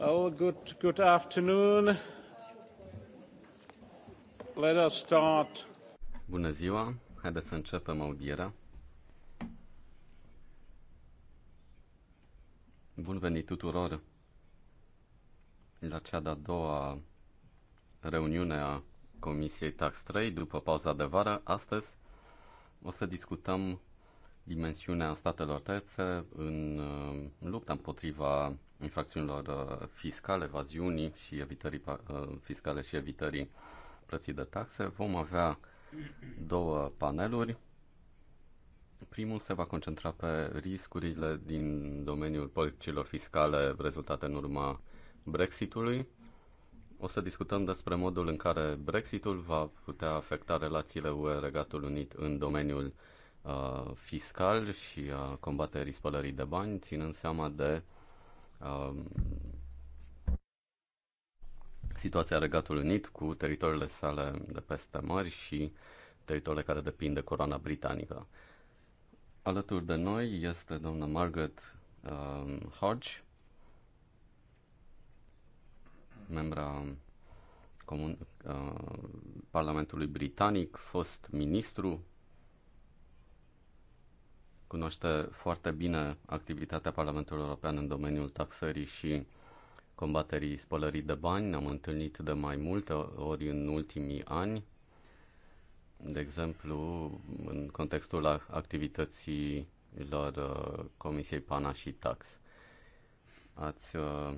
Oh, good, good afternoon. Let us start. Bună ziua, haideți să începem audierea. Bun venit tuturor la cea de-a doua reuniune a Comisiei Tax 3 după pauza de vară. Astăzi o să discutăm dimensiunea statelor terțe în uh, lupta împotriva infracțiunilor uh, fiscale, evaziunii și evitării uh, fiscale și evitării plății de taxe. Vom avea două paneluri. Primul se va concentra pe riscurile din domeniul politicilor fiscale rezultate în urma Brexitului. O să discutăm despre modul în care Brexitul va putea afecta relațiile UE-Regatul Unit în domeniul uh, fiscal și a combaterii spălării de bani, ținând seama de uh, Um, situația Regatului Unit cu teritoriile sale de peste mări și teritoriile care depind de coroana britanică. Alături de noi este doamna Margaret um, Hodge, membra comun- uh, Parlamentului Britanic, fost ministru cunoaște foarte bine activitatea Parlamentului European în domeniul taxării și combaterii spălării de bani. Ne-am întâlnit de mai multe ori în ultimii ani, de exemplu, în contextul activității lor uh, Comisiei Pana și Tax. Ați uh,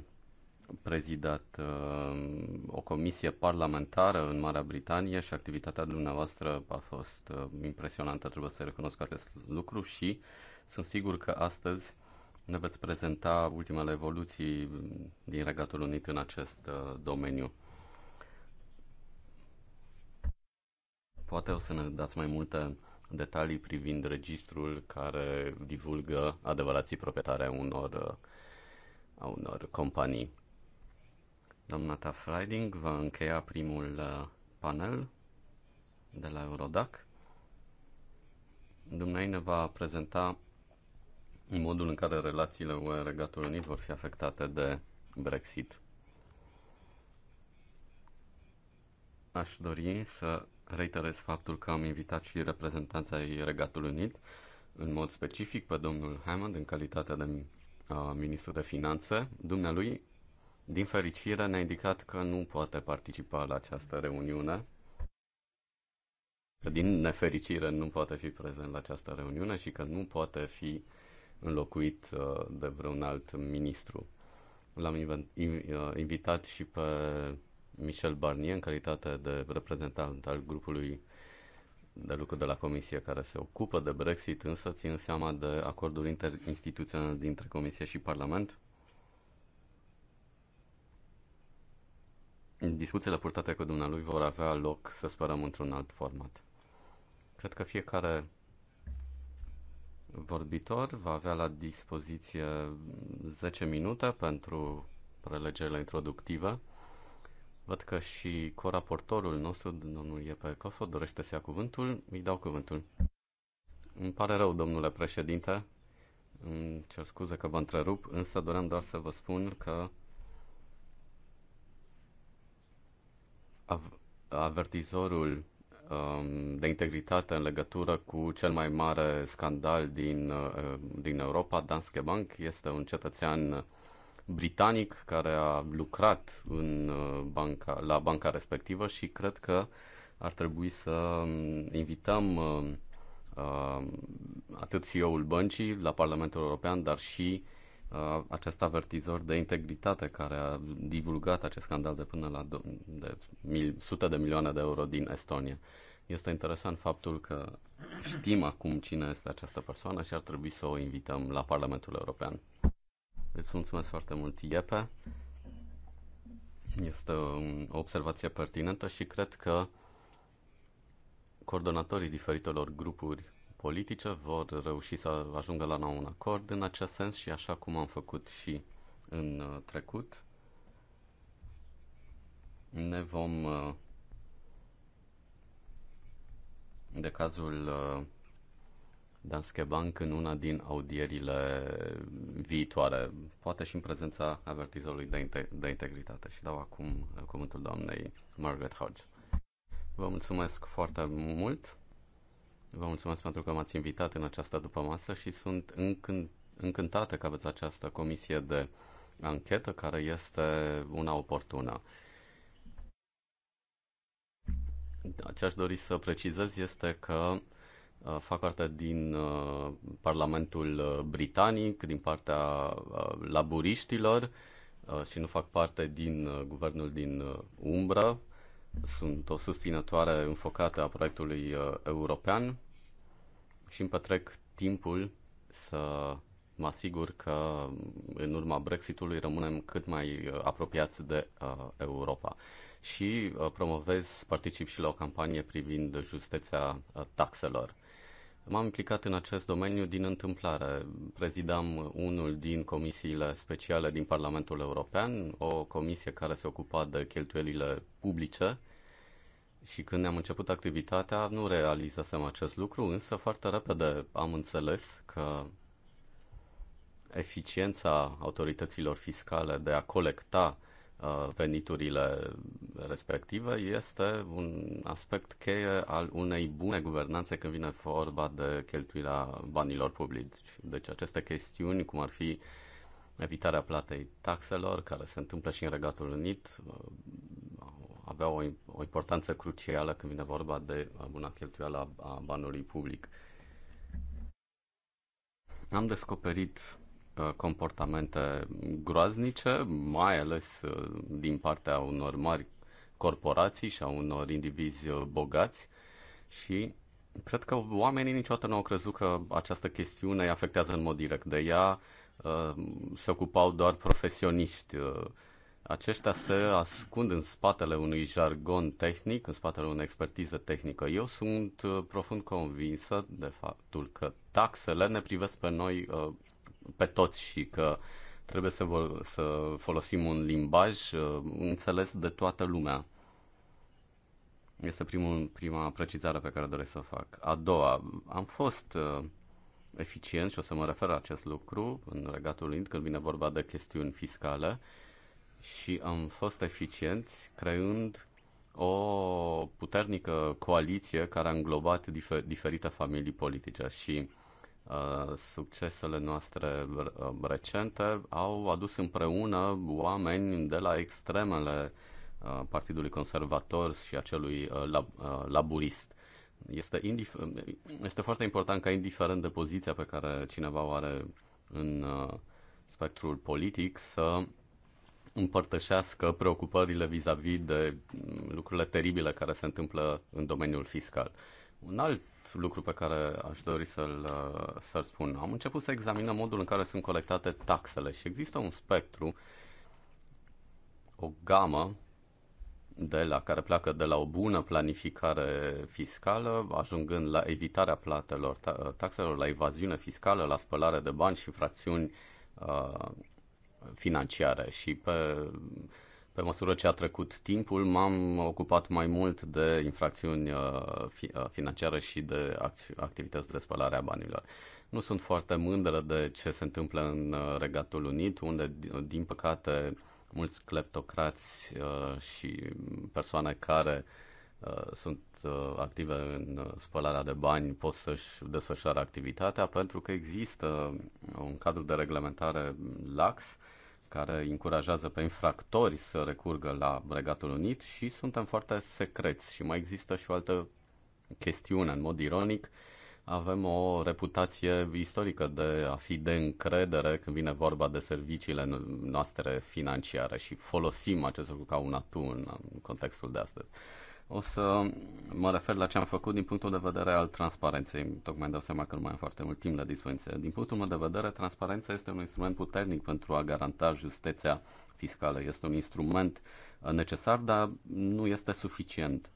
prezidat uh, o comisie parlamentară în Marea Britanie și activitatea dumneavoastră a fost uh, impresionantă, trebuie să recunosc acest lucru și sunt sigur că astăzi ne veți prezenta ultimele evoluții din Regatul Unit în acest uh, domeniu. Poate o să ne dați mai multe detalii privind registrul care divulgă adevărații proprietare a unor, uh, a unor companii. Doamna Tafriding va încheia primul uh, panel de la Eurodac. Dumneavoastră va prezenta modul în care relațiile UE-Regatul Unit vor fi afectate de Brexit. Aș dori să reiterez faptul că am invitat și reprezentanța ai Regatului Unit, în mod specific pe domnul Hammond, în calitate de uh, ministru de finanțe. Dumnealui din fericire, ne-a indicat că nu poate participa la această reuniune. Din nefericire, nu poate fi prezent la această reuniune și că nu poate fi înlocuit uh, de vreun alt ministru. L-am uh, invitat și pe Michel Barnier în calitate de reprezentant al grupului de lucru de la Comisie care se ocupă de Brexit, însă țin seama de acordul interinstituțional dintre Comisie și Parlament discuțiile purtate cu dumnealui vor avea loc, să sperăm, într-un alt format. Cred că fiecare vorbitor va avea la dispoziție 10 minute pentru prelegerile introductive. Văd că și coraportorul nostru, domnul Iepe Cofo, dorește să ia cuvântul. Îi dau cuvântul. Îmi pare rău, domnule președinte. Îmi cer scuze că vă întrerup, însă doream doar să vă spun că avertizorul um, de integritate în legătură cu cel mai mare scandal din, uh, din Europa, Danske Bank, este un cetățean britanic care a lucrat în uh, banca, la banca respectivă și cred că ar trebui să um, invităm uh, uh atât CEO-ul băncii la Parlamentul European, dar și Uh, acest avertizor de integritate care a divulgat acest scandal de până la do- de mil- sute de milioane de euro din Estonia. Este interesant faptul că știm acum cine este această persoană și ar trebui să o invităm la Parlamentul European. Îți mulțumesc foarte mult, Iepe. Este o observație pertinentă și cred că coordonatorii diferitelor grupuri politice vor reuși să ajungă la un acord în acest sens și așa cum am făcut și în uh, trecut, ne vom uh, de cazul uh, Danske Bank în una din audierile viitoare, poate și în prezența avertizorului de, inte- de integritate. Și dau acum cuvântul doamnei Margaret Hodge. Vă mulțumesc foarte mult Vă mulțumesc pentru că m-ați invitat în această dupămasă și sunt încânt, încântată că aveți această comisie de anchetă care este una oportună. Ce aș dori să precizez este că uh, fac parte din uh, Parlamentul uh, Britanic, din partea laburiștilor și nu fac parte din guvernul din umbră sunt o susținătoare înfocată a proiectului uh, european și îmi petrec timpul să mă asigur că mm, în urma Brexitului rămânem cât mai uh, apropiați de uh, Europa. Și uh, promovez, particip și la o campanie privind justeția uh, taxelor. M-am implicat în acest domeniu din întâmplare. Prezidam unul din comisiile speciale din Parlamentul European, o comisie care se ocupa de cheltuielile publice și când am început activitatea nu realizasem acest lucru, însă foarte repede am înțeles că eficiența autorităților fiscale de a colecta Uh, veniturile respective este un aspect cheie al unei bune guvernanțe când vine vorba de cheltuirea banilor publici. Deci aceste chestiuni, cum ar fi evitarea platei taxelor, care se întâmplă și în Regatul Unit, uh, aveau o, importanță crucială când vine vorba de buna cheltuială a banului public. Am descoperit Uh, comportamente groaznice, mai ales uh, din partea unor mari corporații și a unor indivizi uh, bogați și cred că oamenii niciodată nu au crezut că această chestiune îi afectează în mod direct. De ea se ocupau doar profesioniști. Aceștia se ascund în spatele unui jargon tehnic, în spatele unei expertize tehnică. Eu sunt profund convinsă de faptul că taxele ne privesc pe noi pe toți și că trebuie să, vor, să folosim un limbaj uh, înțeles de toată lumea. Este primul, prima precizare pe care doresc să o fac. A doua, am fost uh, eficient și o să mă refer la acest lucru în Regatul Unit când vine vorba de chestiuni fiscale și am fost eficienți creând o puternică coaliție care a înglobat difer- diferite familii politice și Uh, succesele noastre uh, recente au adus împreună oameni de la extremele uh, Partidului Conservator și acelui celui laburist. Este, indif- este foarte important ca, indiferent de poziția pe care cineva o are în spectrul politic, să împărtășească preocupările vis-a-vis -vis de mm, lucrurile teribile care se întâmplă în domeniul fiscal. Un alt lucru pe care aș dori să-l, uh, să-l spun. Am început să examinăm modul în care sunt colectate taxele și există un spectru, o gamă de la care pleacă de la o bună planificare fiscală, ajungând la evitarea platelor uh, taxelor, la evaziune fiscală, la spălare de bani și fracțiuni uh, financiare. Și pe pe măsură ce a trecut timpul, m-am ocupat mai mult de infracțiuni uh, uh, financiare și de activități de spălare a banilor. Nu sunt foarte mândră de ce se întâmplă în uh, Regatul Unit, unde, din păcate, mulți cleptocrați și persoane care sunt active în spălarea de bani pot să-și desfășoare activitatea pentru că există un cadru de reglementare lax care încurajează pe infractori să recurgă la Regatul Unit și suntem foarte secreți. Și mai există și o altă chestiune, în mod ironic, avem o reputație istorică de a fi de încredere când vine vorba de serviciile noastre financiare și folosim acest lucru ca un atun în contextul de astăzi. O să mă refer la ce am făcut din punctul de vedere al transparenței. Tocmai îmi dau seama că nu mai am foarte mult timp la dispoziție. Din punctul meu de vedere, transparența este un instrument puternic pentru a garanta justeția fiscală. Este un instrument uh, necesar, dar nu este suficient.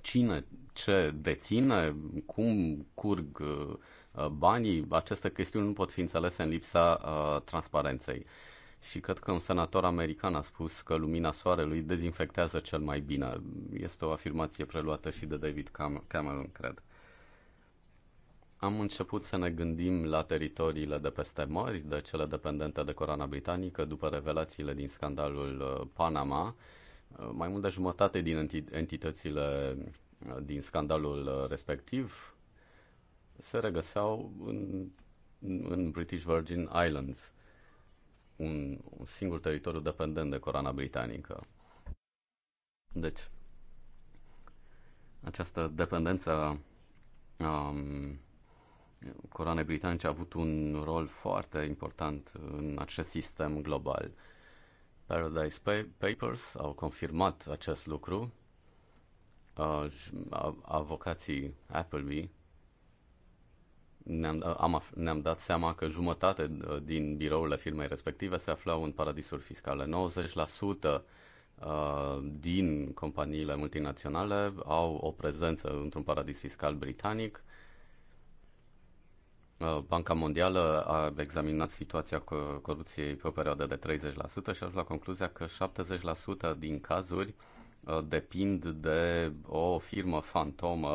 Cine ce deține, cum curg uh, banii, aceste chestiuni nu pot fi înțelese în lipsa uh, transparenței și cred că un senator american a spus că lumina soarelui dezinfectează cel mai bine. Este o afirmație preluată și de David Cameron, cred. Am început să ne gândim la teritoriile de peste mări, de cele dependente de corona britanică, după revelațiile din scandalul uh, Panama. Uh, mai mult de jumătate din entitățile uh, din scandalul respectiv se regăseau în, în British Virgin Islands un, un singur teritoriu dependent de corana britanică. Deci, această dependență um, coroanei britanice a avut un rol foarte important în acest sistem global. Paradise Papers au confirmat acest lucru. Uh, uh avocații Appleby ne-am, da, am, ne-am dat seama că jumătate uh, din birourile firmei respective se aflau în paradisuri fiscale. 90% uh, din companiile multinaționale au o prezență într-un paradis fiscal britanic. Uh, Banca Mondială a examinat situația corupției pe o perioadă de 30% și a ajuns la concluzia că 70% din cazuri depind de o firmă fantomă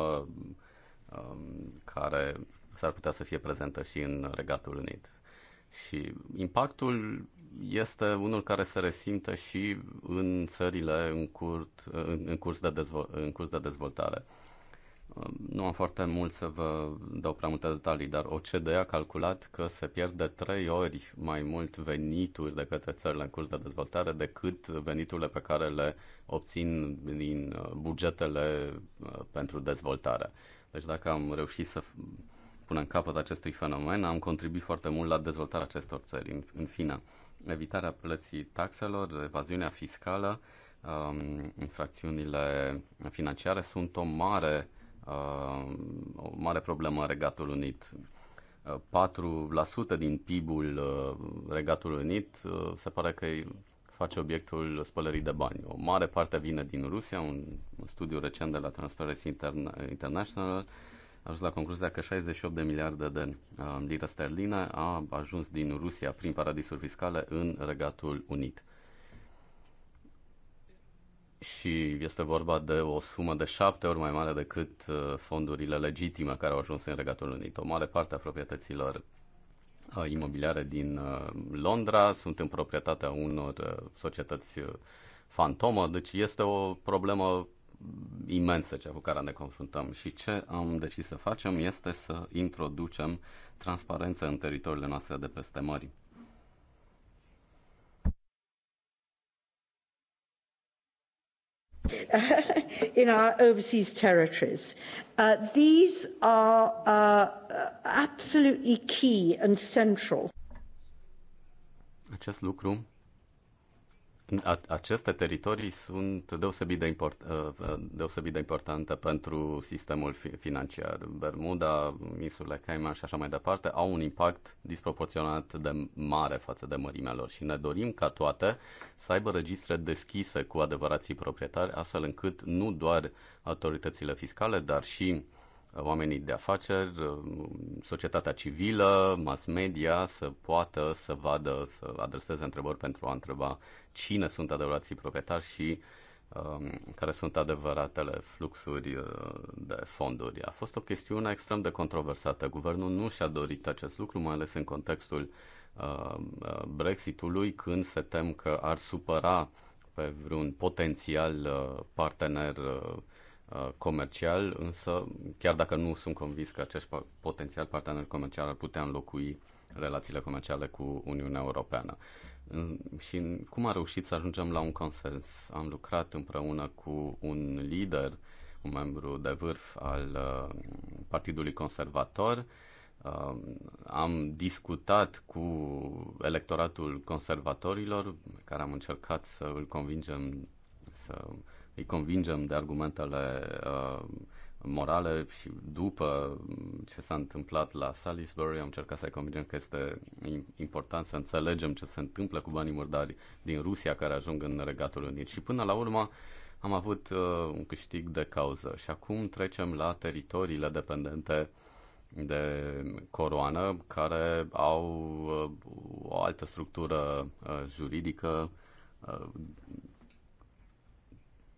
um, care s-ar putea să fie prezentă și în Regatul Unit. Și impactul este unul care se resimte și în țările în, curt, în, în, curs, de dezvo- în curs de dezvoltare. Um, nu am foarte mult să vă dau prea multe detalii, dar OCDE a calculat că se pierde trei ori mai mult venituri de către țările în curs de dezvoltare decât veniturile pe care le obțin din uh, bugetele uh, pentru dezvoltare. Deci dacă am reușit să punem capăt acestui fenomen, am contribuit foarte mult la dezvoltarea acestor țări. În, în fine, evitarea plății taxelor, evaziunea fiscală, um, infracțiunile financiare sunt o mare, uh, o mare problemă în Regatul Unit. 4% uh, din PIB-ul uh, Regatului Unit uh, se pare că face obiectul spălării de bani. O mare parte vine din Rusia, un studiu recent de la Transparency International ajuns la concluzia că 68 de miliarde de uh, lire sterline a ajuns din Rusia prin paradisuri fiscale în Regatul Unit. Și este vorba de o sumă de șapte ori mai mare decât uh, fondurile legitime care au ajuns în Regatul Unit. O mare parte a proprietăților uh, imobiliare din Londra sunt în proprietatea unor societăți fantomă, deci este o problemă imensă ce cu care ne confruntăm și ce am decis să facem este să introducem transparență în teritoriile noastre de peste mări. in our overseas territories. Uh, these are uh, absolutely key and central. Acest lucru aceste teritorii sunt deosebit de, import, uh, uh, deosebit de importante pentru sistemul financiar. Bermuda, insulele Cayman și așa mai departe au un impact disproporționat de mare față de mărimea lor și ne dorim ca toate să aibă registre deschise cu adevărații proprietari, astfel încât nu doar autoritățile fiscale, dar și oamenii de afaceri, societatea civilă, mass media să poată să vadă, să adreseze întrebări pentru a întreba cine sunt adevărații proprietari și um, care sunt adevăratele fluxuri uh, de fonduri. A fost o chestiune extrem de controversată. Guvernul nu și-a dorit acest lucru, mai ales în contextul uh, uh Brexitului, când se tem că ar supăra pe vreun potențial uh, partener uh, Uh, comercial, însă chiar dacă nu sunt convins că acești potențial partener comercial ar putea înlocui relațiile comerciale cu Uniunea Europeană. Și cum a reușit să ajungem la un consens? Am lucrat împreună cu un lider, un membru de vârf al uh, Partidului Conservator. Uh, am discutat cu electoratul conservatorilor, care am încercat să îl convingem să îi convingem de argumentele uh, morale și după ce s-a întâmplat la Salisbury am încercat să-i convingem că este important să înțelegem ce se întâmplă cu banii murdari din Rusia care ajung în Regatul Unit și până la urmă am avut uh, un câștig de cauză și acum trecem la teritoriile dependente de coroană care au uh, o altă structură juridică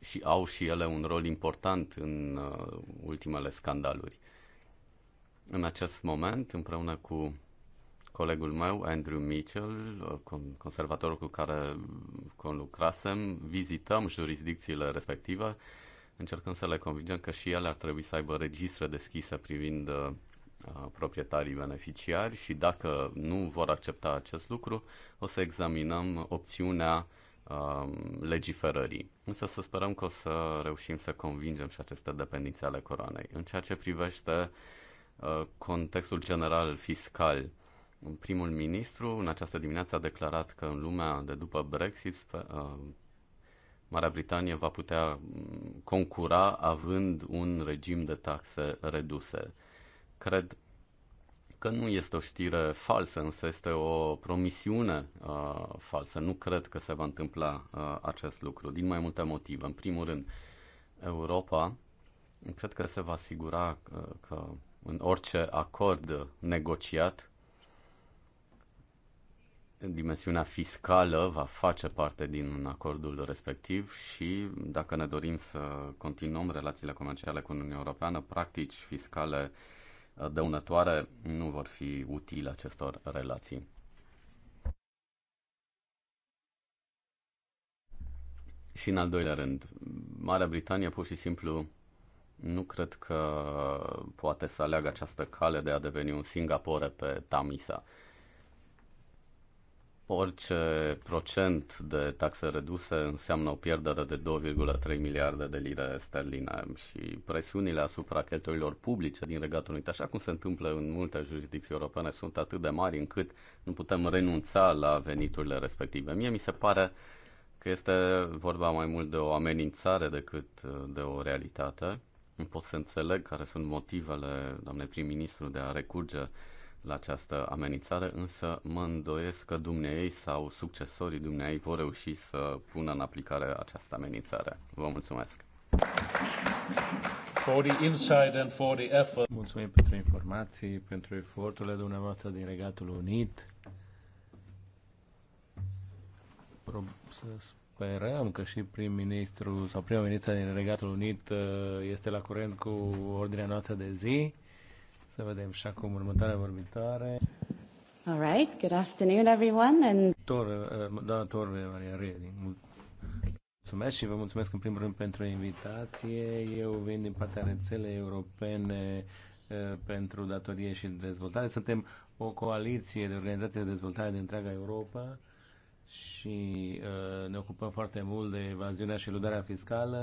și au și ele un rol important în uh, ultimele scandaluri. În acest moment, împreună cu colegul meu, Andrew Mitchell, uh, conservatorul cu care conlucrasem, vizităm jurisdicțiile respective, încercăm să le convingem că și ele ar trebui să aibă registre deschise privind uh, uh proprietarii beneficiari și dacă nu vor accepta acest lucru, o să examinăm opțiunea Um, legiferării. Însă să sperăm că o să reușim să convingem și aceste dependențe ale coroanei. În ceea ce privește uh, contextul general fiscal, primul ministru în această dimineață a declarat că în lumea de după Brexit uh, Marea Britanie va putea mm, concura având un regim de taxe reduse. Cred că nu este o știre falsă, însă este o promisiune uh, falsă. Nu cred că se va întâmpla uh, acest lucru, din mai multe motive. În primul rând, Europa cred că se va asigura că, uh, că în orice acord negociat, dimensiunea fiscală va face parte din acordul respectiv și dacă ne dorim să continuăm relațiile comerciale cu Uniunea Europeană, practici fiscale uh, dăunătoare nu vor fi utile acestor relații. Și în al doilea rând, Marea Britanie pur și simplu nu cred că poate să aleagă această cale de a deveni un Singapore pe Tamisa. Uh, Orice procent de taxe reduse înseamnă o pierdere de 2,3 miliarde de lire sterline și presiunile asupra cheltuielor publice din Regatul Unit, așa cum se întâmplă în multe jurisdicții europene, sunt atât de mari încât nu putem renunța la veniturile respective. Mie mi se pare că este vorba mai mult de o amenințare decât de o realitate. Nu pot să înțeleg care sunt motivele, doamnei prim-ministru, de a recurge la această amenințare, însă mă îndoiesc că dumneei sau succesorii dumneei vor reuși să pună în aplicare această amenințare. Vă mulțumesc! For the insight and for the effort. Mulțumim pentru informații, pentru eforturile dumneavoastră din Regatul Unit. Pro- să sperăm că și prim-ministru sau prima ministră din Regatul Unit uh, este la curent cu ordinea noastră de zi. Să vedem și acum următoarea vorbitoare. All right, good afternoon everyone. And... Tor, uh, doamna Tor, Maria Reding, mulțumesc și vă mulțumesc în primul rând pentru invitație. Eu vin din partea rețelei europene uh, pentru datorie și dezvoltare. Suntem o coaliție de organizații de dezvoltare din întreaga Europa și uh, ne ocupăm foarte mult de evaziunea și eludarea fiscală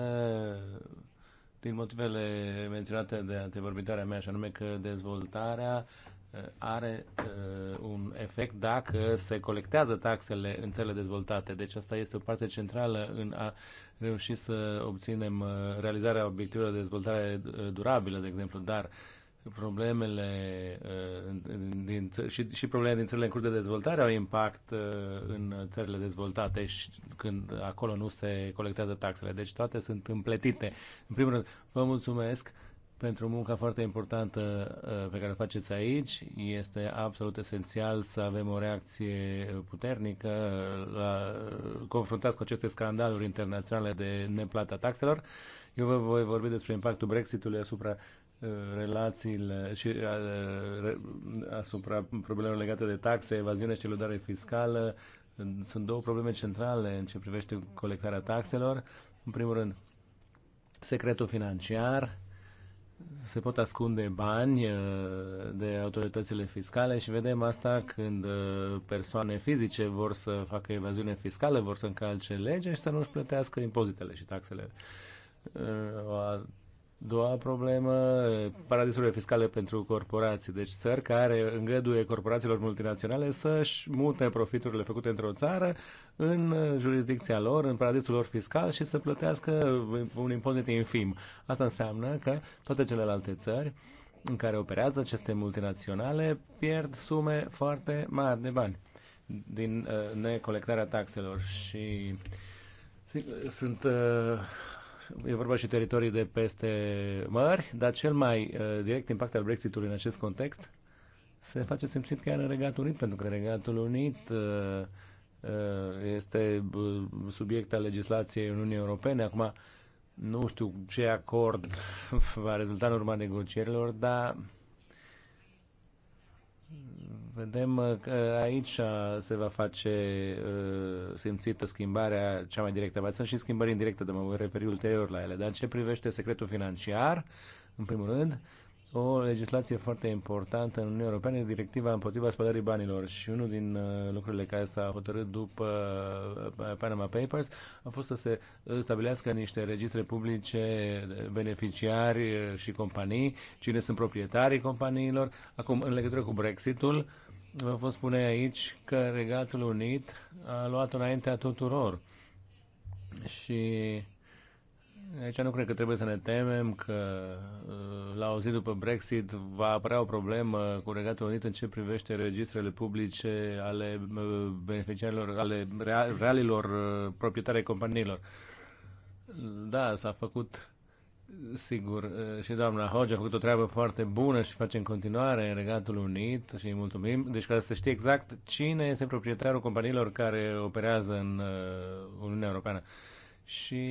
din motivele menționate de antevorbitoarea mea, și anume că dezvoltarea uh, are uh, un efect dacă se colectează taxele în țările dezvoltate. Deci asta este o parte centrală în a reuși să obținem uh, realizarea obiectivelor de dezvoltare uh, durabilă, de exemplu, dar uh, problemele uh, din, și, și problemele din țările în curs de dezvoltare au impact uh, în țările dezvoltate și când acolo nu se colectează taxele. Deci toate sunt împletite. În primul rând, vă mulțumesc pentru munca foarte importantă uh, pe care o faceți aici. Este absolut esențial să avem o reacție puternică la, confruntați cu aceste scandaluri internaționale de neplata taxelor. Eu vă voi vorbi despre impactul Brexitului asupra relațiile și uh, asupra problemelor legate de taxe, evaziune și celudare fiscală. Sunt două probleme centrale în ce privește colectarea taxelor. În primul rând, secretul financiar, se pot ascunde bani uh, de autoritățile fiscale și vedem asta când uh, persoane fizice vor să facă evaziune fiscală, vor să încalce legea și să nu-și plătească impozitele și taxele. O a Doua problemă, paradisurile fiscale pentru corporații. Deci țări care îngăduie corporațiilor multinaționale să-și mute profiturile făcute într-o țară în jurisdicția lor, în paradisul lor fiscal și să plătească un impozit infim. Asta înseamnă că toate celelalte țări în care operează aceste multinaționale pierd sume foarte mari de bani din uh, necolectarea taxelor și sunt uh, e vorba și teritorii de peste mări, dar cel mai uh, direct impact al Brexitului în acest context se face simțit chiar în Regatul Unit, pentru că Regatul Unit uh, uh, este uh, subiect al legislației Uniunii Europene. Acum, nu știu ce acord va rezulta în urma negocierilor, dar Vedem uh, că aici se va face uh, simțită schimbarea cea mai directă. Mai sunt și schimbări indirecte, dar mă voi referi ulterior la ele. Dar în ce privește secretul financiar, în primul rând, o legislație foarte importantă în Uniunea Europeană, directiva împotriva spălării banilor și unul din uh, lucrurile care s-a hotărât după Panama Papers a fost să se stabilească niște registre publice, beneficiari și companii, cine sunt proprietarii companiilor. Acum, în legătură cu Brexitul, vă pot spune aici că Regatul Unit a luat înaintea tuturor. Și aici nu cred că trebuie să ne temem că uh, la o zi după Brexit va apărea o problemă cu Regatul Unit în ce privește registrele publice ale uh, beneficiarilor, ale realilor uh, proprietari companiilor. Da, s-a făcut Sigur, și doamna Hoge a făcut o treabă foarte bună și face în continuare în Regatul Unit și îi mulțumim. Deci ca să știe exact cine este proprietarul companiilor care operează în Uniunea Europeană. Și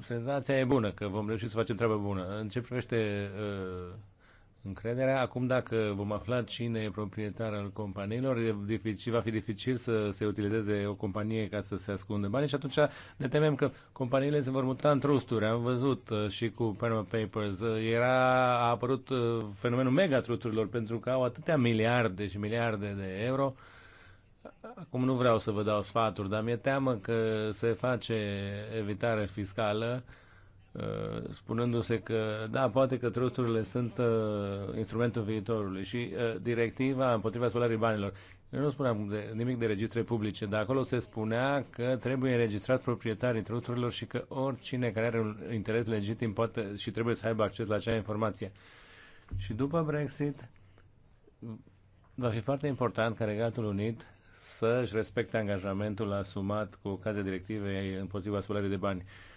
senzația e bună că vom reuși să facem treabă bună. În ce privește uh, încrederea. Acum, dacă vom afla cine e proprietar al companiilor, e dificil, va fi dificil să se utilizeze o companie ca să se ascundă banii și atunci ne temem că companiile se vor muta în trusturi. Am văzut uh, și cu Panama Papers, uh, era, a apărut uh, fenomenul mega trusturilor pentru că au atâtea miliarde și miliarde de euro. Acum nu vreau să vă dau sfaturi, dar mi-e teamă că se face evitare fiscală Uh, spunându-se că, da, poate că trusturile sunt uh, instrumentul viitorului și uh, directiva împotriva spălării banilor. Eu nu spuneam de, nimic de registre publice, dar acolo se spunea că trebuie înregistrat proprietarii trusturilor și că oricine care are un interes legitim poate și trebuie să aibă acces la acea informație. Și după Brexit va fi foarte important ca Regatul Unit să-și respecte angajamentul asumat cu ocazia directivei împotriva spălării de bani. Uh,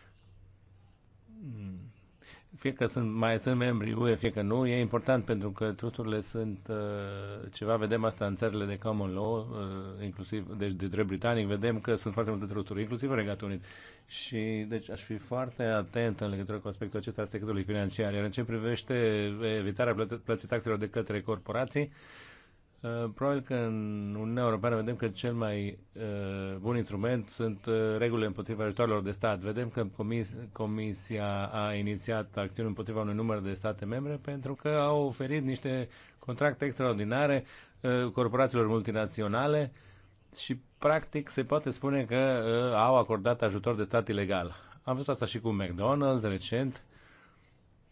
fie că sunt, mai sunt membri UE, fie că nu, e important pentru că trusturile sunt uh, ceva, vedem asta în țările de common law, uh, inclusiv, deci de drept britanic, vedem că sunt foarte multe trusturi, inclusiv Regatul Unit. Și deci aș fi foarte atent în legătură cu aspectul acesta al sectorului financiar. Iar în ce privește evitarea plății taxelor de către corporații, uh, Uh, probabil că în Uniunea Europeană vedem că cel mai uh, bun instrument sunt uh, regulile împotriva ajutoarelor de stat. Vedem că comis, Comisia a inițiat acțiuni împotriva unui număr de state membre pentru că au oferit niște contracte extraordinare corporațiilor multinaționale și practic se poate spune că au acordat ajutor de stat ilegal. Am văzut asta și cu McDonald's recent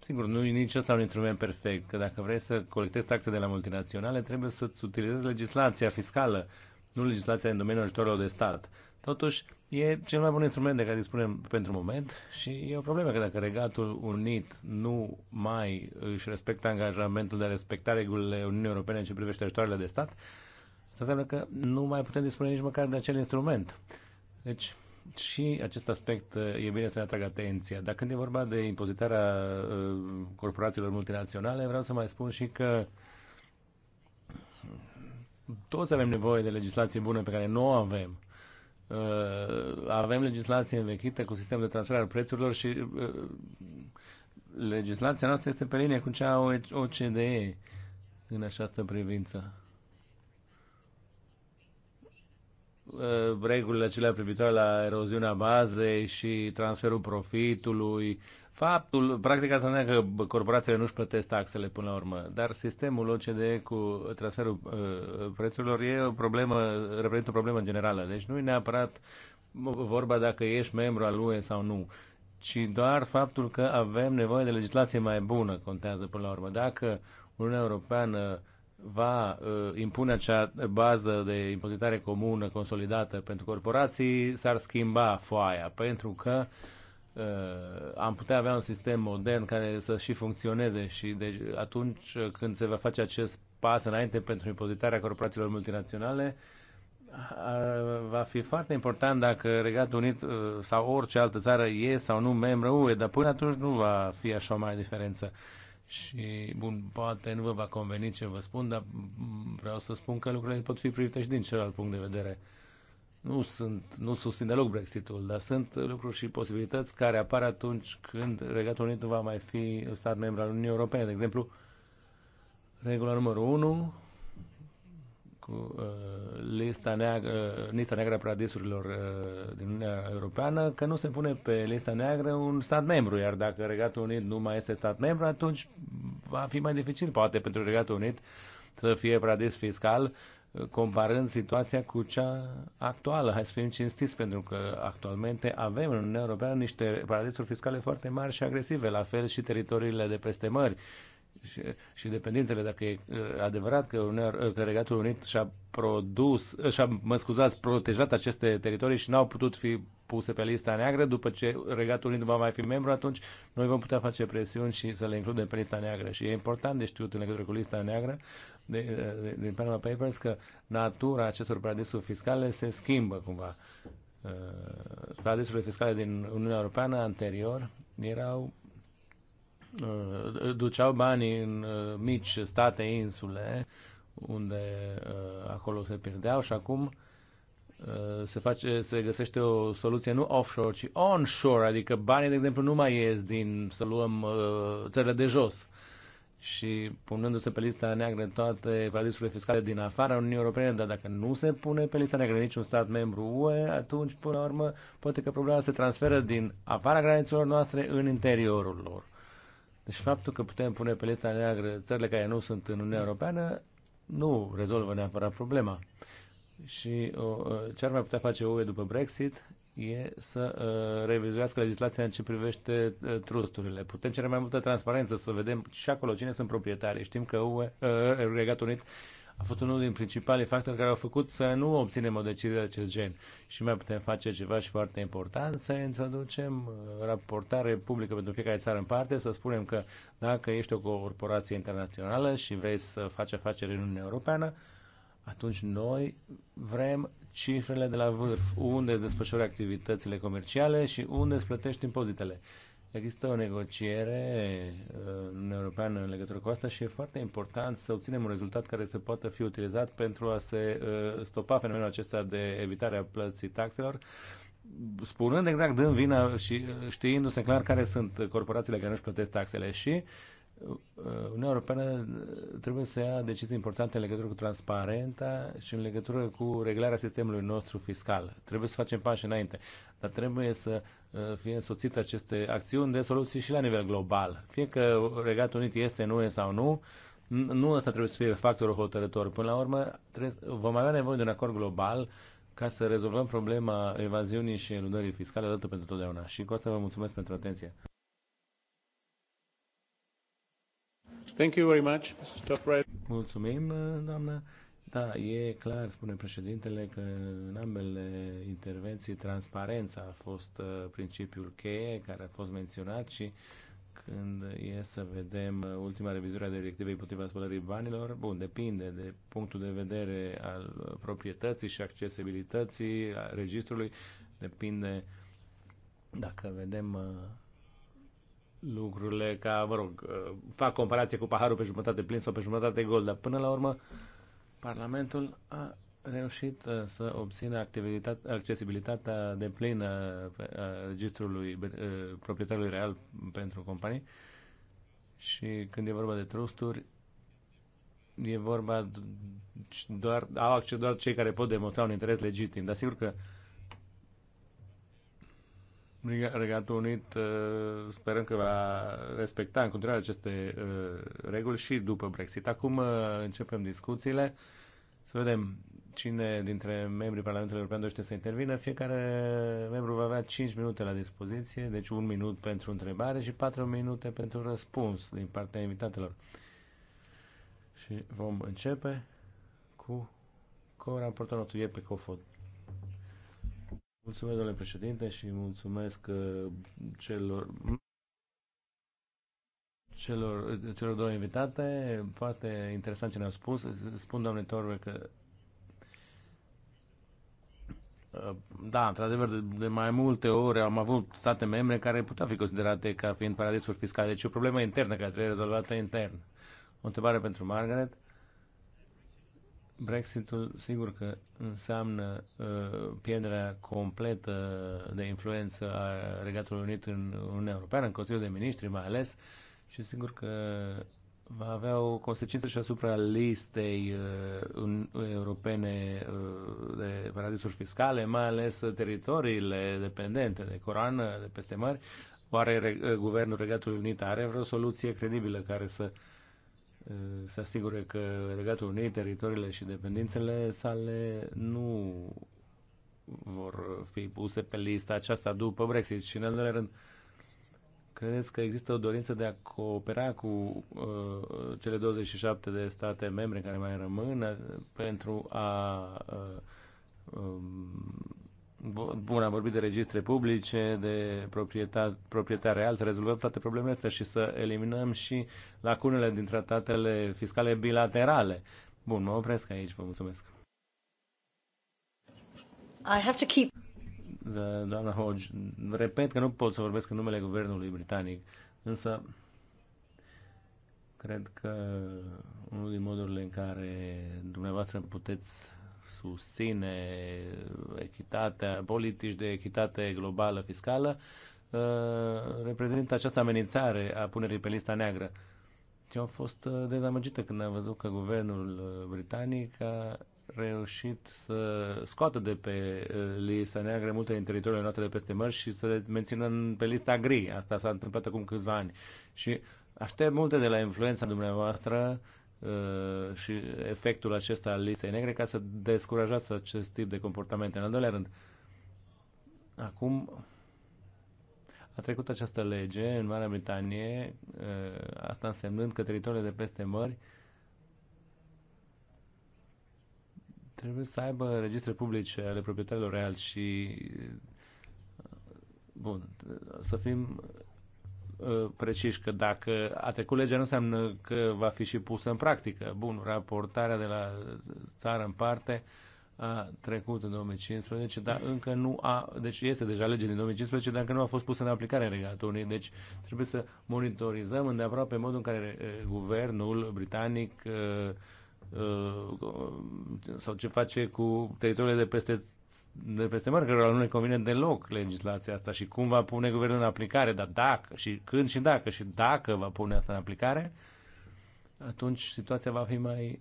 Sigur, nu e nici ăsta un instrument perfect, că dacă vrei să colectezi taxe de la multinaționale, trebuie să-ți utilizezi legislația fiscală, nu legislația în domeniul ajutorilor de stat. Totuși, e cel mai bun instrument de care dispunem pentru moment și e o problemă că dacă Regatul Unit nu mai își respectă angajamentul de a respecta regulile Uniunii Europene în ce privește ajutoarele de stat, asta înseamnă că nu mai putem dispune nici măcar de acel instrument. Deci, și acest aspect uh, e bine să ne atragă atenția. Dacă când e vorba de impozitarea uh, corporațiilor multinaționale, vreau să mai spun și că toți avem nevoie de legislație bună pe care nu o avem. Uh, avem legislație învechită cu sistemul de transfer al prețurilor și legislația noastră este pe linie cu cea OCDE în această privință. Uh, regulile acelea privitoare la eroziunea bazei și transferul profitului, faptul, practic asta înseamnă că corporațiile nu-și plătesc taxele până la urmă, dar sistemul OCDE cu transferul uh, prețurilor e o problemă, reprezintă o problemă generală. Deci nu e neapărat vorba dacă ești membru al UE sau nu, ci doar faptul că avem nevoie de legislație mai bună contează până la urmă. Dacă Uniunea Europeană uh, va uh, impune acea bază de impozitare comună consolidată pentru corporații, s-ar schimba foaia, pentru că uh, am putea avea un sistem modern care să și funcționeze și deci atunci când se va face acest pas înainte pentru impozitarea corporațiilor multinaționale, va fi foarte important dacă Regatul Unit uh, sau orice altă țară e sau nu membră UE, dar până atunci nu va fi așa o mare diferență. Și, bun, poate nu vă va conveni ce vă spun, dar vreau să spun că lucrurile pot fi privite și din celălalt punct de vedere. Nu, sunt, nu susțin deloc Brexitul, dar sunt lucruri și posibilități care apar atunci când Regatul Unit nu va mai fi stat membru al Uniunii Europene. De exemplu, regula numărul 1 cu uh, lista, neagră, lista neagră a paradisurilor uh, din Uniunea Europeană, că nu se pune pe lista neagră un stat membru, iar dacă Regatul Unit nu mai este stat membru, atunci va fi mai dificil, poate, pentru Regatul Unit să fie paradis fiscal, uh, comparând situația cu cea actuală. Hai să fim cinstiți, pentru că actualmente avem în Uniunea Europeană niște paradisuri fiscale foarte mari și agresive, la fel și teritoriile de peste mări. Uh, și, și dependențele, dacă e adevărat că, Uniunea, că Regatul Unit și-a produs, și-a, mă scuzați, protejat aceste teritorii și n-au putut fi puse pe lista neagră, după ce Regatul Unit va mai fi membru, atunci noi vom putea face presiuni și să le includem pe lista neagră. Și e important de știut în legătură cu lista neagră de, de, din Panama Papers că natura acestor paradisuri fiscale se schimbă cumva. Paradisurile fiscale din Uniunea Europeană anterior erau Uh, duceau banii în uh, mici state, insule, unde uh, acolo se pierdeau și acum se, face, se găsește o soluție nu offshore, ci onshore, adică banii, de exemplu, nu mai ies din, să luăm, țările de jos. Și punându-se pe lista neagră toate paradisurile fiscale din afara Uniunii Europene, dar dacă nu se pune pe lista neagră niciun stat membru UE, atunci, până la urmă, poate că problema se transferă din afara granițelor noastre în interiorul lor. Deci faptul că putem pune pe lista neagră țările care nu sunt în Uniunea Europeană nu rezolvă neapărat problema. Și ce ar mai putea face UE după Brexit e să uh, revizuiască legislația în ce privește uh, trusturile. Putem cere mai multă transparență, să vedem și acolo cine sunt proprietarii. Știm că UE, uh, Regatul Unit a fost unul din principalii factori care au făcut să nu obținem o decizie de acest gen. Și mai putem face ceva și foarte important, să introducem uh, raportare publică pentru fiecare țară în parte, să spunem că dacă ești o corporație internațională și vrei să faci afaceri în Uniunea Europeană, atunci noi vrem cifrele de la vârf, unde desfășori activitățile comerciale și unde îți plătești impozitele. Există o negociere uh, în europeană în legătură cu asta și e foarte important să obținem un rezultat care să poată fi utilizat pentru a se uh, stopa fenomenul acesta de evitare a plății taxelor, spunând exact, dând vina și uh, știindu-se clar care sunt corporațiile care nu-și plătesc taxele și Uniunea Europeană trebuie să ia decizii importante în legătură cu transparenta și în legătură cu reglarea sistemului nostru fiscal. Trebuie să facem pași înainte, dar trebuie să Uh, fie însoțit aceste acțiuni de soluții și la nivel global. Fie că Regatul Unit este în UE sau nu, nu ăsta trebuie să fie factorul hotărător. Până la urmă, trebuie, vom avea nevoie de un acord global ca să rezolvăm problema evaziunii și eludării fiscale odată pentru totdeauna. Și cu asta vă mulțumesc pentru atenție. Thank you very much, Mr. Mulțumim, doamnă. Da, e clar, spune președintele, că în ambele intervenții transparența a fost uh, principiul cheie care a fost menționat și când e să vedem uh, ultima revizuire a directivei împotriva spălării banilor, bun, depinde de punctul de vedere al uh, proprietății și accesibilității a registrului, depinde dacă vedem lucrurile ca, vă rog, fac comparație cu paharul pe jumătate plin sau pe jumătate gol, dar până la urmă Parlamentul a reușit uh, să obțină accesibilitatea de plină a uh, registrului uh, proprietarului real pentru companii și când e vorba de trusturi, e vorba doar, au acces doar cei care pot demonstra un interes legitim, dar sigur că uh, Regatul Unit uh, sperăm că va respecta în continuare aceste uh, reguli și după Brexit. Acum uh, începem discuțiile. Să vedem cine dintre membrii Parlamentului European dorește să intervină. Fiecare membru va avea 5 minute la dispoziție, deci un minut pentru întrebare și 4 minute pentru răspuns din partea invitatelor. Și vom începe cu co-raportorul nostru, Iepe Cofot. Mulțumesc, domnule președinte, și mulțumesc uh, celor celor, celor două invitate. Foarte interesant ce ne-au spus. Spun, domnule Torbe, că uh, da, într-adevăr, de mai multe ori am avut state membre care puteau fi considerate ca fiind paradisuri fiscale. Deci o problemă internă care trebuie rezolvată intern. O întrebare pentru Margaret. Brexitul sigur că înseamnă uh, pierderea completă de influență a Regatului Unit în Uniunea Europeană, în Consiliul de Ministri mai ales, și sigur că va avea o consecință și asupra listei uh, europene uh, de paradisuri fiscale, mai ales teritoriile dependente de coroană, de peste mări. Oare uh, Guvernul Regatului Unit are vreo soluție credibilă care să uh, Eh, să asigure că Regatul Unii, teritoriile și dependențele sale nu vor fi puse pe lista aceasta după Brexit. Și în al doilea rând, credeți că există o dorință de a coopera cu uh, cele 27 de state membre care mai rămân eh, pentru a uh, um, Bun, am vorbit de registre publice, de proprietate, proprietare altă, rezolvăm toate problemele astea și să eliminăm și lacunele din tratatele fiscale bilaterale. Bun, mă opresc aici, vă mulțumesc. I have to keep... Da, doamna Hodge, repet că nu pot să vorbesc în numele guvernului britanic, însă cred că unul din modurile în care dumneavoastră puteți susține echitatea, politici de echitate globală fiscală, uh, reprezintă această amenințare a punerii pe lista neagră. Și am fost uh, dezamăgită când am văzut că guvernul uh, britanic a reușit să scoată de pe lista neagră multe din teritoriile noastre de peste mări și să le mențină pe lista gri. Asta s-a întâmplat acum câțiva ani. Și aștept multe de la influența dumneavoastră Uh, și efectul acesta al listei negre ca să descurajați acest tip de comportamente. În al doilea rând, acum a trecut această lege în Marea Britanie, uh, asta însemnând că teritoriile de peste mări trebuie să aibă registre publice ale proprietarilor reali și uh, bun, să fim Uh, preciși că dacă a trecut legea nu înseamnă că va fi și pusă în practică. Bun, raportarea de la țară în parte a trecut în 2015, dar încă nu a, deci este deja lege din 2015, dar încă nu a fost pusă în aplicare în Regatul Deci trebuie să monitorizăm îndeaproape modul în care uh, guvernul britanic uh, sau ce face cu teritoriile de peste de peste mări, că nu le convine deloc legislația asta și cum va pune guvernul în aplicare, dar dacă și când și dacă și dacă va pune asta în aplicare, atunci situația va fi mai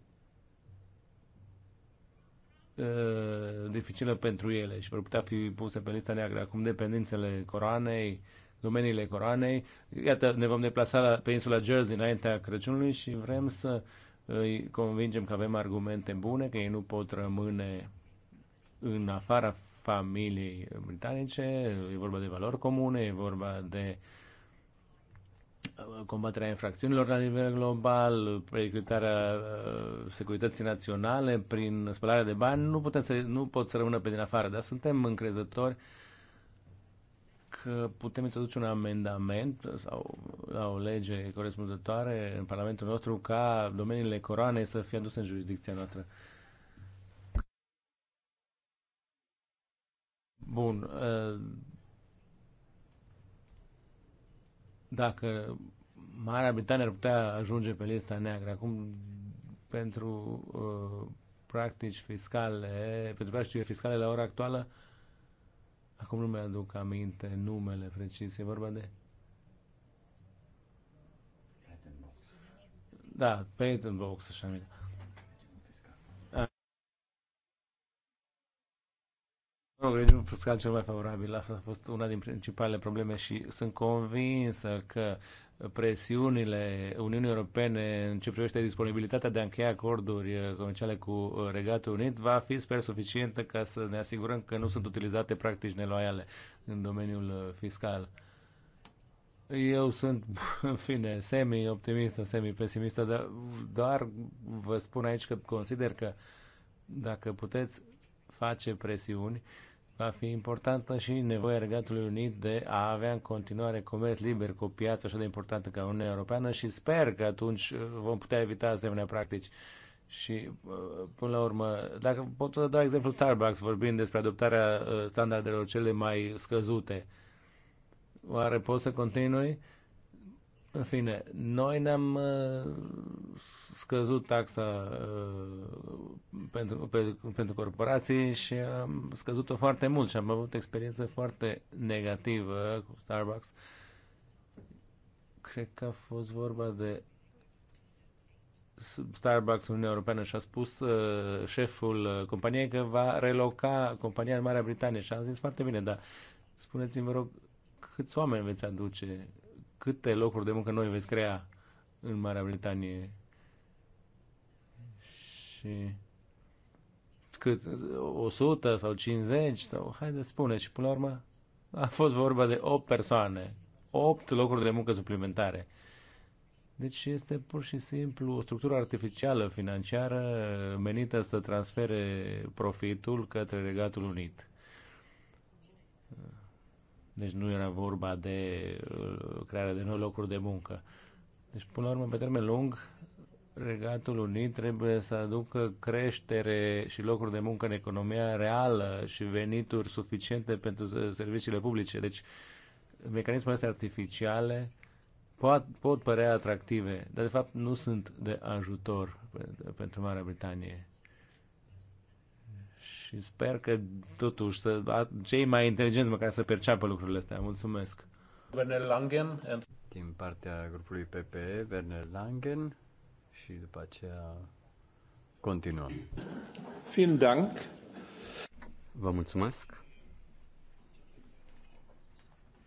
uh, dificilă pentru ele și vor putea fi puse pe lista neagră. Acum dependențele coroanei, domeniile coroanei. Iată, ne vom deplasa la, pe insula Jersey înaintea Crăciunului și vrem să îi convingem că avem argumente bune, că ei nu pot rămâne în afara familiei britanice, e vorba de valori comune, e vorba de uh, combaterea infracțiunilor la nivel global, precritarea uh, securității naționale prin spălarea de bani, nu, putem să, nu pot să rămână pe din afară, dar suntem încrezători că putem introduce un amendament sau la o lege corespunzătoare în Parlamentul nostru ca domeniile coroane să fie aduse în jurisdicția noastră. Bun. Ă, dacă Marea Britanie ar putea ajunge pe lista neagră, acum pentru uh, practici fiscale, pentru practici fiscale la ora actuală, acum nu mi-aduc aminte numele precis, e vorba de... Da, Patent Box, așa mine. regimul fiscal cel mai favorabil, asta a fost una din principalele probleme și sunt convinsă că presiunile Uniunii Europene în ce privește disponibilitatea de a încheia acorduri eh, comerciale cu eh, Regatul Unit va fi, sper, suficientă ca să ne asigurăm că nu sunt utilizate practici neloiale în domeniul eh, fiscal. Eu sunt, în fine, semi-optimistă, semi-pesimistă, dar doar vă spun aici că consider că dacă puteți face presiuni, uh, va fi importantă și nevoia Regatului Unit de a avea în continuare comerț liber cu o piață așa de importantă ca Uniunea Europeană și sper că atunci uh, vom putea evita asemenea practici. Și uh, până la urmă, dacă pot să dau exemplu Starbucks vorbind despre adoptarea uh, standardelor cele mai scăzute, oare pot să continui? În fine, noi ne-am uh, scăzut taxa uh, pentru, pe, pentru corporații și am scăzut-o foarte mult și am avut experiență foarte negativă cu Starbucks. Cred că a fost vorba de Starbucks Uniunea Europeană și a spus uh, șeful uh, companiei că va reloca compania în Marea Britanie și a zis foarte bine, dar spuneți-mi, vă rog, câți oameni veți aduce câte locuri de muncă noi veți crea în Marea Britanie și cât, 100 sau 50 sau, haideți, spune și până la urmă a fost vorba de 8 persoane, 8 locuri de muncă suplimentare. Deci este pur și simplu o structură artificială financiară menită să transfere profitul către Regatul Unit. Deci nu era vorba de uh, crearea de noi locuri de muncă. Deci, până la urmă, pe termen lung, Regatul Unit trebuie să aducă creștere și locuri de muncă în economia reală și venituri suficiente pentru serviciile publice. Deci, mecanismele astea artificiale pot, pot părea atractive, dar de fapt nu sunt de ajutor pentru Marea Britanie și sper că totuși să, a, cei mai inteligenți măcar să perceapă lucrurile astea. Mulțumesc! Werner Langen. And... Din partea grupului PPE, Werner Langen și după aceea continuăm. Vielen Dank! Vă mulțumesc!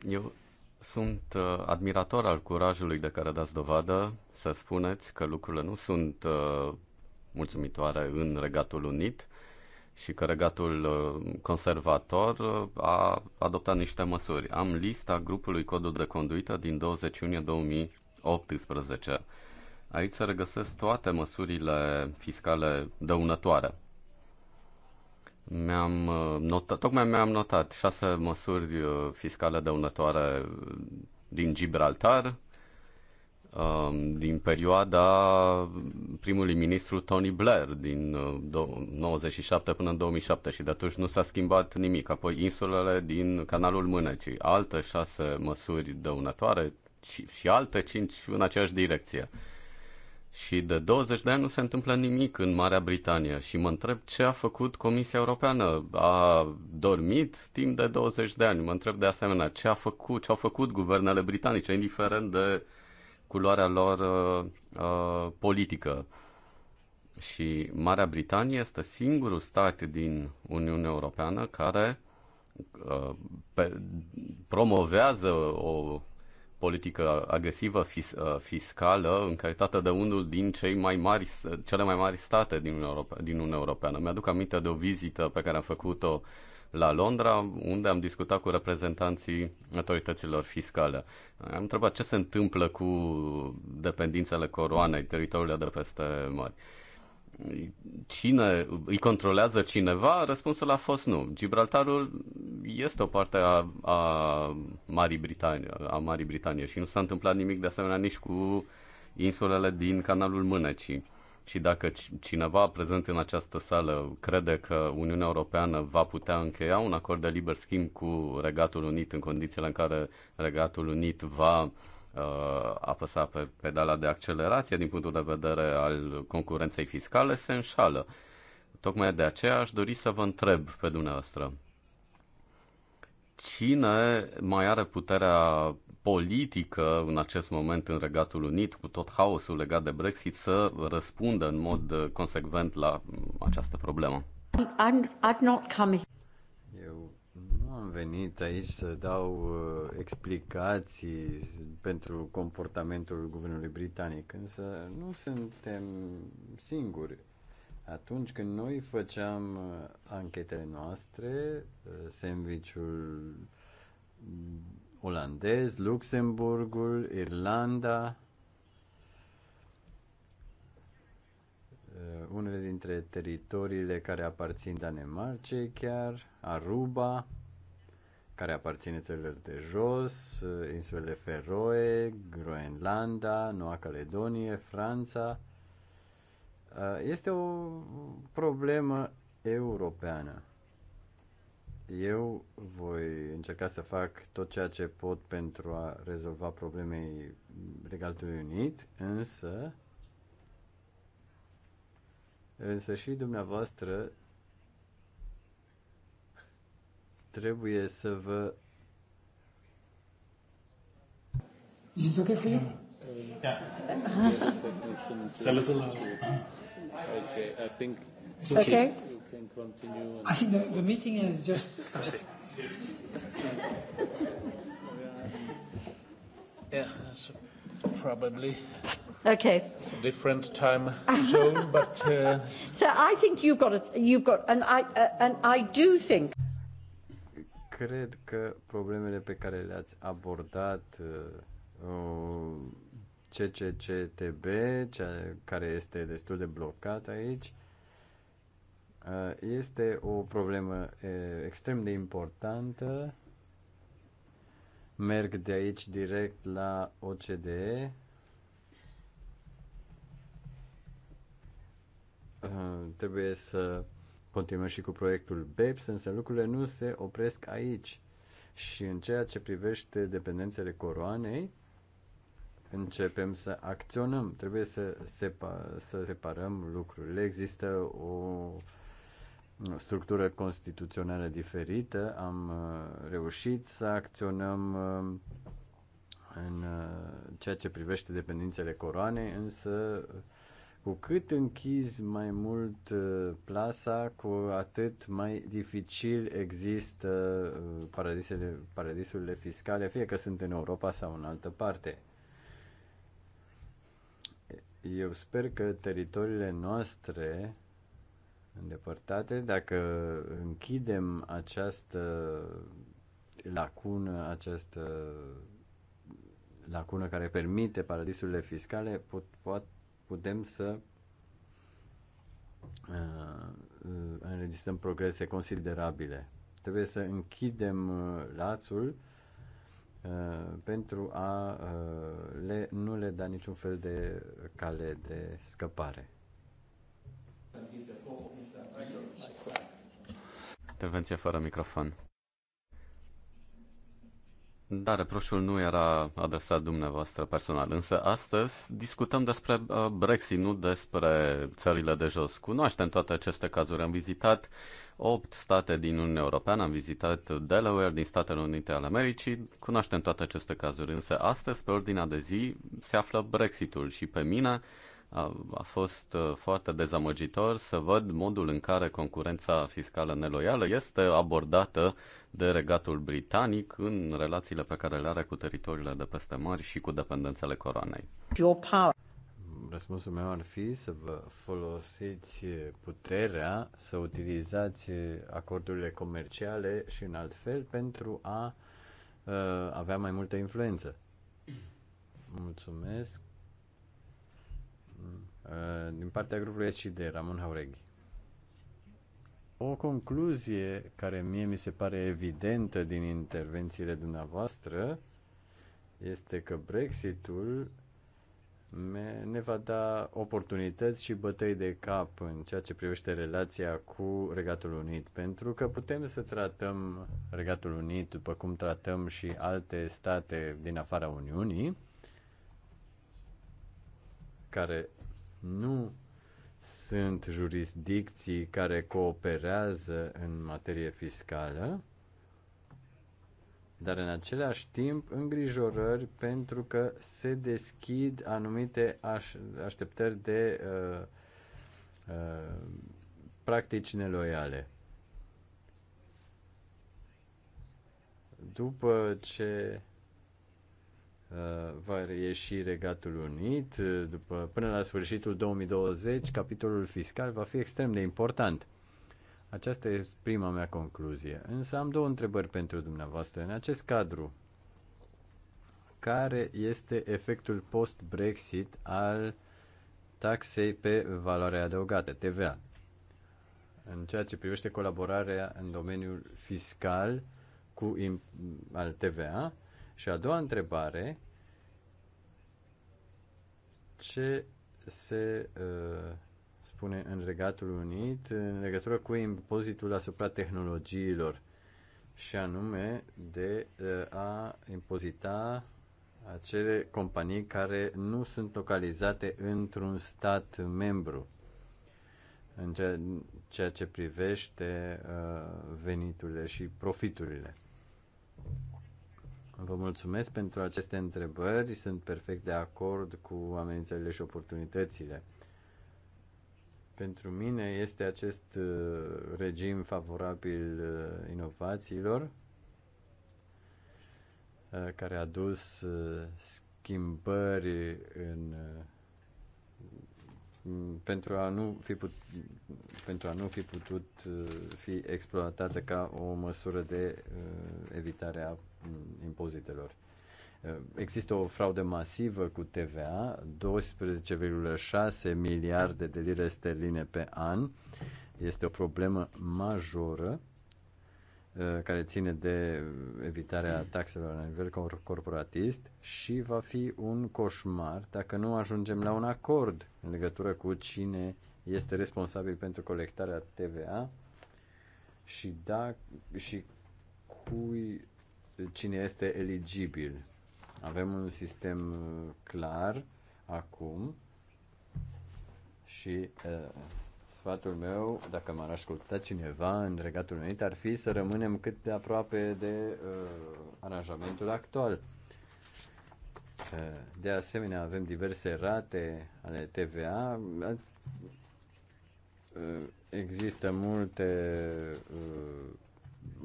Eu sunt uh, admirator al curajului de care dați dovadă să spuneți că lucrurile nu sunt uh, mulțumitoare în Regatul Unit, și că regatul uh, conservator uh, a adoptat niște măsuri. Am lista grupului Codul de Conduită din 20 iunie 2018. Aici se regăsesc toate măsurile fiscale dăunătoare. Mi-am uh, notat, tocmai mi-am notat șase măsuri fiscale dăunătoare din Gibraltar, Um, din perioada primului ministru Tony Blair din 97 uh, până în 2007 și de atunci nu s-a schimbat nimic. Apoi insulele din Canalul Mânecii, alte șase măsuri dăunătoare și, și alte cinci în aceeași direcție. Și de 20 de ani nu se întâmplă nimic în Marea Britanie și mă întreb ce a făcut Comisia Europeană. A dormit timp de 20 de ani. Mă întreb de asemenea ce a făcut, ce au făcut guvernele britanice, indiferent de uh, culoarea lor uh, uh, politică. Și Marea Britanie este singurul stat din Uniunea Europeană care uh, pe, promovează o politică agresivă fis, uh, fiscală în calitate de unul din cei mai mari, cele mai mari state din Uniunea, din Uniunea Europeană. Mi-aduc aminte de o vizită pe care am făcut-o uh, la Londra, unde am discutat cu reprezentanții autorităților fiscale. Am întrebat ce se întâmplă cu dependențele coroanei, teritoriile de peste mări. Cine îi controlează cineva? Răspunsul a fost nu. Gibraltarul este o parte a, a Marii Britanie, a Marii Britanie și nu s-a întâmplat nimic de asemenea nici cu insulele din Canalul Mânecii și dacă cineva prezent în această sală crede că Uniunea Europeană va putea încheia un acord de liber schimb cu Regatul Unit în condițiile în care Regatul Unit va uh, apăsa pe pedala de accelerație din punctul de vedere al concurenței fiscale, se înșală. Tocmai de aceea aș dori să vă întreb pe dumneavoastră. Cine mai are puterea politică în acest moment în Regatul Unit, cu tot haosul legat de Brexit, să răspundă în mod uh, consecvent la mm, această problemă? Eu nu am venit aici să dau uh, explicații pentru comportamentul guvernului britanic, însă nu suntem singuri. Atunci când noi făceam uh, anchetele noastre, sandwich olandez, Luxemburgul, Irlanda, eh, unele dintre teritoriile care aparțin Danemarcei chiar, Aruba, care aparține țărilor de jos, eh, insulele Feroe, Groenlanda, Noua Caledonie, Franța. Eh, este o problemă europeană. Eu voi încerca să fac tot ceea ce pot pentru a rezolva problemei Regatului Unit, însă însă și dumneavoastră trebuie să vă Is it okay for you? Yeah. okay, I think it's okay. okay continue. And I think the, the meeting has just started. yeah, so probably. Okay. Different time zone, but. Uh... So I think you've got a, you've got, and I uh, and I do think. Cred că problemele pe care le-ați abordat. Uh, CCCTB, cea care este destul de blocat aici, Uh, este o problemă uh, extrem de importantă. Merg de aici direct la OCDE. Uh, trebuie să continuăm și cu proiectul BEPS, însă lucrurile nu se opresc aici. Și în ceea ce privește dependențele coroanei, începem să acționăm. Trebuie să, separ, să separăm lucrurile. Există o structură constituțională diferită, am uh, reușit să acționăm uh, în uh, ceea ce privește dependențele coroanei, însă cu cât închizi mai mult plasa, cu atât mai dificil există paradisele, paradisurile fiscale, fie că sunt în Europa sau în altă parte. Eu sper că teritoriile noastre îndepărtate. Dacă închidem această lacună, această lacună care permite paradisurile fiscale, pot, pot, putem să uh, înregistrăm progrese considerabile. Trebuie să închidem uh, lațul uh, pentru a uh, le, nu le da niciun fel de cale de scăpare. Intervenție fără microfon. Da, reproșul nu era adresat dumneavoastră personal, însă astăzi discutăm despre uh, Brexit, nu despre țările de jos. Cunoaștem toate aceste cazuri. Am vizitat 8 state din Uniunea Europeană, am vizitat Delaware din Statele Unite ale Americii, cunoaștem toate aceste cazuri, însă astăzi pe ordinea de zi se află Brexitul și pe mine a fost uh, foarte dezamăgitor să văd modul în care concurența fiscală neloială este abordată de regatul britanic în relațiile pe care le are cu teritoriile de peste mari și cu dependențele coroanei. Răspunsul meu ar fi să vă folosiți puterea, să utilizați acordurile comerciale și în alt fel pentru a uh, avea mai multă influență. Mulțumesc. Eh, din partea grupului SCD, Ramon Haureghi. O concluzie care mie mi se pare evidentă din intervențiile dumneavoastră este că Brexitul ne va da oportunități și bătăi de cap în ceea ce privește relația cu Regatul Unit, pentru că putem să tratăm Regatul Unit după cum tratăm și alte state din afara Uniunii, care nu sunt jurisdicții care cooperează în materie fiscală, dar în același timp îngrijorări pentru că se deschid anumite așteptări de uh, uh, practici neloiale. După ce Uh, va ieși Regatul Unit. Uh, după, până la sfârșitul 2020, capitolul fiscal va fi extrem de important. Aceasta este prima mea concluzie. Însă am două întrebări pentru dumneavoastră. În acest cadru, care este efectul post-Brexit al taxei pe valoare adăugată, TVA? În ceea ce privește colaborarea în domeniul fiscal cu al TVA, și a doua întrebare, ce se uh, spune în Regatul Unit în legătură cu impozitul asupra tehnologiilor și anume de uh, a impozita acele companii care nu sunt localizate într-un stat membru în ceea, ce privește uh, veniturile și profiturile. Vă mulțumesc pentru aceste întrebări. Sunt perfect de acord cu amenințările și oportunitățile. Pentru mine este acest uh, regim favorabil uh, inovațiilor uh, care a dus schimbări în pentru a nu fi put, pentru a nu fi putut fi exploatată ca o măsură de evitare a impozitelor. Eh, există o fraudă masivă cu TVA, 12,6 miliarde de lire sterline pe an. Este o problemă majoră eh, care ține de evitarea taxelor la nivel corporatist și va fi un coșmar dacă nu ajungem la un acord în legătură cu cine este responsabil pentru colectarea TVA și, da, și cui cine este eligibil. Avem un sistem uh, clar acum și uh, sfatul meu, dacă m-ar asculta cineva în Regatul Unit, ar fi să rămânem cât de aproape de uh, aranjamentul actual. Uh, de asemenea, avem diverse rate ale TVA. Uh, există multe uh,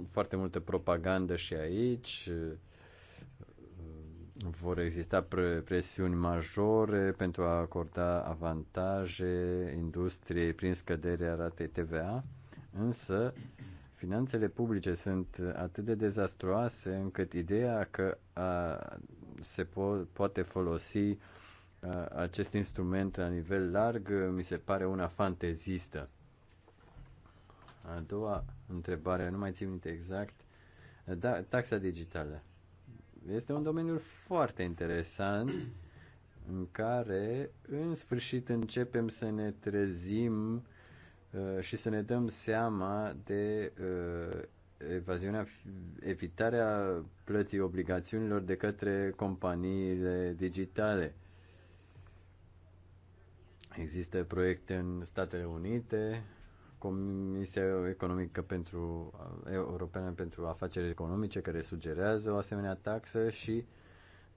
foarte multă propagandă și aici. Vor exista presiuni majore pentru a acorda avantaje industriei prin scăderea ratei TVA, însă finanțele publice sunt atât de dezastroase încât ideea că a, se po- poate folosi a, acest instrument la nivel larg mi se pare una fantezistă. A doua întrebare, nu mai țin minte exact, da, taxa digitală. Este un domeniu foarte interesant în care în sfârșit începem să ne trezim uh, și să ne dăm seama de uh, evaziunea, evitarea plății obligațiunilor de către companiile digitale. Există proiecte în Statele Unite Comisia Economică pentru, Europeană pentru Afaceri Economice care sugerează o asemenea taxă și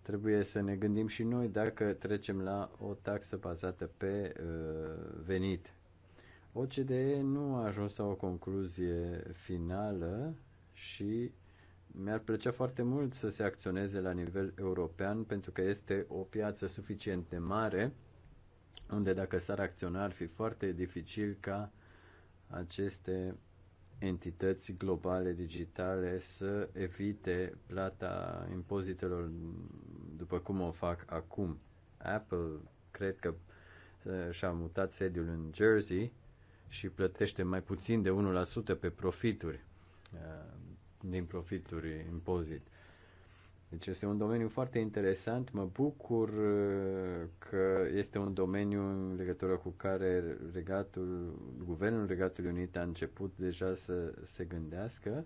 trebuie să ne gândim și noi dacă trecem la o taxă bazată pe uh, venit. OCDE nu a ajuns la o concluzie finală și mi-ar plăcea foarte mult să se acționeze la nivel european pentru că este o piață suficient de mare unde dacă s-ar acționa ar fi foarte dificil ca aceste entități globale digitale să evite plata impozitelor după cum o fac acum. Apple cred că uh, și-a mutat sediul în Jersey și plătește mai puțin de 1% pe profituri uh, din profituri impozit. Deci este un domeniu foarte interesant. Mă bucur uh, că este un domeniu în legătură cu care regatul, guvernul Regatului Unit a început deja să se gândească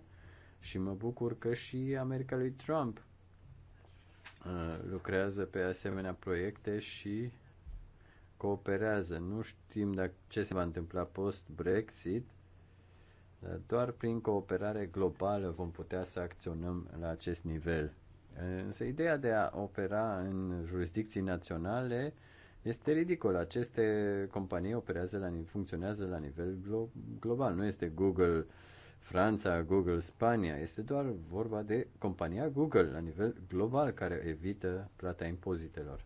și mă bucur că și America lui Trump uh, lucrează pe asemenea proiecte și cooperează. Nu știm dacă ce se va întâmpla post-Brexit, doar prin cooperare globală vom putea să acționăm la acest nivel. Însă ideea de a opera în jurisdicții naționale este ridicol. Aceste companii operează la, funcționează la nivel global. Nu este Google Franța, Google Spania. Este doar vorba de compania Google la nivel global care evită plata impozitelor.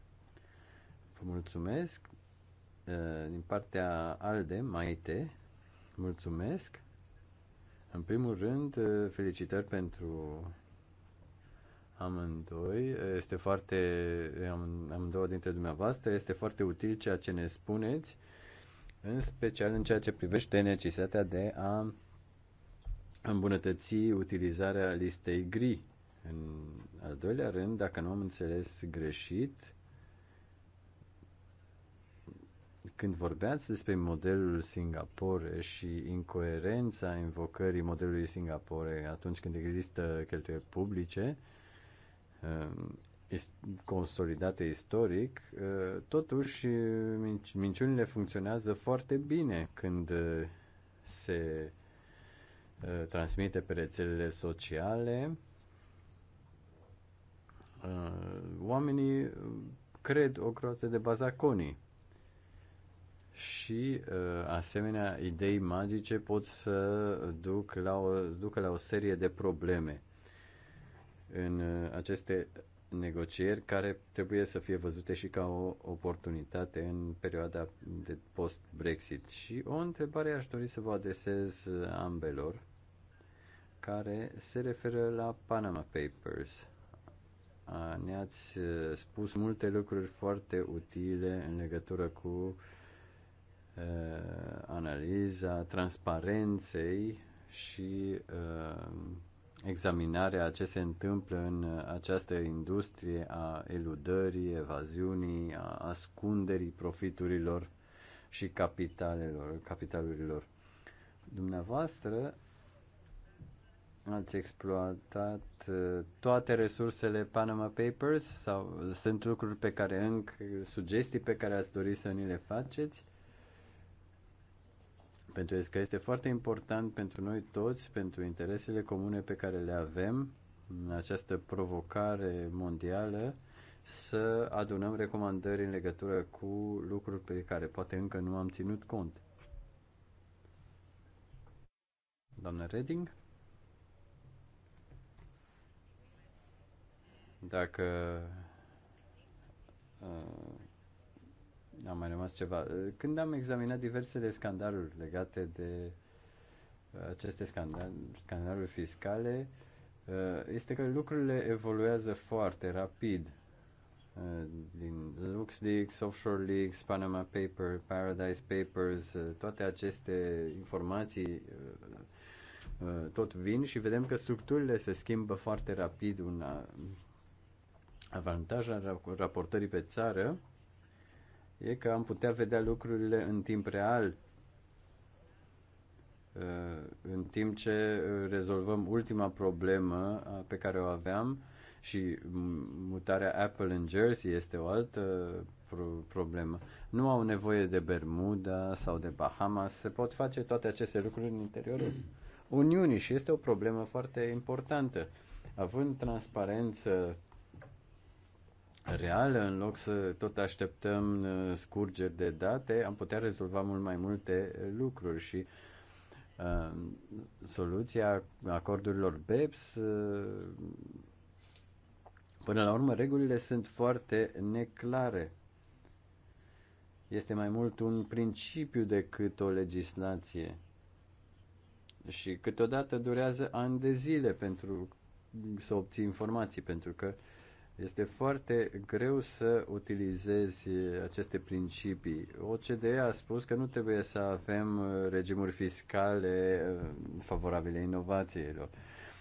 Vă mulțumesc. Eh, din partea ALDE, Maite, mulțumesc. În primul rând, eh, felicitări pentru amândoi, este foarte, am, amândouă dintre dumneavoastră, este foarte util ceea ce ne spuneți, în special în ceea ce privește necesitatea de a îmbunătăți utilizarea listei gri. În al doilea rând, dacă nu am înțeles greșit, când vorbeați despre modelul Singapore și incoerența invocării modelului Singapore atunci când există cheltuieli publice, uh, Ehm, consolidate istoric, ehm, totuși minciunile funcționează foarte bine când eh, se eh, transmite pe rețelele sociale. Eh, oamenii cred o croază de bazaconii și asemenea idei magice pot să duc la o, ducă la o serie de probleme în uh, aceste negocieri care trebuie să fie văzute și ca o oportunitate în perioada de post-Brexit. Și o întrebare aș dori să vă adresez uh, ambelor, care se referă la Panama Papers. Ne-ați uh, spus multe lucruri foarte utile în legătură cu analiza transparenței și examinarea ce se întâmplă în această industrie a eludării, evaziunii, a ascunderii profiturilor și capitalelor, capitalurilor. Dumneavoastră ați exploatat uh, toate resursele Panama Papers sau sunt lucruri pe care încă, sugestii pe care ați dori să ni le faceți? pentru că este foarte important pentru noi toți, pentru interesele comune pe care le avem în această provocare mondială, să adunăm recomandări în legătură cu lucruri pe care poate încă nu am ținut cont. Doamna Reding? Dacă uh, a mai rămas ceva. Uh, când am examinat diversele scandaluri legate de uh, aceste scandal, scandaluri fiscale, uh, este că lucrurile evoluează foarte rapid. Din LuxLeaks, Offshore Leaks, Panama Papers, Paradise Papers, toate aceste informații tot vin și vedem că structurile se schimbă foarte rapid. Un avantaj al raportării pe țară e că am putea vedea lucrurile în timp real, uh, în timp ce uh, rezolvăm ultima problemă uh, pe care o aveam și mutarea Apple în Jersey este o altă problemă. Nu au nevoie de Bermuda sau de Bahamas, se pot face toate aceste lucruri în interiorul Uniunii și este o problemă foarte importantă. Având transparență reală, în loc să tot așteptăm uh, scurgeri de date, am putea rezolva mult mai multe uh, lucruri și uh, soluția acordurilor BEPS Până la urmă, regulile sunt foarte neclare. Este mai mult un principiu decât o legislație. Și câteodată durează ani de zile pentru să obții informații, pentru că uh, este foarte greu să utilizezi aceste principii. OCDE a spus că nu trebuie să avem uh, regimuri fiscale uh, favorabile inovațiilor.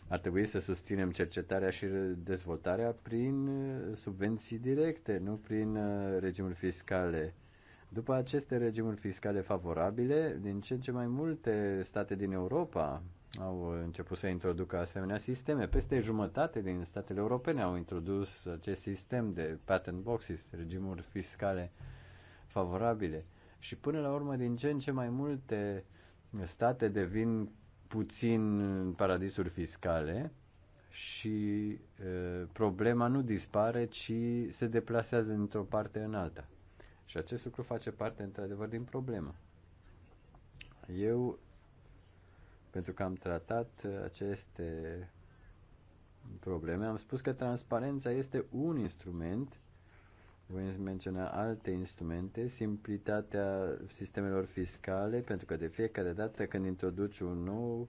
Ar trebui să susținem cercetarea și dezvoltarea prin uh, subvenții directe, nu prin regimuri fiscale. După aceste regimuri fiscale favorabile, din ce în ce mai multe state din Europa, au început să introducă asemenea sisteme. Peste jumătate din statele europene au introdus acest sistem de patent boxes, regimuri fiscale favorabile. Și până la urmă, din ce în ce mai multe state devin puțin paradisuri fiscale și e, problema nu dispare, ci se deplasează într-o parte în alta. Și acest lucru face parte, într-adevăr, din problemă. Eu pentru că am tratat uh, aceste probleme, am spus că transparența este un instrument, voi menționa alte instrumente, simplitatea sistemelor fiscale, pentru că de fiecare dată când introduci un nou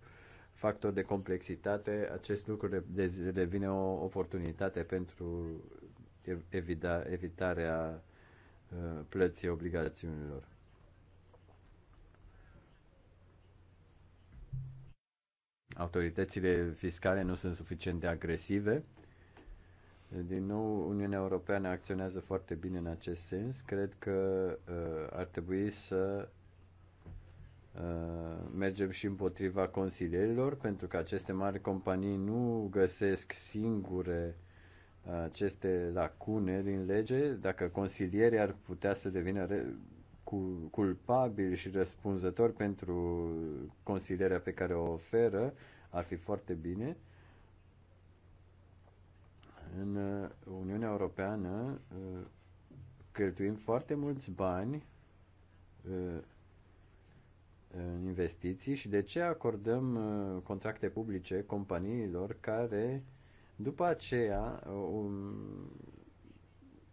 factor de complexitate, acest lucru devine o oportunitate pentru evita, evitarea uh, plății obligațiunilor. autoritățile fiscale nu sunt suficient de agresive. Din nou, Uniunea Europeană acționează foarte bine în acest sens. Cred că uh, ar trebui să uh, mergem și împotriva consilierilor, pentru că aceste mari companii nu găsesc singure uh, aceste lacune din lege. Dacă consilierii ar putea să devină culpabil și răspunzător pentru consilierea pe care o oferă, ar fi foarte bine. În uh, Uniunea Europeană uh, cheltuim foarte mulți bani uh, în investiții și de ce acordăm contracte publice companiilor care după aceea um,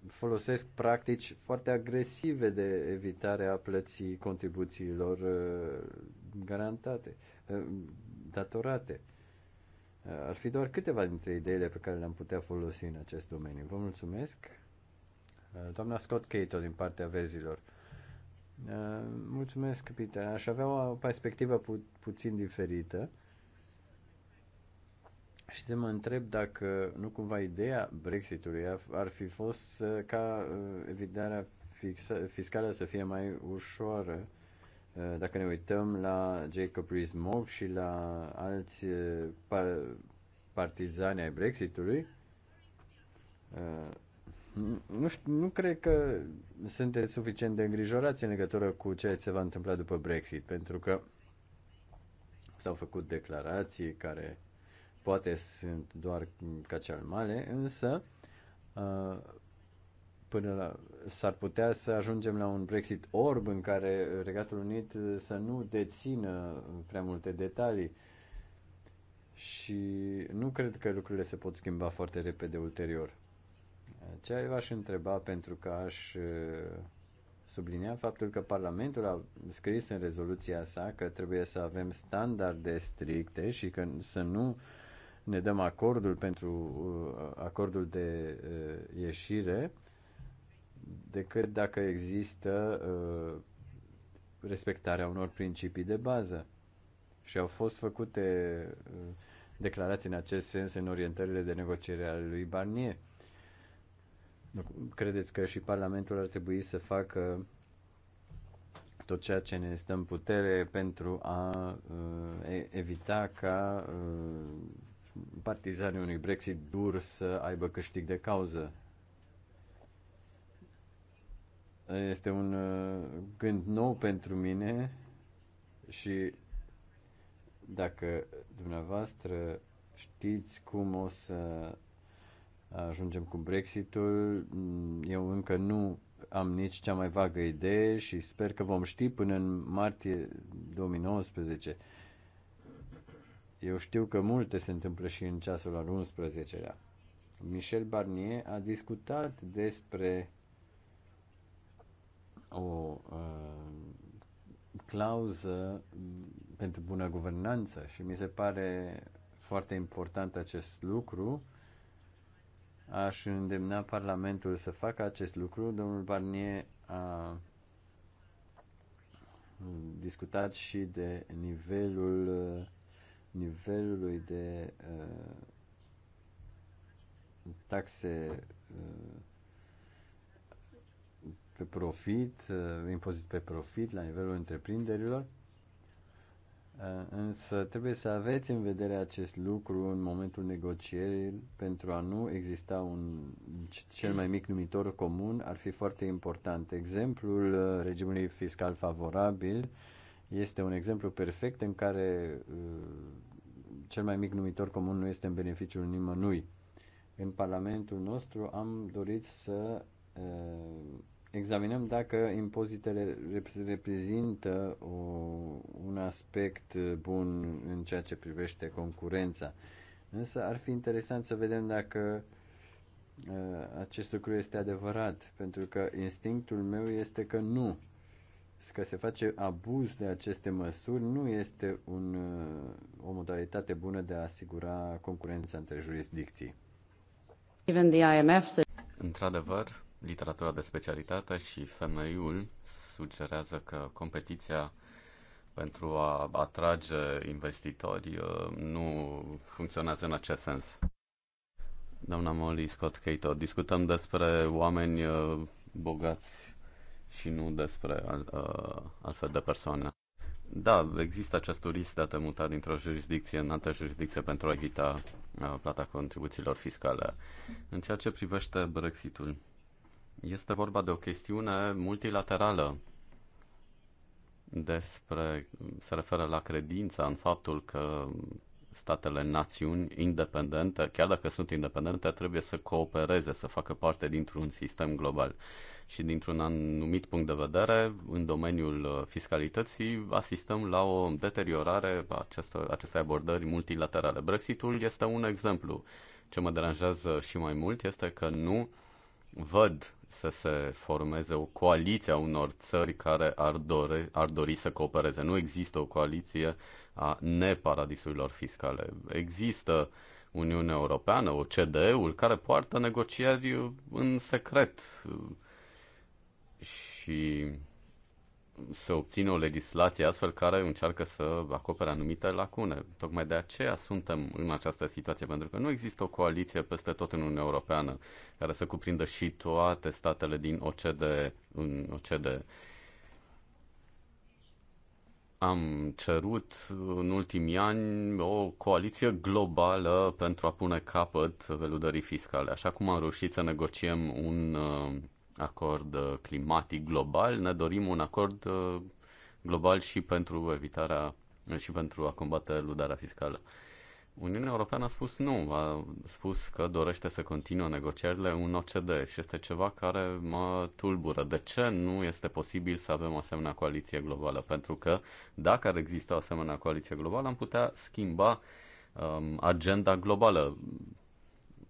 folosesc practici foarte agresive de evitare a plății contribuțiilor uh, garantate, uh, datorate. Uh, ar fi doar câteva dintre ideile pe care le-am putea folosi în acest domeniu. Vă mulțumesc. Doamna Scott Cato din partea verzilor. Mulțumesc, Peter. Aș avea o perspectivă pu- puțin diferită și să mă întreb dacă nu cumva ideea Brexitului ar fi fost ca uh, evitarea fiscală să fie mai ușoară. Uh, dacă ne uităm la Jacob Rees-Mogg și la alți uh, par- partizani ai Brexitului, nu, știu, nu cred că sunteți suficient de îngrijorați în legătură cu ceea ce se va întâmpla după Brexit, pentru că s-au făcut declarații care poate sunt doar male, însă uh, până la, s-ar putea să ajungem la un Brexit orb în care Regatul Unit uh, să nu dețină prea multe detalii și nu cred că lucrurile se pot schimba foarte repede ulterior. Ce v-aș întreba pentru că aș uh, sublinia faptul că Parlamentul a scris în rezoluția sa că trebuie să avem standarde stricte și că să nu uh, ne dăm acordul pentru uh, acordul de uh, ieșire decât dacă există uh, respectarea unor principii de bază. Și au fost făcute declarații în acest sens în orientările de negociere ale lui Barnier. Nu credeți că și Parlamentul ar trebui să facă tot ceea ce ne stă în putere pentru a uh, evita ca uh, partizanii unui Brexit dur să aibă câștig de cauză. Este un uh, gând nou pentru mine și dacă dumneavoastră știți cum o să ajungem cu Brexitul, eu încă nu am nici cea mai vagă idee și sper că vom ști până în martie 2019 eu știu că multe se întâmplă și în ceasul al 11-lea. Michel Barnier a discutat despre o uh, clauză pentru bună guvernanță și mi se pare foarte important acest lucru. Aș îndemna Parlamentul să facă acest lucru. Domnul Barnier a discutat și de nivelul uh, nivelului de uh, taxe uh, pe profit, uh, impozit pe profit la nivelul întreprinderilor. Uh, însă trebuie să aveți în vedere acest lucru în momentul negocierii pentru a nu exista un cel mai mic numitor comun ar fi foarte important. Exemplul uh, regimului fiscal favorabil uh, este un exemplu perfect în care uh, cel mai mic numitor comun nu este în beneficiul nimănui. În Parlamentul nostru am dorit să uh, examinăm dacă impozitele reprezintă o, un aspect bun în ceea ce privește concurența. Însă ar fi interesant să vedem dacă uh, acest lucru este adevărat, pentru că instinctul meu este că nu. Deci că se face abuz de aceste măsuri nu este un, uh, o modalitate bună de a asigura concurența între jurisdicții. Even the IMF... Într-adevăr, literatura de specialitate și femeiul sugerează că competiția pentru a atrage investitori uh, nu funcționează în acest sens. Doamna Molly Scott Cato, discutăm despre oameni uh, bogați și nu despre al, uh, altfel de persoane. Da, există acest risc de a te muta dintr-o jurisdicție în altă jurisdicție pentru a evita uh, plata contribuțiilor fiscale. În ceea ce privește Brexitul, este vorba de o chestiune multilaterală despre, se referă la credința în faptul că statele națiuni independente, chiar dacă sunt independente, trebuie să coopereze, să facă parte dintr-un sistem global. Și dintr-un anumit punct de vedere, în domeniul uh, fiscalității, asistăm la o deteriorare a acestei abordări multilaterale. Brexitul este un exemplu. Ce mă deranjează și mai mult este că nu văd să se formeze o coaliție a unor țări care ar dori, ar dori să coopereze. Nu există o coaliție a neparadisurilor fiscale. Există Uniunea Europeană, OCDE-ul, care poartă negocieri în secret și să obțină o legislație astfel care încearcă să acopere anumite lacune. Tocmai de aceea suntem în această situație, pentru că nu există o coaliție peste tot în Uniunea Europeană care să cuprindă și toate statele din OCDE. În OCDE. Am cerut în ultimii ani o coaliție globală pentru a pune capăt veludării fiscale. Așa cum am reușit să negociem un uh, acord uh, climatic global, ne dorim un acord uh, global și pentru evitarea uh, și pentru a combate ludarea fiscală. Uniunea Europeană a spus nu, a spus că dorește să continue negocierile în OCD și este ceva care mă tulbură. De ce nu este posibil să avem o asemenea coaliție globală? Pentru că dacă ar exista o asemenea coaliție globală, am putea schimba um, agenda globală.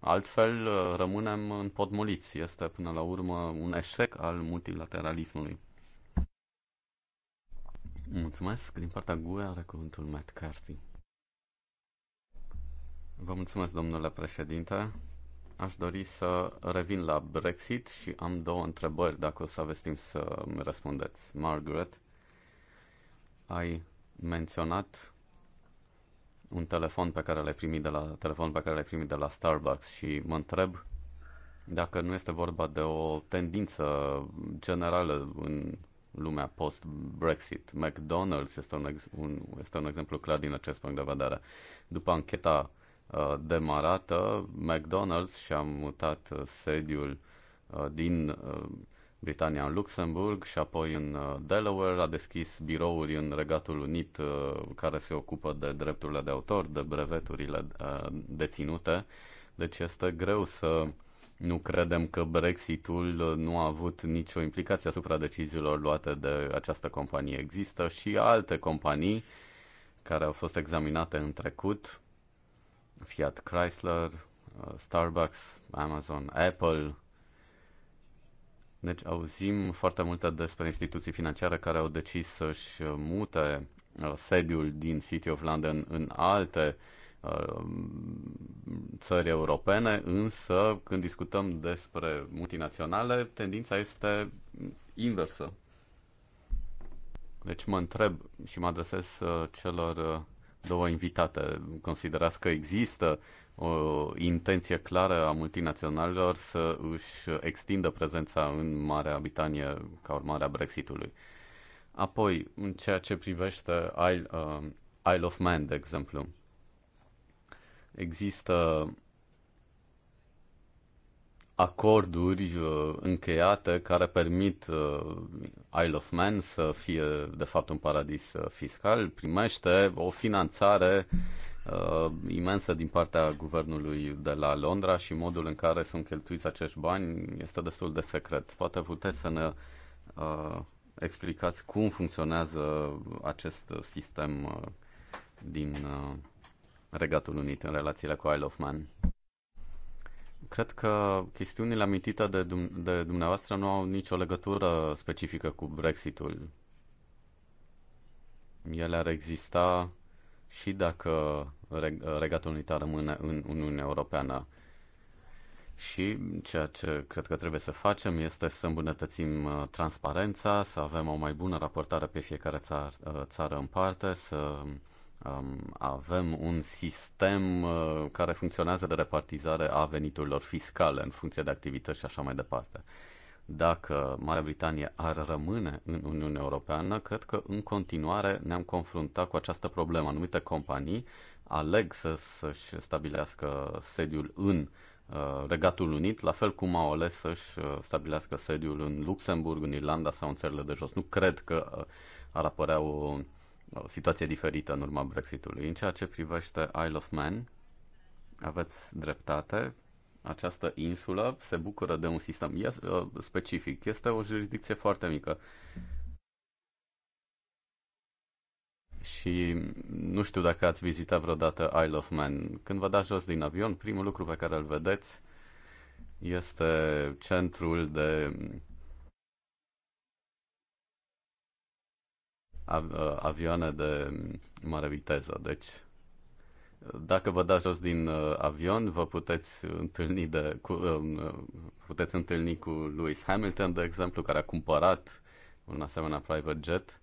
Altfel, uh, rămânem podmoliți. Este, până la urmă, un eșec al multilateralismului. Mulțumesc. Din partea GUE are cuvântul Matt Carthy. Vă mulțumesc, domnule președinte. Aș dori să revin la Brexit și am două întrebări, dacă o să aveți timp să mi răspundeți. Margaret, ai menționat un telefon pe care l-ai primit de la telefon pe care l-ai primit de la Starbucks și mă întreb dacă nu este vorba de o tendință generală în lumea post-Brexit. McDonald's este un, ex- un, este un exemplu clar din acest punct de vedere. După ancheta uh, demarată, McDonald's și-a mutat uh, sediul uh, din uh, Britania în Luxemburg și apoi în uh, Delaware. A deschis birouri în Regatul Unit uh, care se ocupă de drepturile de autor, de breveturile uh, deținute. Deci este greu să nu credem că Brexitul nu a avut nicio implicație asupra deciziilor luate de această companie. Există și alte companii care au fost examinate în trecut, Fiat Chrysler, Starbucks, Amazon, Apple, deci auzim foarte multe despre instituții financiare care au decis să-și mute uh, sediul din City of London în alte uh, țări europene, însă când discutăm despre multinaționale, tendința este inversă. Deci mă întreb și mă adresez uh, celor două invitate. Considerați că există o intenție clară a multinaționalilor să își extindă prezența în Marea Britanie ca urmare a Brexitului. Apoi, în ceea ce privește Isle, uh, Isle of Man, de exemplu, există acorduri uh, încheiate care permit uh, Isle of Man să fie de fapt un paradis uh, fiscal, primește o finanțare uh, imensă din partea guvernului de la Londra și modul în care sunt cheltuiți acești bani este destul de secret. Poate puteți să ne uh, explicați cum funcționează acest sistem uh, din uh, Regatul Unit în relațiile cu Isle of Man. Cred că chestiunile amintite de, dum- de dumneavoastră nu au nicio legătură specifică cu Brexitul. Ele ar exista și dacă Regatul Unit rămâne în Uniunea Europeană. Și ceea ce cred că trebuie să facem este să îmbunătățim uh, transparența, să avem o mai bună raportare pe fiecare țar, uh, țară în parte, să Um, avem un sistem uh, care funcționează de repartizare a veniturilor fiscale în funcție de activități și așa mai departe. Dacă Marea Britanie ar rămâne în Uniunea Europeană, cred că în continuare ne-am confruntat cu această problemă. Anumite companii aleg să, să-și stabilească sediul în uh, Regatul Unit, la fel cum au ales să-și uh, stabilească sediul în Luxemburg, în Irlanda sau în țările de jos. Nu cred că ar apărea o o situație diferită în urma Brexitului. În ceea ce privește Isle of Man, aveți dreptate. Această insulă se bucură de un sistem uh, specific. Este o jurisdicție foarte mică. Și nu știu dacă ați vizitat vreodată Isle of Man. Când vă dați jos din avion, primul lucru pe care îl vedeți este centrul de Uh, avioane de mare viteză. Deci, dacă vă dați jos din uh, avion, vă puteți întâlni, de, cu, uh, um, puteți întâlni cu Lewis Hamilton, de exemplu, care a cumpărat un asemenea private jet.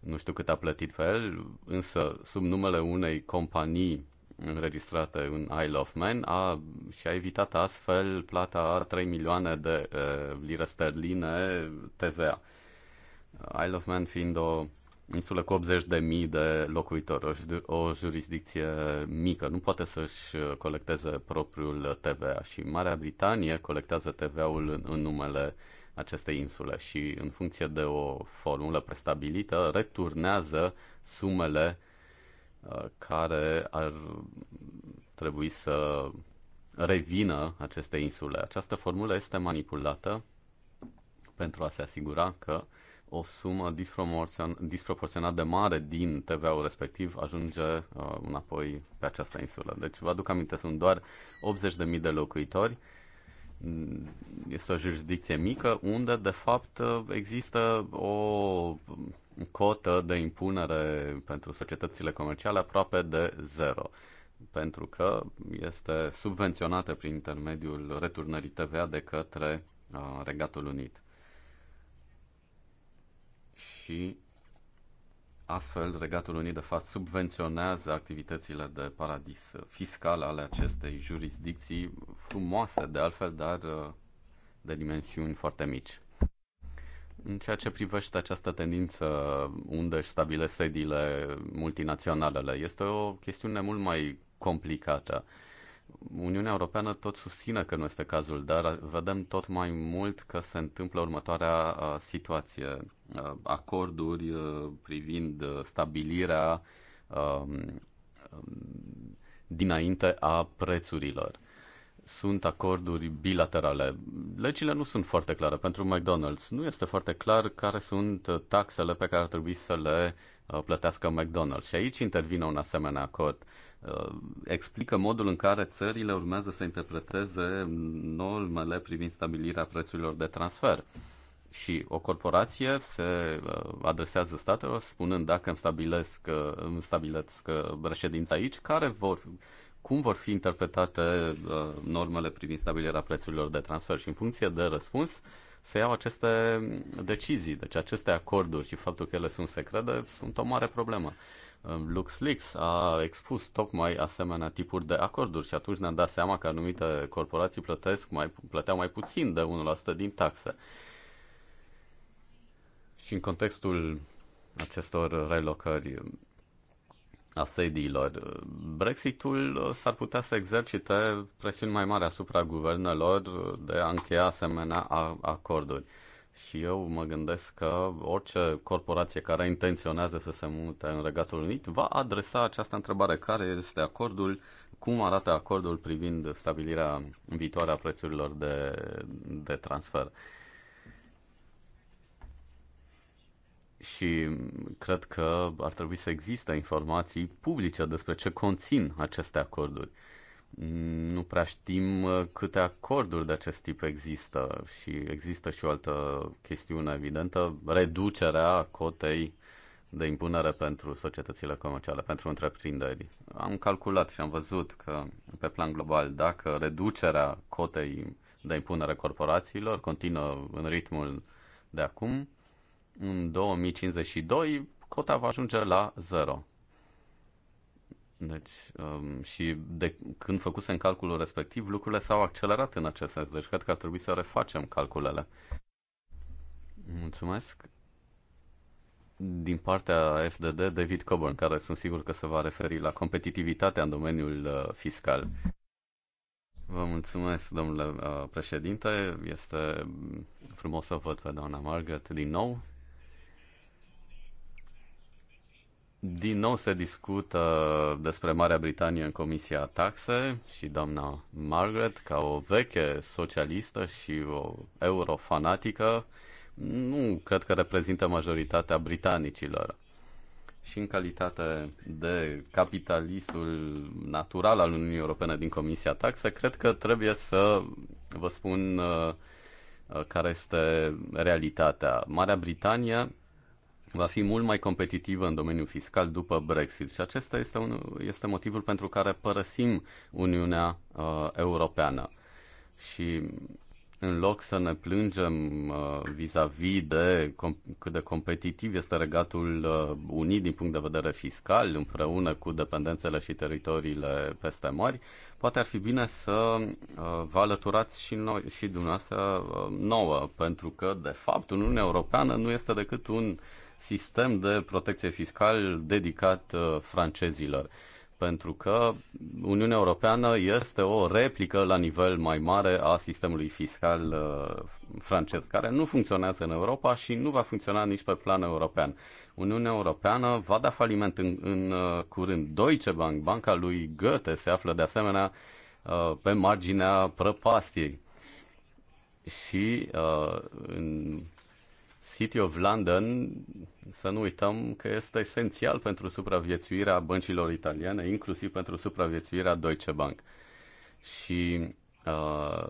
Nu știu cât a plătit pe el, însă sub numele unei companii înregistrate în Isle of Man a, și a evitat astfel plata a 3 milioane de e, lire sterline TVA. Isle of Man fiind o insulă cu 80.000 de, de locuitori, o, o jurisdicție mică, nu poate să-și uh, colecteze propriul TVA și Marea Britanie colectează TVA-ul în, în numele acestei insule și în funcție de o formulă prestabilită returnează sumele uh, care ar trebui să revină aceste insule. Această formulă este manipulată pentru a se asigura că uh, o sumă disproporționat de mare din TVA-ul respectiv ajunge uh, înapoi pe această insulă. Deci vă aduc aminte, sunt doar 80.000 de locuitori, mm, este o jurisdicție mică unde de fapt uh, există o um, cotă de impunere pentru societățile comerciale aproape de zero pentru că este subvenționată prin intermediul returnării TVA de către uh, Regatul Unit și astfel Regatul Unit de fapt subvenționează activitățile de paradis fiscal ale acestei jurisdicții frumoase de altfel, dar uh, de dimensiuni foarte mici. În ceea ce privește această tendință unde își stabilesc sediile multinaționalele, este o chestiune mult mai complicată. Uniunea Europeană tot susține că nu este cazul, dar vedem tot mai mult că se întâmplă următoarea situație. Acorduri privind stabilirea dinainte a prețurilor. Sunt acorduri bilaterale. Legile nu sunt foarte clare. Pentru McDonald's nu este foarte clar care sunt taxele pe care ar trebui să le plătească McDonald's. Și aici intervine un asemenea acord. Uh, Uh, explică modul în care țările urmează să interpreteze normele privind stabilirea prețurilor de transfer. Și o corporație se uh, adresează statelor spunând dacă îmi stabilesc, uh, îmi stabilesc reședința aici, care vor, cum vor fi interpretate normele privind stabilirea prețurilor de transfer și în funcție de răspuns se iau aceste decizii. Deci aceste acorduri și faptul că ele sunt secrete sunt o mare problemă. Um, LuxLeaks a expus tocmai asemenea tipuri de acorduri și atunci ne-am dat seama că anumite corporații plătesc mai, plăteau mai puțin de 1% din taxe. Și în contextul acestor relocări a sediilor, Brexitul uh, s-ar putea să exercite presiuni mai mari asupra guvernelor de a încheia asemenea acorduri și eu mă gândesc că orice corporație care intenționează să se mute în Regatul Unit va adresa această întrebare. Care este acordul? Cum arată acordul privind stabilirea viitoare a prețurilor de, de transfer? și cred că ar trebui să existe informații publice despre ce conțin aceste acorduri. Mm, nu prea știm uh, câte acorduri de acest tip există și există și o altă chestiune evidentă, reducerea cotei de impunere pentru societățile comerciale, pentru întreprinderi. Am calculat și am văzut că pe plan global, dacă reducerea cotei de impunere corporațiilor continuă în ritmul de acum, în 2052 cota va ajunge la zero. Deci, um, și de când făcusem calculul respectiv, lucrurile s-au accelerat în acest sens. Deci, cred că ar trebui să refacem calculele. Mulțumesc. Din partea FDD, David Coburn, care sunt sigur că se va referi la competitivitatea în domeniul uh, fiscal. Vă mulțumesc, domnule uh, președinte. Este frumos să văd pe doamna Margaret din nou. Din nou se discută despre Marea Britanie în Comisia Taxe și doamna Margaret, ca o veche socialistă și o eurofanatică, nu cred că reprezintă majoritatea britanicilor. Și în calitate de capitalistul natural al Uniunii Europene din Comisia Taxe, cred că trebuie să vă spun uh, uh, care este realitatea. Marea Britanie va fi mult mai competitivă în domeniul fiscal după Brexit și acesta este, un, este motivul pentru care părăsim Uniunea uh, Europeană. Și în loc să ne plângem uh, vis-a-vis de com- cât de competitiv este regatul uh, unit din punct de vedere fiscal, împreună cu dependențele și teritoriile peste mari, poate ar fi bine să uh, vă alăturați și, noi, și dumneavoastră uh, nouă, pentru că, de fapt, Uniunea Europeană nu este decât un uh, sistem de protecție fiscal dedicat uh, francezilor. Pentru că Uniunea Europeană este o replică la nivel mai mare a sistemului fiscal uh, francez, care nu funcționează în Europa și nu va funcționa nici pe plan european. Uniunea Europeană va da faliment în, în uh, curând. Deutsche Bank, banca lui Goethe, se află de asemenea pe marginea prăpastiei. Și uh, în City of London, să nu uităm că este esențial pentru supraviețuirea băncilor italiene, inclusiv pentru supraviețuirea Deutsche Bank. Și uh,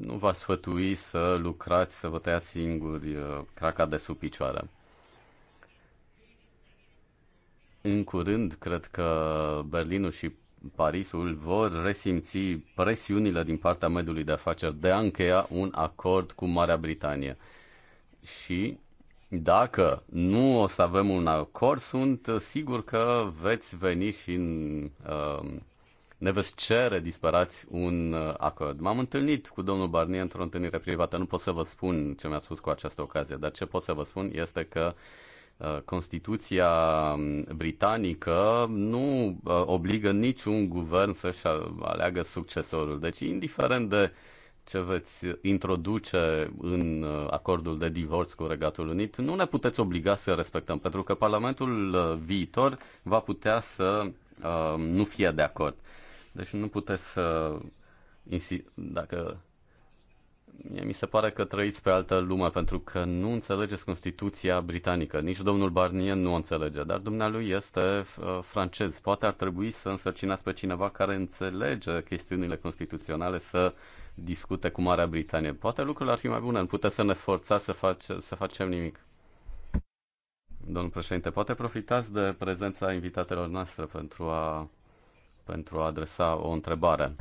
nu v-aș sfătui să lucrați, să vă tăiați singuri uh, craca de sub picioare. În curând, cred că Berlinul și Parisul vor resimți presiunile din partea mediului de afaceri de a încheia un acord cu Marea Britanie. Și dacă nu o să avem un acord, sunt uh, sigur că veți veni și în, uh, ne veți cere disperați un uh, acord. M-am întâlnit cu domnul Barnier într-o întâlnire privată. Nu pot să vă spun ce mi-a spus cu această ocazie, dar ce pot să vă spun este că uh, Constituția um, britanică nu obligă niciun guvern să-și aleagă succesorul. Deci, indiferent de uh, ce veți introduce în uh, acordul de divorț cu Regatul Unit, nu ne puteți obliga să respectăm, pentru că Parlamentul uh, viitor va putea să uh, nu fie de acord. Deci nu puteți să. Dacă mi se pare că trăiți pe altă lume, pentru că nu înțelegeți Constituția britanică. Nici domnul Barnier nu o înțelege, dar dumnealui este uh, francez. Poate ar trebui să însărcinați pe cineva care înțelege chestiunile constituționale să discute cu Marea Britanie. Poate lucrurile ar fi mai bune, nu puteți să ne forțați să, face, să facem nimic. Domnul președinte, poate profitați de prezența invitatelor noastre pentru a, pentru a adresa o întrebare.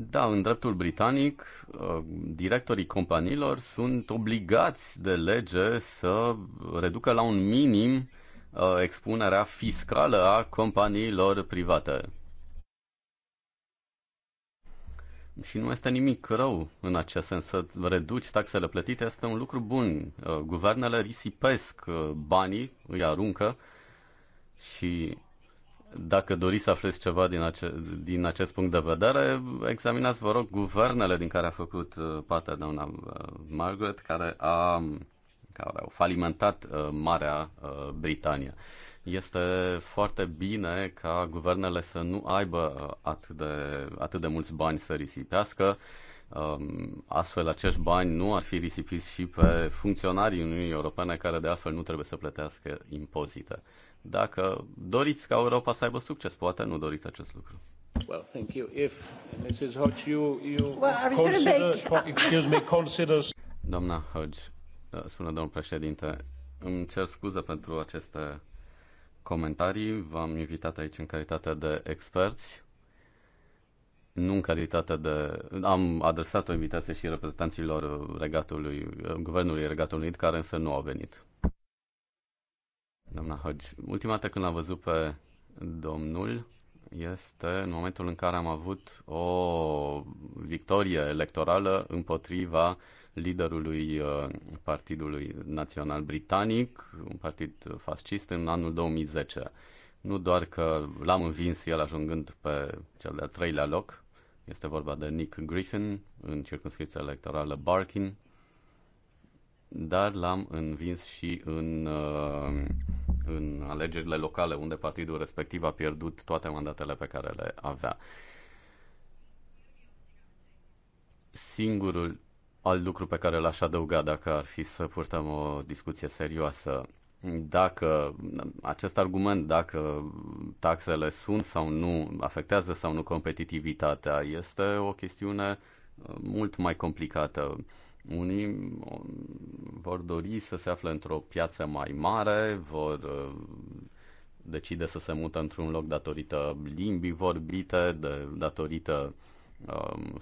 Da, în dreptul britanic, uh, directorii companiilor sunt obligați de lege să reducă la un minim uh, expunerea fiscală a companiilor private. Și nu este nimic rău în acest sens. Să reduci taxele plătite este un lucru bun. Uh, guvernele risipesc banii, îi aruncă și dacă doriți să aflați ceva din, ace- din acest punct de vedere, examinați, vă rog, guvernele din care a făcut uh, parte doamna uh, Margaret, care, a, care au falimentat uh, Marea uh, Britanie. Este foarte bine ca guvernele să nu aibă uh, atât de, atât de mulți bani să risipească. Um, astfel, acești bani nu ar fi risipiți și pe funcționarii Uniunii Europene, care de altfel nu trebuie să plătească impozite dacă doriți ca Europa să aibă succes, poate nu doriți acest lucru. Well, thank you. If Mrs. Hodge, you, you well, consider, excuse me, consider. Doamna Hodge, uh, spune domnul președinte, îmi cer scuze pentru aceste comentarii. V-am invitat aici în calitate de experți, nu în calitate de... Am adresat o invitație și reprezentanților regatului, uh, Guvernului Regatului Unit, care însă nu au venit doamna Hodge. Ultima dată când l-am văzut pe domnul este în momentul în care am avut o victorie electorală împotriva liderului uh, Partidului Național Britanic, un partid fascist, în anul 2010. Nu doar că l-am învins el ajungând pe cel de-al treilea loc, este vorba de Nick Griffin în circunscripția electorală Barkin, dar l-am învins și în, uh, în alegerile locale, unde partidul respectiv a pierdut toate mandatele pe care le avea. Singurul alt lucru pe care l-aș adăuga dacă ar fi să purtăm o discuție serioasă dacă acest argument, dacă taxele sunt sau nu, afectează sau nu competitivitatea, este o chestiune uh, mult mai complicată. Unii vor dori să se afle într-o piață mai mare, vor uh, decide să se mută într-un loc datorită limbii vorbite, de, datorită um,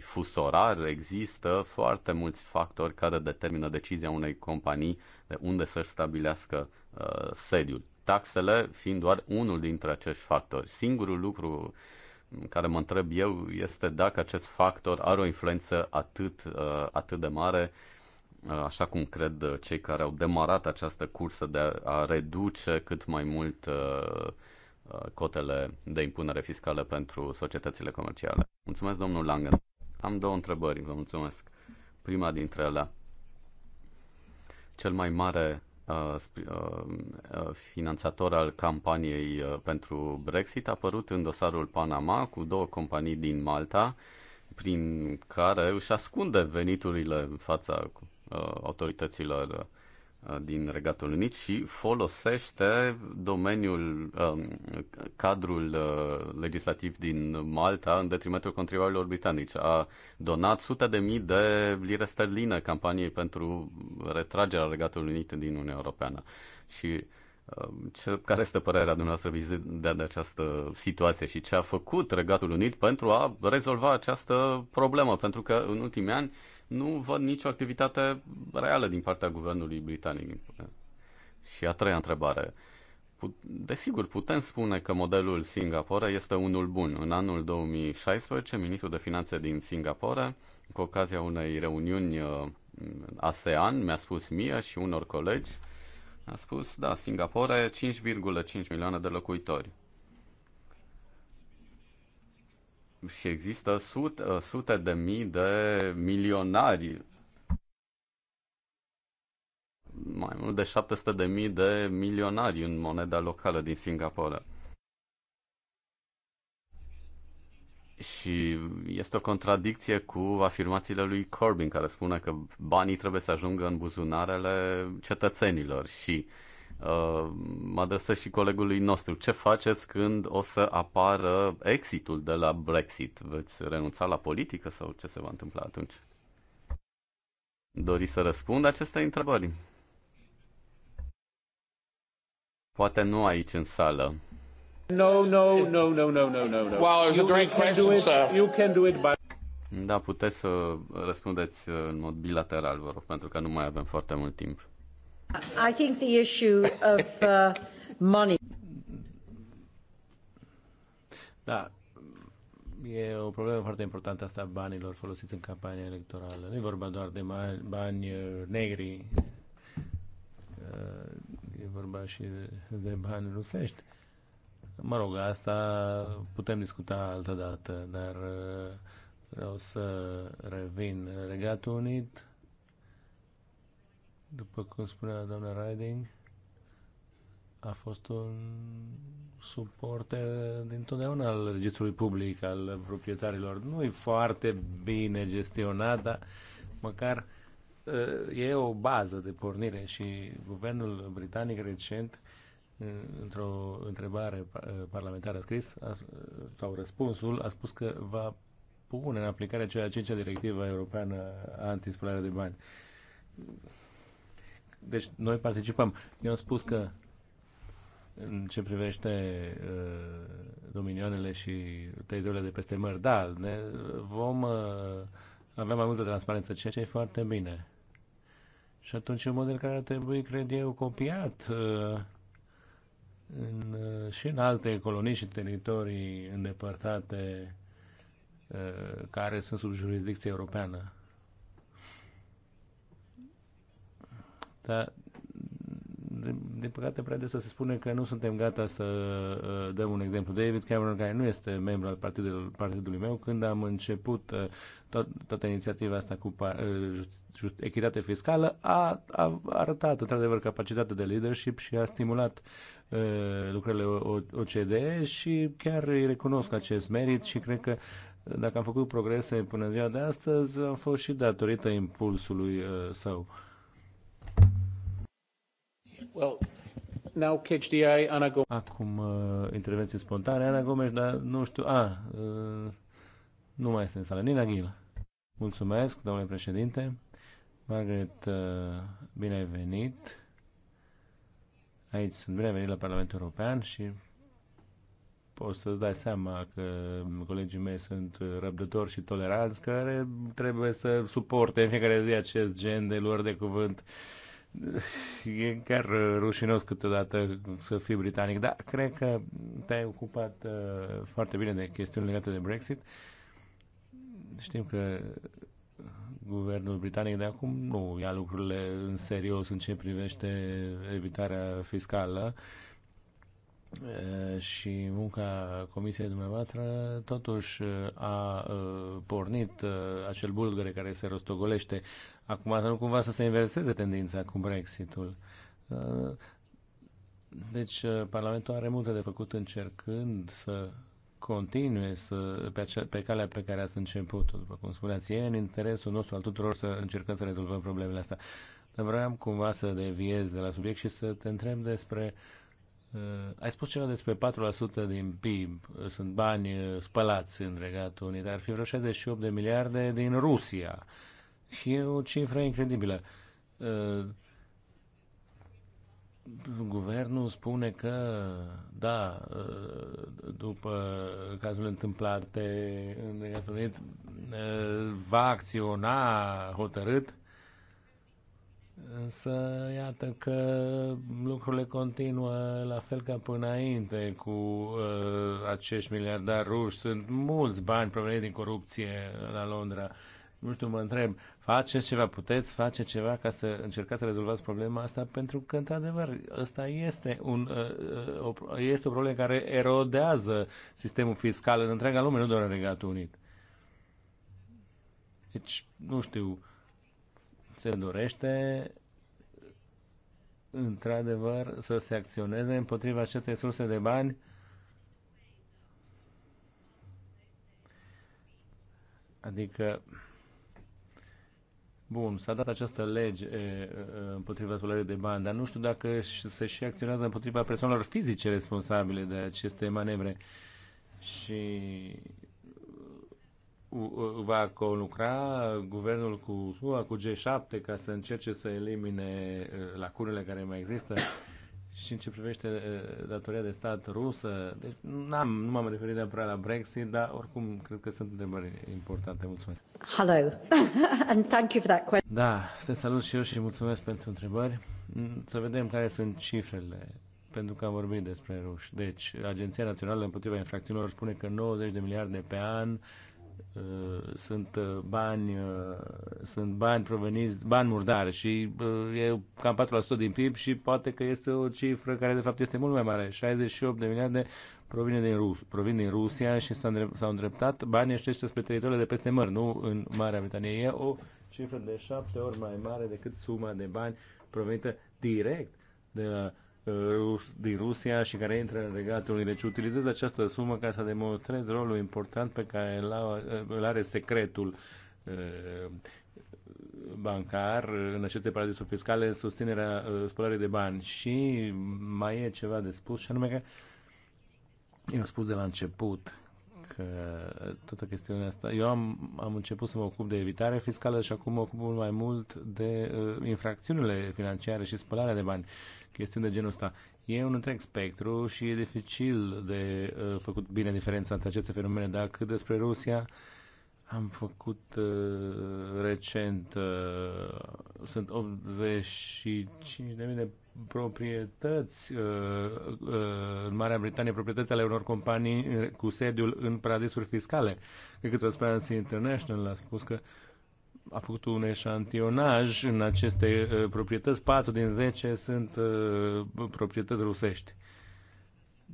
fusorar. există foarte mulți factori care determină decizia unei companii de unde să-și stabilească uh, sediul. Taxele fiind doar unul dintre acești factori. Singurul lucru care mă întreb eu este dacă acest factor are o influență atât, uh, atât de mare, uh, așa cum cred uh, cei care au demarat această cursă de a reduce cât mai mult cotele de impunere fiscală pentru societățile comerciale. Mulțumesc, domnul Langen. Am două întrebări, vă mulțumesc. Prima dintre ele. Cel mai mare Uh, uh, uh, finanțator al campaniei pentru Brexit a apărut în dosarul Panama cu două companii din Malta prin care își ascunde veniturile în fața autorităților Uh, din Regatul Unit și folosește domeniul, um, cadrul uh, legislativ din Malta în detrimentul contribuabililor britanici. A donat sute de mii de lire sterline campaniei pentru retragerea Regatului Unit din Uniunea Europeană. Și um, ce, care este părerea dumneavoastră vizită de, această situație și ce a făcut Regatul Unit pentru a rezolva această problemă? Pentru că în ultimii ani nu văd nicio activitate reală din partea guvernului britanic. Și a treia întrebare. Desigur, putem spune că modelul Singapore este unul bun. În anul 2016, ministrul de finanțe din Singapore, cu ocazia unei reuniuni uh, ASEAN, mi-a spus mie și unor colegi, a spus, da, Singapore, 5,5 milioane de locuitori. și există sute, uh, sute de mii de milionari, mai mult de 700 de mii de milionari în moneda locală din Singapore. Și este o contradicție cu afirmațiile lui Corbyn, care spune că banii trebuie să ajungă în buzunarele cetățenilor și uh, mă adresez și colegului nostru. Ce faceți când o să apară exitul de la Brexit? Veți renunța la politică sau ce se va întâmpla atunci? Doriți să răspund aceste întrebări? Poate nu aici în sală. No, no, no, no, no, no, no. Wow, it's a great question, sir. You can do it by... Da, puteți să răspundeți în mod bilateral, vă rog, pentru că nu mai avem foarte mult timp. I think the issue of uh, money. Da, e o problemă foarte importantă asta a banilor folosiți în campania electorală. Nu e vorba doar de bani uh, negri, uh, e vorba și de bani rusești. Mă rog, asta putem discuta altă dată, dar uh, vreau să revin. Regatul Unit după cum spunea doamna Riding, a fost un suport dintotdeauna al registrului public, al proprietarilor. Nu e foarte bine gestionat, dar măcar eh, e o bază de pornire și guvernul britanic recent eh, într-o întrebare eh, parlamentară a scris sau răspunsul a spus că va pune în aplicare cea cincea directivă europeană anti anti-spălare de bani deci noi participăm. Eu am spus că în ce privește uh, dominioanele și teritoriile de peste mări, da, ne vom uh, avea mai multă transparență, ceea ce e foarte bine. Și atunci un model care ar trebui, cred eu, copiat uh, în, uh, și în alte colonii și teritorii îndepărtate uh, care sunt sub jurisdicție europeană. Dar, din păcate, prea des se spune că nu suntem gata să uh, dăm un exemplu. David Cameron, care nu este membru al partidului, partidului meu, când am început uh, to- toată inițiativa asta cu uh, just, just, echitate fiscală, a, a arătat, într-adevăr, capacitatea de leadership și a stimulat uh, lucrările OCDE și chiar îi recunosc acest merit și cred că dacă am făcut progrese până ziua de astăzi, am fost și datorită impulsului uh, său. Acum uh, intervenție spontane. Ana Gomes, dar nu știu... A, uh, nu mai este în sală. Nina Ghila. Mulțumesc, domnule președinte. Margaret, uh, bine ai venit. Aici sunt bine ai venit la Parlamentul European și poți să-ți dai seama că colegii mei sunt răbdători și toleranți, care trebuie să suporte în fiecare zi acest gen de luări de cuvânt. Uh, E chiar rușinos câteodată să fii britanic, dar cred că te-ai ocupat uh, foarte bine de chestiuni legate de Brexit. Știm că guvernul britanic de acum nu ia lucrurile în serios în ce privește evitarea fiscală uh, și munca comisiei dumneavoastră totuși uh, a pornit acel bulgăre care se rostogolește Acum să nu cumva să se inverseze tendința cu Brexitul. Uh, deci uh, Parlamentul are multe de făcut încercând să continue să, pe, acea, pe calea pe care ați început-o. După cum spuneați, e în interesul nostru al tuturor să încercăm să rezolvăm problemele astea. Dar vreau cumva să deviez de la subiect și să te întreb despre Uh, ai spus ceva despre 4% din PIB, sunt bani uh, spălați în regatul unit, ar fi vreo 68 de miliarde din Rusia. Uh, și e o cifră incredibilă. Uh, guvernul spune că, da, uh, după cazul întâmplate în Regatul Unit, uh, va acționa hotărât, însă iată că lucrurile continuă la fel ca până înainte cu acești miliardari ruși. Sunt mulți bani proveniți din corupție la Londra nu știu, mă întreb, faceți ceva, puteți face ceva ca să încercați să rezolvați problema asta, pentru că, într-adevăr, asta este, un, uh, uh, o, este o problemă care erodează sistemul fiscal în întreaga lume, nu doar în Regatul Unit. Deci, nu știu, se dorește într-adevăr să se acționeze împotriva acestei surse de bani Adică Bun, s-a dat această lege împotriva spălării de bani, dar nu știu dacă se și acționează împotriva persoanelor fizice responsabile de aceste manevre. Și va conlucra guvernul cu cu G7, ca să încerce să elimine lacunele care mai există și în ce privește datoria de stat rusă, deci n-am, nu m-am referit neapărat la Brexit, dar oricum cred că sunt întrebări importante. Mulțumesc! Hello! And thank you for that question. Da, te salut și eu și mulțumesc pentru întrebări. Mm, să vedem care sunt cifrele pentru că am vorbit despre ruși. Deci, Agenția Națională împotriva infracțiunilor spune că 90 de miliarde pe an uh, Uh, sunt uh, bani, uh, sunt bani proveniți, bani murdari și e cam 4% din PIB și poate că este o cifră care de fapt este mult mai mare. 68 de miliarde provine din, Rus, provin din Rusia și s-au îndreptat banii ăștia spre teritoriile de peste mări, nu în Marea Britanie. E o cifră de șapte ori mai mare decât suma de bani provenită direct de la Uh, din Rusia și care intră în Regatul Unii. Deci utilizez această sumă ca să demonstrez rolul important pe care îl uh, are secretul uh, bancar în aceste paradisuri fiscale în susținerea spălării de bani. Și mai e ceva de spus și anume că eu am spus de la început că toată chestiunea asta... Eu am, am început să mă ocup de evitare fiscală și acum mă ocup mai mult de uh, infracțiunile financiare și spălarea de bani. Uh, chestiuni de genul ăsta. E un întreg spectru și e dificil de uh, făcut bine diferența între aceste fenomene, dar cât despre Rusia, am făcut uh, recent, uh, sunt 85.000 de proprietăți uh, uh, în Marea Britanie, proprietăți ale unor companii uh, cu sediul în paradisuri fiscale. Cred că Transparency International a spus că uh, a făcut un eșantionaj în aceste uh, proprietăți. 4 din 10 sunt uh, proprietăți rusești.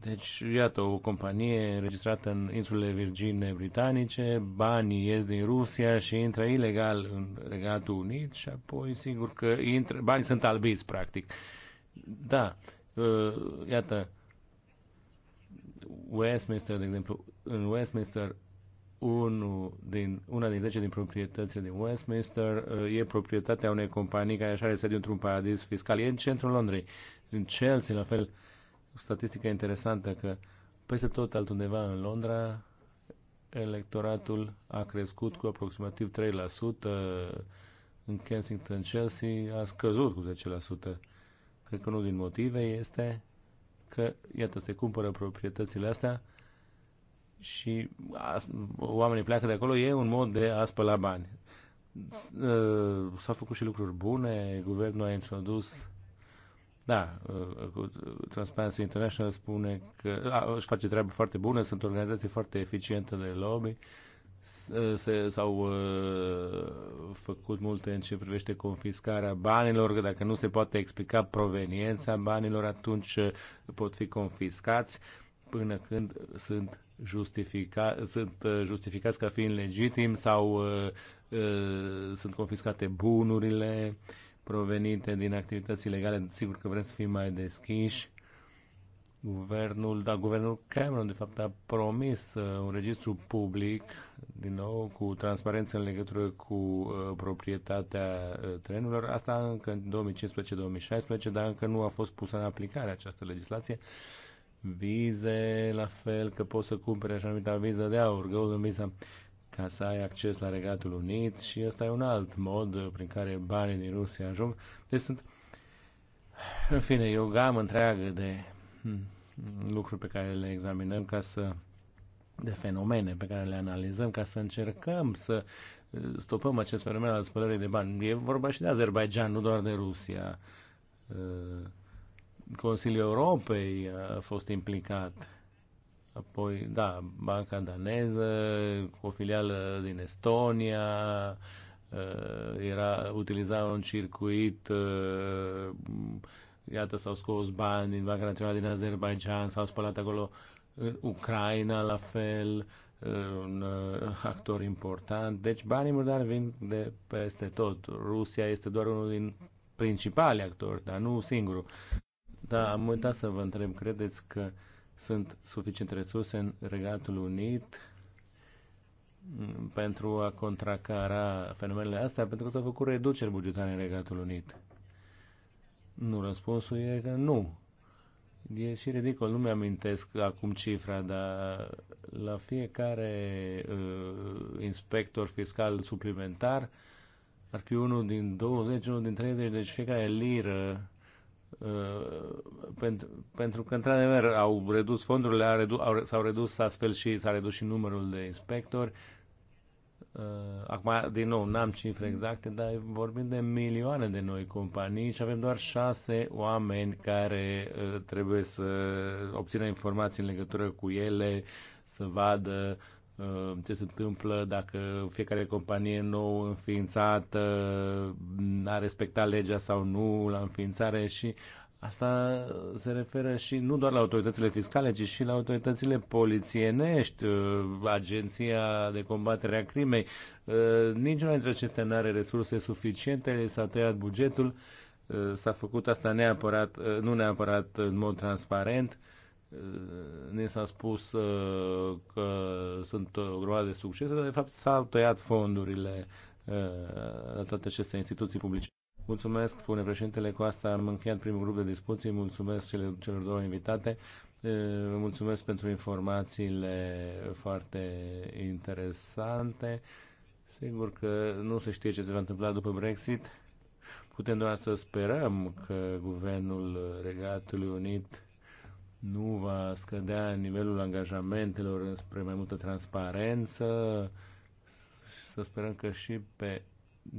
Deci, iată, o companie registrată în insulele Virgine Britanice, banii ies din Rusia și intră ilegal în Regatul Unit și apoi, sigur că intră, banii sunt albiți, practic. Da, uh, iată, Westminster, de exemplu, în Westminster unu din, una din 10 din proprietățile din Westminster uh, e proprietatea unei companii care așa are sediu într-un paradis fiscal. E în centrul Londrei. În Chelsea, la fel, o statistică interesantă că peste tot altundeva în Londra electoratul a crescut cu aproximativ 3%, în Kensington, Chelsea a scăzut cu 10%. Cred că unul din motive este că, iată, se cumpără proprietățile astea și oamenii pleacă de acolo, e un mod de a spăla bani. Uh, s-au făcut și lucruri bune, guvernul a introdus da, uh, Transparency International spune că a, își face treabă foarte bună, sunt organizații foarte eficiente de lobby, uh, s-au făcut multe în ce privește confiscarea banilor, că dacă nu se poate explica proveniența banilor, atunci pot fi confiscați până când sunt justifica, sunt uh, justificați ca fiind legitim sau uh, uh, sunt confiscate bunurile provenite din activități ilegale. Sigur că vrem să fim mai deschiși. Guvernul, da, guvernul Cameron, de fapt, a promis un registru public, din nou, cu transparență în legătură cu proprietatea trenurilor. Asta încă în 2015-2016, dar încă nu a fost pusă în aplicare această legislație. Uh, vize, la fel că poți să cumpere așa numita viză de aur, Golden Visa, ca să ai acces la Regatul Unit și ăsta e un alt mod prin care banii din Rusia ajung. Deci sunt, în fine, e o gamă întreagă de hmm, lucruri pe care le examinăm ca să de fenomene pe care le analizăm ca să încercăm să eh, stopăm acest fenomen al spălării de bani. E vorba și de Azerbaijan, nu doar de Rusia. Eh, Consiliul Europei a fost implicat. Apoi, da, Banca Daneză, cu o filială din Estonia, era, utiliza un circuit, iată, s-au scos bani din Banca Națională din Azerbaijan, s-au spălat acolo Ucraina, la fel, un actor important. Deci banii murdari vin de peste tot. Rusia este doar unul din principali actori, dar nu singurul. Da, am uitat să vă întreb, credeți că sunt suficiente resurse în Regatul Unit mm, pentru a contracara fenomenele astea, pentru că s-au făcut reduceri bugetare în Regatul Unit. Nu, răspunsul e că nu. E și ridicol, nu mi-amintesc acum cifra, dar la fiecare uh, inspector fiscal suplimentar ar fi unul din 20, unul din 30, deci fiecare liră Uh, pentru, pentru că, într-adevăr, au redus fondurile, au au, s-au redus astfel și s-a redus și numărul de inspectori. Uh, acum, din nou, n-am cifre exacte, dar vorbim de milioane de noi companii și avem doar șase oameni care uh, trebuie să obțină informații în legătură cu ele, să vadă Uh, ce se întâmplă dacă fiecare companie nou înființată uh, a respectat legea sau nu la înființare și asta se referă și nu doar la autoritățile fiscale, ci și la autoritățile polițienești, uh, agenția de combatere a crimei. Niciuna dintre acestea nu are resurse suficiente, s-a tăiat bugetul, s-a făcut asta neapărat, nu neapărat în mod transparent ne s-a spus uh, că sunt o groază de succese, dar de fapt s-au tăiat fondurile uh, la toate aceste instituții publice. Mulțumesc, spune președintele, cu asta am încheiat primul grup de discuții, mulțumesc celor două invitate, uh, vă mulțumesc pentru informațiile foarte interesante. Sigur că nu se știe ce se va întâmpla după Brexit. Putem doar să sperăm că guvernul Regatului Unit nu va scădea nivelul angajamentelor spre mai multă transparență. Să sperăm că și pe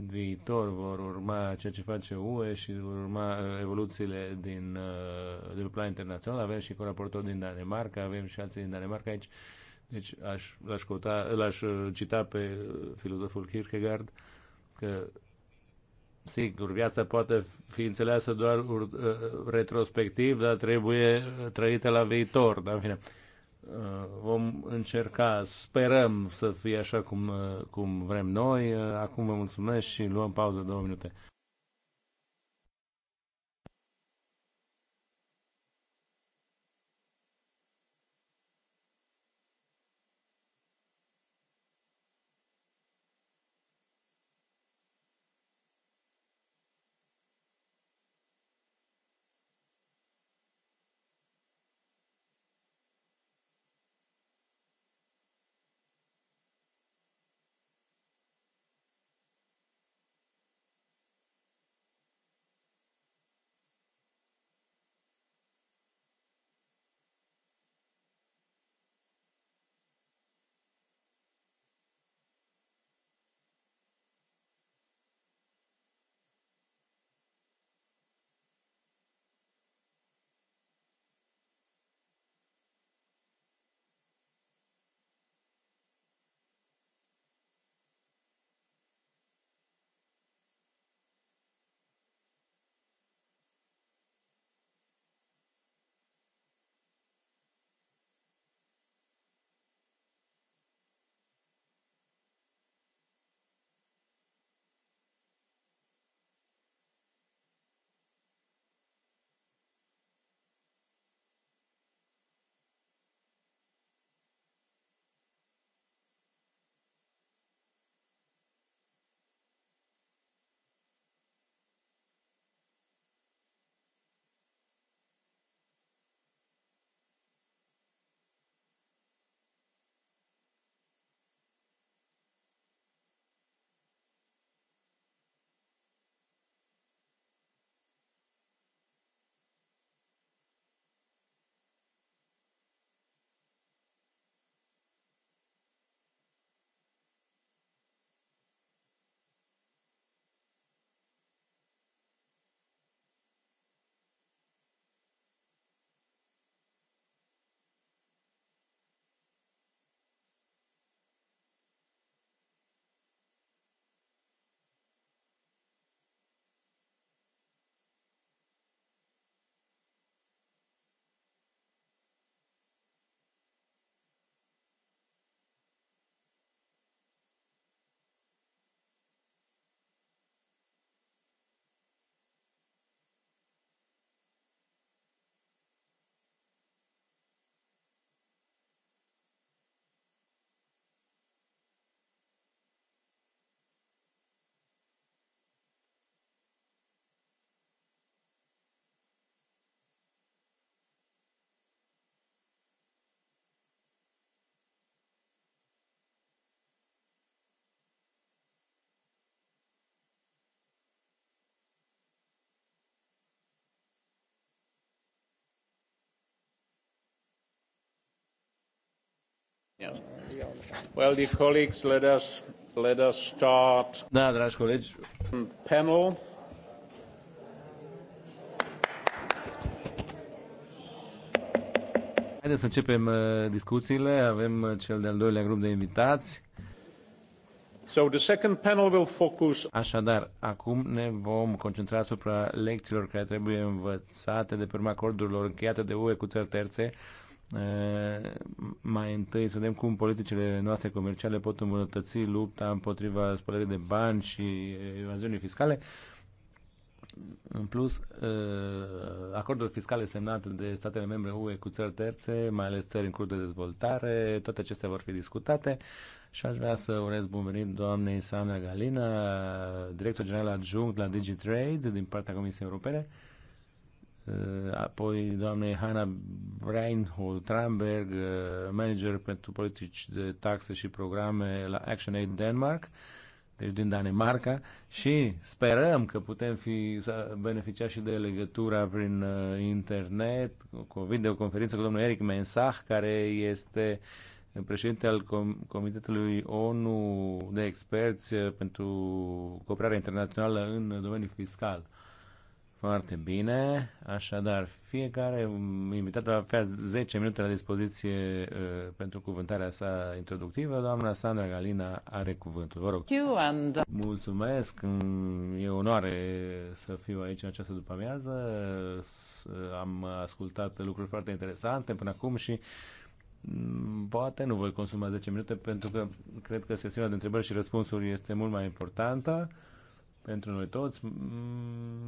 viitor vor urma ceea ce face UE și vor urma uh, evoluțiile din, uh, de pe plan internațional. Avem și coraportor din Danemarca, avem și alții din Danemarca aici. Deci aș, l-aș, căuta, l-aș uh, cita pe filozoful Kierkegaard că Sigur, viața poate fi înțeleasă doar uh, retrospectiv, dar trebuie trăită la viitor. Dar, în fine, uh, vom încerca, sperăm să fie așa cum, uh, cum vrem noi. Uh, acum vă mulțumesc și luăm pauză două minute. Well, dear colleagues, let us, let us start. Da, dragi colegi. Panel. Haideți să începem uh, discuțiile. Avem uh, cel de-al doilea grup de invitați. So the second panel will focus... Așadar, acum ne vom concentra asupra lecțiilor care trebuie învățate de pe urma acordurilor încheiate de UE cu țări terțe mai întâi să vedem cum politicile noastre comerciale pot îmbunătăți lupta împotriva spălării de bani și evaziunii fiscale. În plus, acorduri fiscale semnate de statele membre UE cu țări terțe, mai ales țări în curs de dezvoltare, toate acestea vor fi discutate și aș vrea să urez bun venit doamnei Sandra Galina, director general adjunct la DigiTrade din partea Comisiei Europene Uh, apoi doamnei Hanna reinhold Tramberg, uh, manager pentru politici de taxe și programe la Action Aid Denmark, deci din Danemarca, și sperăm că putem fi, să beneficia și de legătura prin uh, internet, cu o videoconferință cu domnul Eric Mensah, care este președinte al Com- Comitetului ONU de experți pentru cooperare internațională în domeniul fiscal. Foarte bine. Așadar, fiecare invitat va avea 10 minute la dispoziție uh, pentru cuvântarea sa introductivă. Doamna Sandra Galina are cuvântul. Vă rog. Uh, Mulțumesc. Mm, e onoare să fiu aici în această după-amiază. Uh, am ascultat lucruri foarte interesante până acum și mm, poate nu voi consuma 10 minute pentru că cred că sesiunea de întrebări și răspunsuri este mult mai importantă. Uh, pentru noi toți.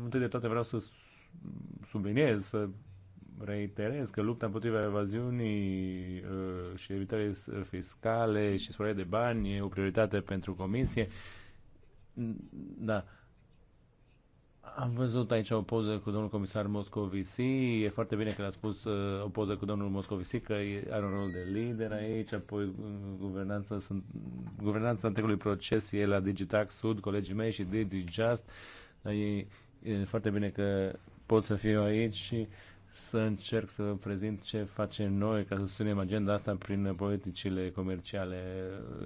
Întâi de toate vreau să subliniez, să reiterez că lupta împotriva evaziunii uh, și evitării uh, fiscale și spălarea de bani e o prioritate pentru Comisie. Da, am văzut aici o poză cu domnul comisar Moscovici. E foarte bine că l-a spus uh, o poză cu domnul Moscovici, că are un rol de lider aici, apoi uh, guvernanța, sunt, guvernanța întregului proces e la Digitax Sud, colegii mei și DigiJust. e, e foarte bine că pot să fiu aici și să încerc să prezint ce facem noi ca să susținem agenda asta prin politicile comerciale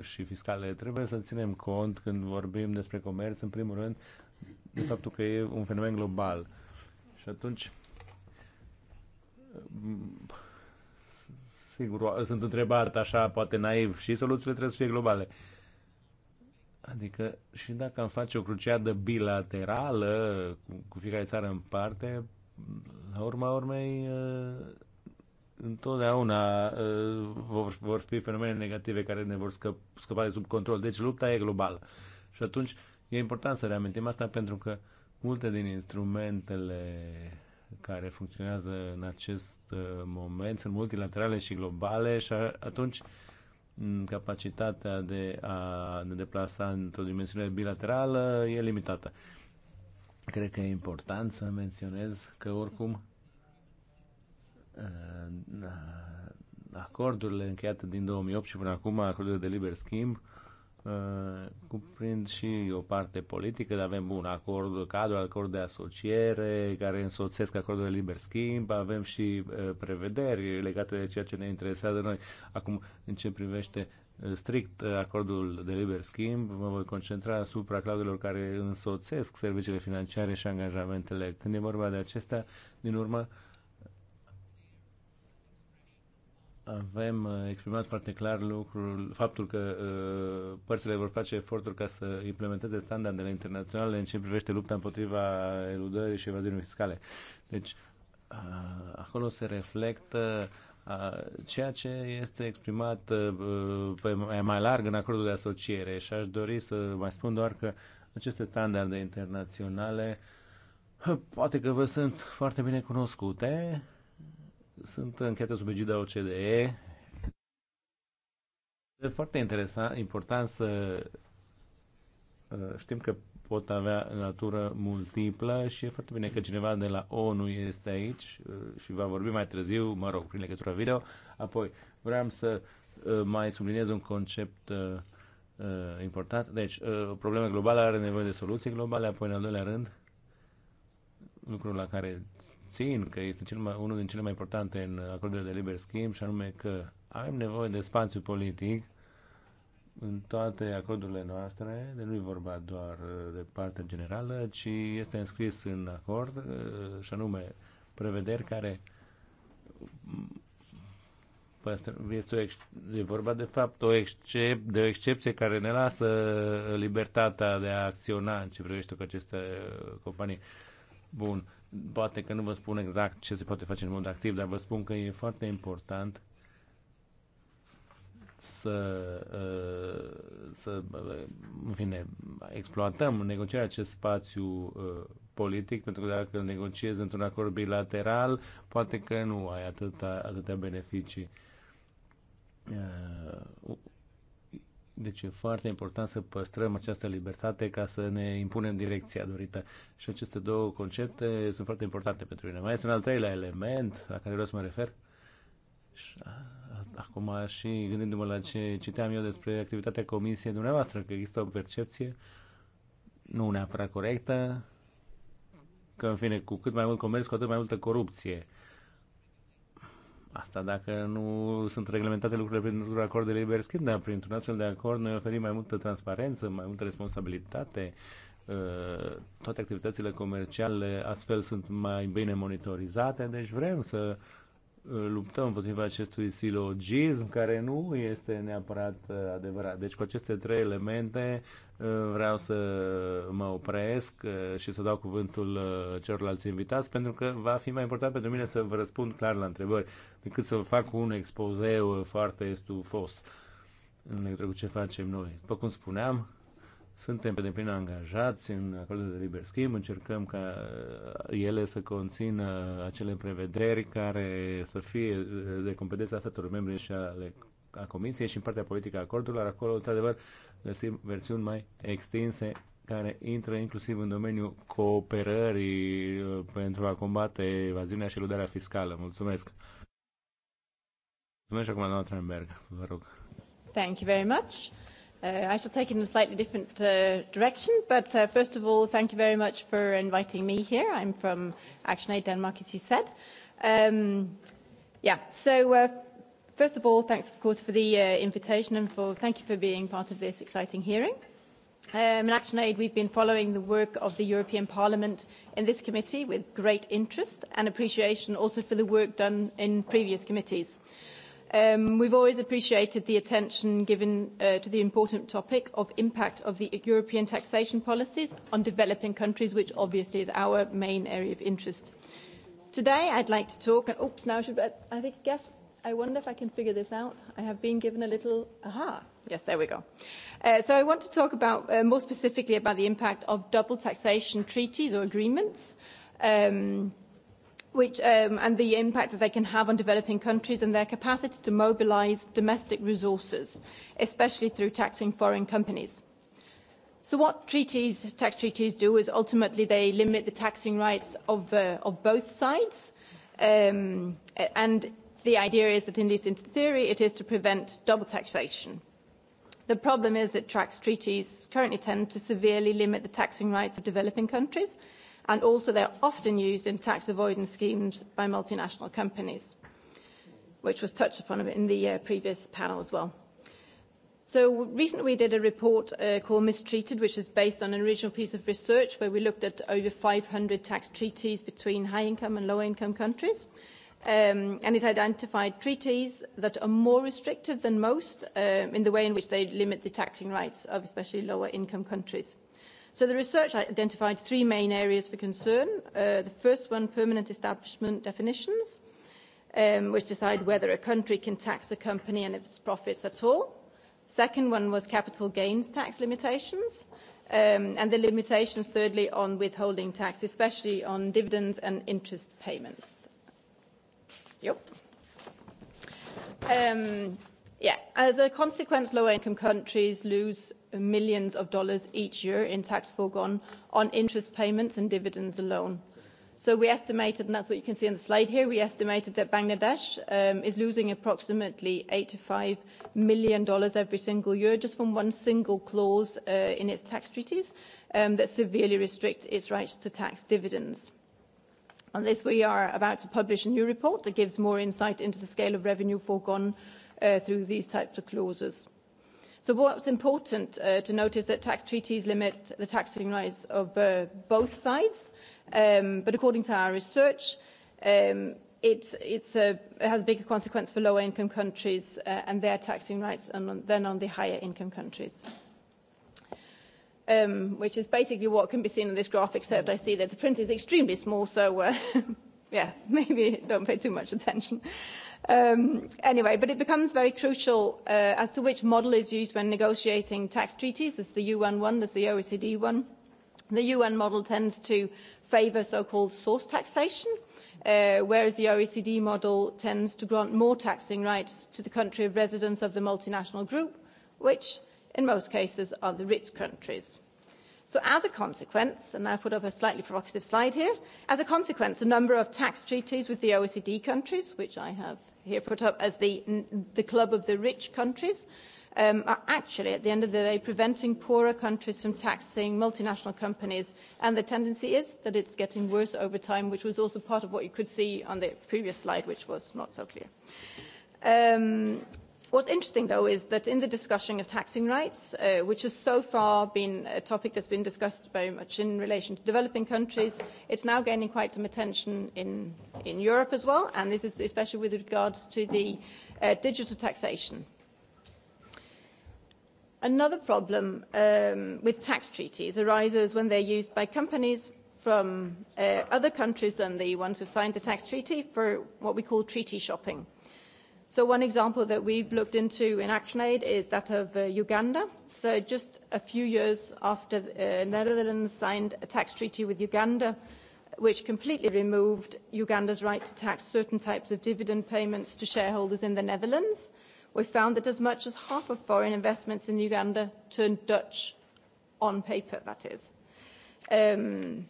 și fiscale. Trebuie să ținem cont când vorbim despre comerț, în primul rând, de faptul că e un fenomen global. Și atunci, sigur, sunt întrebat așa, poate naiv, și soluțiile trebuie să fie globale. Adică și dacă am face o cruciadă bilaterală cu, cu fiecare țară în parte, la urma urmei, uh, întotdeauna uh, vor, vor fi fenomene negative care ne vor scăpa de sub control. Deci lupta e globală. Și atunci, E important să reamintim asta pentru că multe din instrumentele care funcționează în acest uh, moment sunt multilaterale și globale și atunci capacitatea de a ne deplasa într-o dimensiune bilaterală e limitată. Cred că e important să menționez că oricum uh, acordurile încheiate din 2008 și până acum, acordurile de liber schimb, Eh, cuprind și o parte politică, dar avem un acord, cadru, acord de asociere care însoțesc acordul de liber schimb, avem și eh, prevederi legate de ceea ce ne interesează noi. Acum, în ce privește eh, strict acordul de liber schimb, mă voi concentra asupra clauzelor care însoțesc serviciile financiare și angajamentele. Când e vorba de acestea, din urmă, uh, avem uh, exprimat foarte clar lucrul, faptul că uh, părțile vor face eforturi ca să implementeze standardele internaționale în ce privește lupta împotriva eludării și evaziunii fiscale. Deci, uh, acolo se reflectă uh, ceea ce este exprimat uh, pe mai larg în acordul de asociere și aș dori să mai spun doar că aceste standarde internaționale uh, poate că vă sunt foarte bine cunoscute, sunt închete sub egida OCDE. E foarte interesant, important să uh, știm că pot avea natură multiplă și e foarte bine că cineva de la ONU este aici uh, și va vorbi mai târziu, mă rog, prin legătura video. Apoi, vreau să uh, mai subliniez un concept important. Deci, o problemă globală are nevoie de soluții globale, apoi, în al doilea rând, lucrul la care susțin că este cel mai, unul din cele mai importante în acordurile de liber schimb și anume că avem nevoie de spațiu politic în toate acordurile noastre, de nu e vorba doar uh, de partea generală, ci este înscris în acord uh, și anume prevederi care mm, păi este, o, este vorba de fapt o excep, de o excepție care ne lasă libertatea de a acționa în ce privește cu aceste uh, companii. Bun. Poate că nu vă spun exact ce se poate face în mod activ, dar vă spun că e foarte important să, uh, să uh, în fine, exploatăm negocierea acest spațiu uh, politic, pentru că dacă îl negociezi într-un acord bilateral, poate că nu ai atâta, atâtea beneficii. Deci e foarte important să păstrăm această libertate ca să ne impunem direcția dorită. Și aceste două concepte sunt foarte importante pentru mine. Mai este un al treilea element la care vreau să mă refer. Și acum și gândindu-mă la ce citeam eu despre activitatea comisiei dumneavoastră, că există o percepție nu neapărat corectă, că în fine, cu cât mai mult comerț, cu atât mai multă corupție. Asta dacă nu sunt reglementate lucrurile prin un acord de liber schimb, dar printr-un astfel de acord noi oferim mai multă transparență, mai multă responsabilitate, uh, toate activitățile comerciale astfel sunt mai bine monitorizate, deci vrem să luptăm împotriva acestui silogism care nu este neapărat uh, adevărat. Deci cu aceste trei elemente uh, vreau să mă opresc uh, și să dau cuvântul celorlalți invitați pentru că va fi mai important pentru mine să vă răspund clar la întrebări decât să fac un expozeu foarte estufos în legătură cu ce facem noi. După cum spuneam, suntem pe deplin angajați în acordul de liber schimb, încercăm ca uh, ele să conțină acele prevederi care să fie uh, de competența statelor membre și ale a Comisiei și în partea politică a acordurilor. Acolo, într-adevăr, găsim versiuni mai extinse care intră inclusiv în domeniul cooperării uh, pentru a combate evaziunea și eludarea fiscală. Mulțumesc! Mulțumesc acum, doamna Trenberg, vă rog. Thank you very much. Uh, I shall take it in a slightly different uh, direction, but uh, first of all, thank you very much for inviting me here. I'm from ActionAid Denmark, as you said. Um, yeah, so uh, first of all, thanks, of course, for the uh, invitation and for thank you for being part of this exciting hearing. Um, in ActionAid, we've been following the work of the European Parliament in this committee with great interest and appreciation also for the work done in previous committees. Um, we've always appreciated the attention given uh, to the important topic of impact of the European taxation policies on developing countries, which obviously is our main area of interest. Today, I'd like to talk. And, oops, now I should. I think. Guess. I wonder if I can figure this out. I have been given a little. Aha. Yes, there we go. Uh, so I want to talk about uh, more specifically about the impact of double taxation treaties or agreements. Um, which, um, and the impact that they can have on developing countries and their capacity to mobilise domestic resources, especially through taxing foreign companies. So what treaties, tax treaties do is ultimately they limit the taxing rights of, uh, of both sides. Um, and the idea is that, at least in theory, it is to prevent double taxation. The problem is that tax treaties currently tend to severely limit the taxing rights of developing countries and also they're often used in tax avoidance schemes by multinational companies, which was touched upon in the uh, previous panel as well. So recently we did a report uh, called Mistreated, which is based on an original piece of research where we looked at over 500 tax treaties between high-income and low-income countries. Um, and it identified treaties that are more restrictive than most um, in the way in which they limit the taxing rights of especially lower income countries. So the research identified three main areas for concern. Uh, the first one, permanent establishment definitions, um, which decide whether a country can tax a company and its profits at all. Second one was capital gains tax limitations, um, and the limitations, thirdly, on withholding tax, especially on dividends and interest payments. Yep. Um, Yeah, as a consequence, lower income countries lose millions of dollars each year in tax foregone on interest payments and dividends alone. So we estimated, and that's what you can see on the slide here, we estimated that Bangladesh um, is losing approximately $85 million every single year just from one single clause uh, in its tax treaties um, that severely restricts its rights to tax dividends. On this, we are about to publish a new report that gives more insight into the scale of revenue foregone uh, through these types of clauses. So what's important uh, to note is that tax treaties limit the taxing rights of uh, both sides, um, but according to our research, um, it's, it's a, it has a bigger consequence for lower income countries uh, and their taxing rights on, than on the higher income countries. Um, which is basically what can be seen in this graph, except I see that the print is extremely small, so uh, yeah, maybe don't pay too much attention. Um, anyway, but it becomes very crucial uh, as to which model is used when negotiating tax treaties. There's the UN one, there's the OECD one. The UN model tends to favour so-called source taxation, uh, whereas the OECD model tends to grant more taxing rights to the country of residence of the multinational group, which in most cases are the rich countries. So as a consequence, and I put up a slightly provocative slide here, as a consequence, a number of tax treaties with the OECD countries, which I have here put up as the, the club of the rich countries, um, are actually, at the end of the day, preventing poorer countries from taxing multinational companies. And the tendency is that it's getting worse over time, which was also part of what you could see on the previous slide, which was not so clear. Um, What's interesting, though, is that in the discussion of taxing rights, uh, which has so far been a topic that's been discussed very much in relation to developing countries, it's now gaining quite some attention in, in Europe as well, and this is especially with regards to the uh, digital taxation. Another problem um, with tax treaties arises when they're used by companies from uh, other countries than the ones who've signed the tax treaty for what we call treaty shopping. So one example that we've looked into in ActionAid is that of uh, Uganda. So just a few years after uh, Netherlands signed a tax treaty with Uganda, which completely removed Uganda's right to tax certain types of dividend payments to shareholders in the Netherlands, we found that as much as half of foreign investments in Uganda turned Dutch on paper, that is. Um,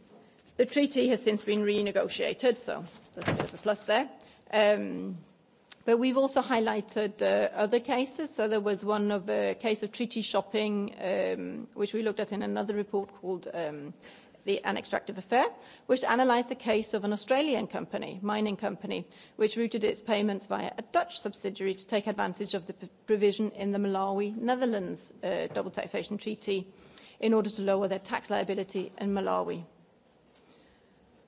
the treaty has since been renegotiated, so that's a bit of a plus there. Um, But we've also highlighted uh, other cases. So there was one of a case of treaty shopping, um, which we looked at in another report called um, the An Extractive Affair, which analysed the case of an Australian company, mining company, which routed its payments via a Dutch subsidiary to take advantage of the provision in the Malawi-Netherlands uh, double taxation treaty in order to lower their tax liability in Malawi.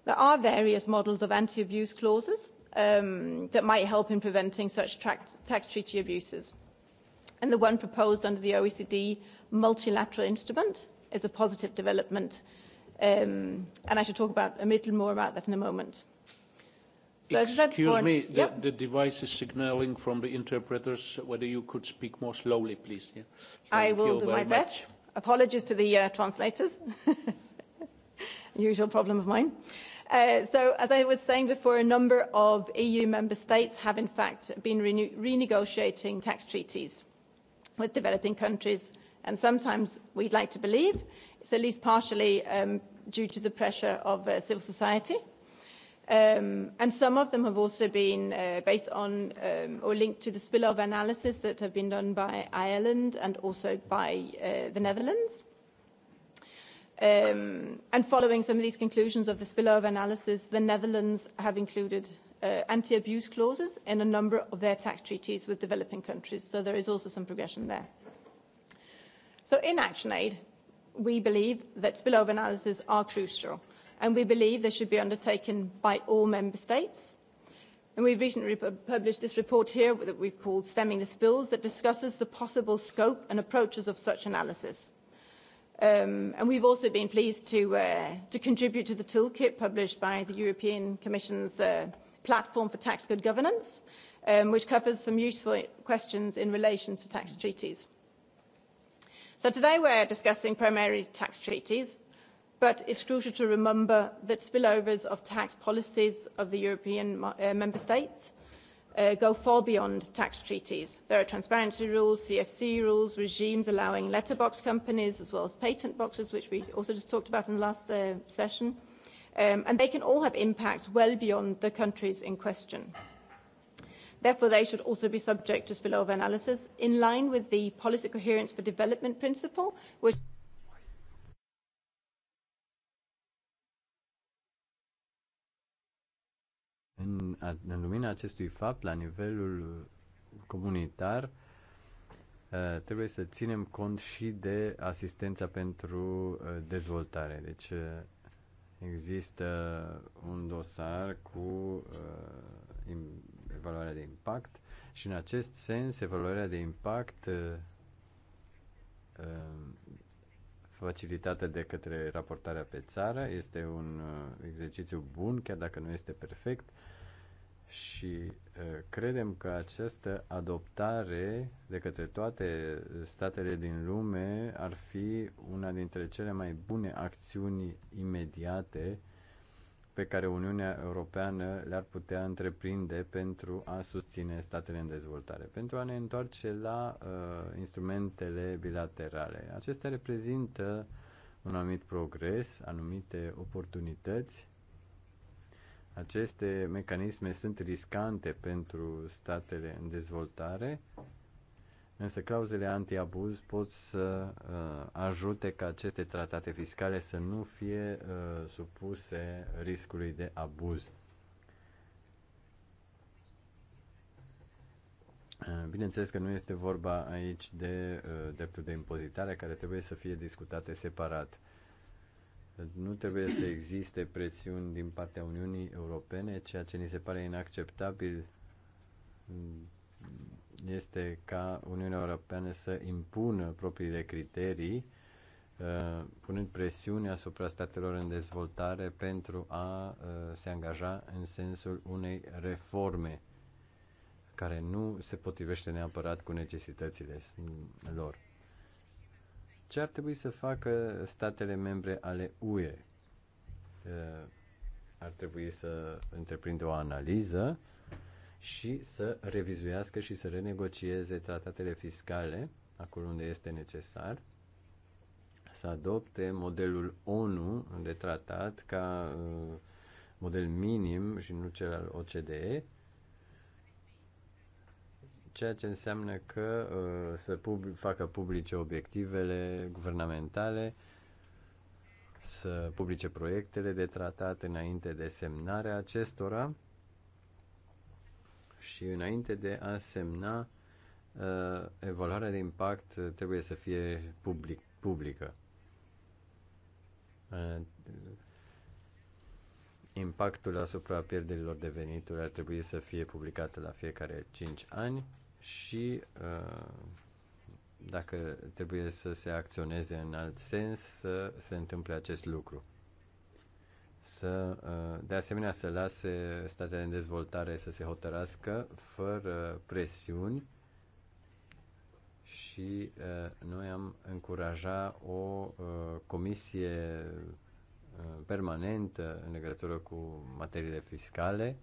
There are various models of anti-abuse clauses, um, that might help in preventing such tax treaty abuses. And the one proposed under the OECD multilateral instrument is a positive development. Um, and I should talk about a little more about that in a moment. So Excuse me, the, yep. the device is signaling from the interpreters whether you could speak more slowly, please. Yeah. I will do my much. best. Apologies to the uh, translators. Usual problem of mine. Uh, so, as I was saying before, a number of EU member states have in fact been rene renegotiating tax treaties with developing countries, and sometimes we'd like to believe it's at least partially um, due to the pressure of uh, civil society. Um, and some of them have also been uh, based on um, or linked to the spillover analysis that have been done by Ireland and also by uh, the Netherlands. Um, and following some of these conclusions of the spillover analysis, the Netherlands have included uh, anti-abuse clauses in a number of their tax treaties with developing countries. So there is also some progression there. So in Action Aid, we believe that spillover analyses are crucial, and we believe they should be undertaken by all member states. And we've recently published this report here that we've called Stemming the Spills that discusses the possible scope and approaches of such analysis. Um, and we've also been pleased to, uh, to contribute to the toolkit published by the European Commission's uh, Platform for Tax Good Governance, um, which covers some useful questions in relation to tax treaties. So today we're discussing primary tax treaties, but it's crucial to remember that spillovers of tax policies of the European uh, member states uh, go far beyond tax treaties. There are transparency rules, CFC rules, regimes allowing letterbox companies as well as patent boxes, which we also just talked about in the last uh, session. Um, and they can all have impacts well beyond the countries in question. Therefore, they should also be subject to spillover analysis in line with the policy coherence for development principle, which În, lumina acestui fapt, la nivelul comunitar, uh, trebuie să ținem cont și de asistența pentru uh, dezvoltare. Deci uh, există un dosar cu evaluarea de impact și în acest sens evaluarea de impact facilitată de către raportarea pe țară este un exercițiu bun, chiar dacă nu este perfect, și uh, credem că această adoptare de către toate statele din lume ar fi una dintre cele mai bune acțiuni imediate pe care Uniunea Europeană le-ar putea întreprinde pentru a susține statele în dezvoltare, pentru a ne întoarce la uh, instrumentele bilaterale. Acestea reprezintă un anumit progres, anumite oportunități aceste mecanisme sunt riscante pentru statele în dezvoltare, însă clauzele antiabuz pot să uh, ajute ca aceste tratate fiscale să nu fie uh, supuse riscului de abuz. Uh, bineînțeles că nu este vorba aici de uh, dreptul de impozitare care trebuie să fie discutate separat. Uh, deci nu trebuie să existe presiuni din partea Uniunii Europene, ceea ce ni se pare inacceptabil este ca Uniunea Europeană să impună propriile criterii, uh, punând presiune asupra statelor în dezvoltare pentru a uh, se angaja în sensul unei reforme care nu se potrivește neapărat cu necesitățile lor. Ce ar trebui să facă statele membre ale UE? Eh, ar trebui să întreprindă o analiză și să revizuiască și să renegocieze tratatele fiscale acolo unde este necesar, să adopte modelul ONU de tratat ca eh, model minim și nu cel al OCDE ceea ce înseamnă că uh, să pub- facă publice obiectivele guvernamentale, să publice proiectele de tratat înainte de semnarea acestora și înainte de a semna uh, evaluarea de impact uh, trebuie să fie public, publică. Uh, impactul asupra pierderilor de venituri ar trebui să fie publicat la fiecare 5 ani și uh, dacă trebuie să se acționeze în alt sens, să se întâmple acest lucru. Să, uh, de asemenea, să lase statele în dezvoltare să se hotărască fără presiuni și uh, noi am încuraja o comisie permanentă în legătură cu materiile fiscale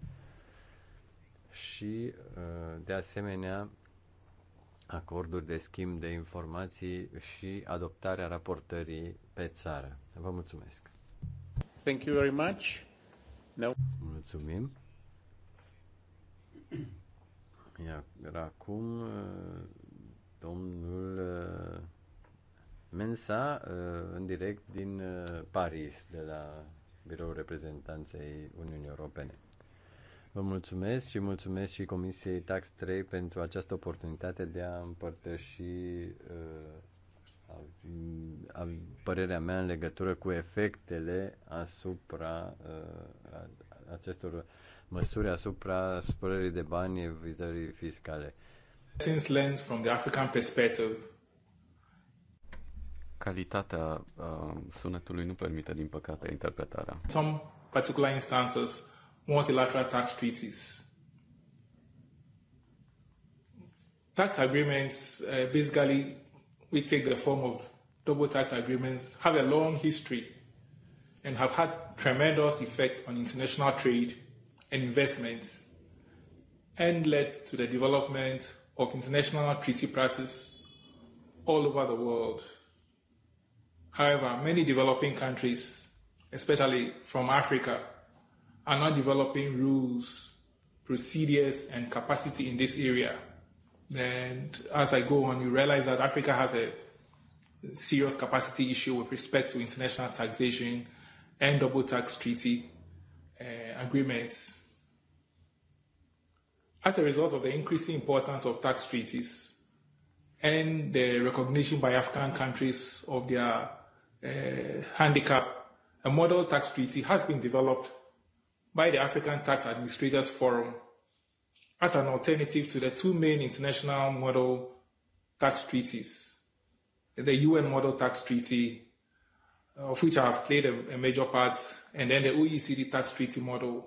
și, uh, de asemenea, acorduri de schimb de informații și adoptarea raportării pe țară. Vă mulțumesc! Thank you very much. No. Mulțumim. Iar acum uh, domnul uh, Mensa în direct din Paris, de la Biroul Reprezentanței Uniunii Europene. Vă mulțumesc și mulțumesc și Comisiei Tax 3 pentru această oportunitate de a împărtăși uh, părerea mea în legătură cu efectele asupra uh, acestor măsuri asupra spălării de bani, evitării fiscale. Since learned from the African perspective, calitatea uh, sunetului nu permite, din păcate, interpretarea. Some particular instances multilateral tax treaties. Tax agreements uh, basically we take the form of double tax agreements, have a long history, and have had tremendous effect on international trade and investments, and led to the development of international treaty practice all over the world. However, many developing countries, especially from Africa, are not developing rules, procedures, and capacity in this area. And as I go on, you realize that Africa has a serious capacity issue with respect to international taxation and double tax treaty uh, agreements. As a result of the increasing importance of tax treaties and the recognition by African countries of their uh, handicap, a model tax treaty has been developed by the African Tax Administrators Forum as an alternative to the two main international model tax treaties, the UN Model Tax Treaty, of which I have played a, a major part, and then the OECD Tax Treaty model.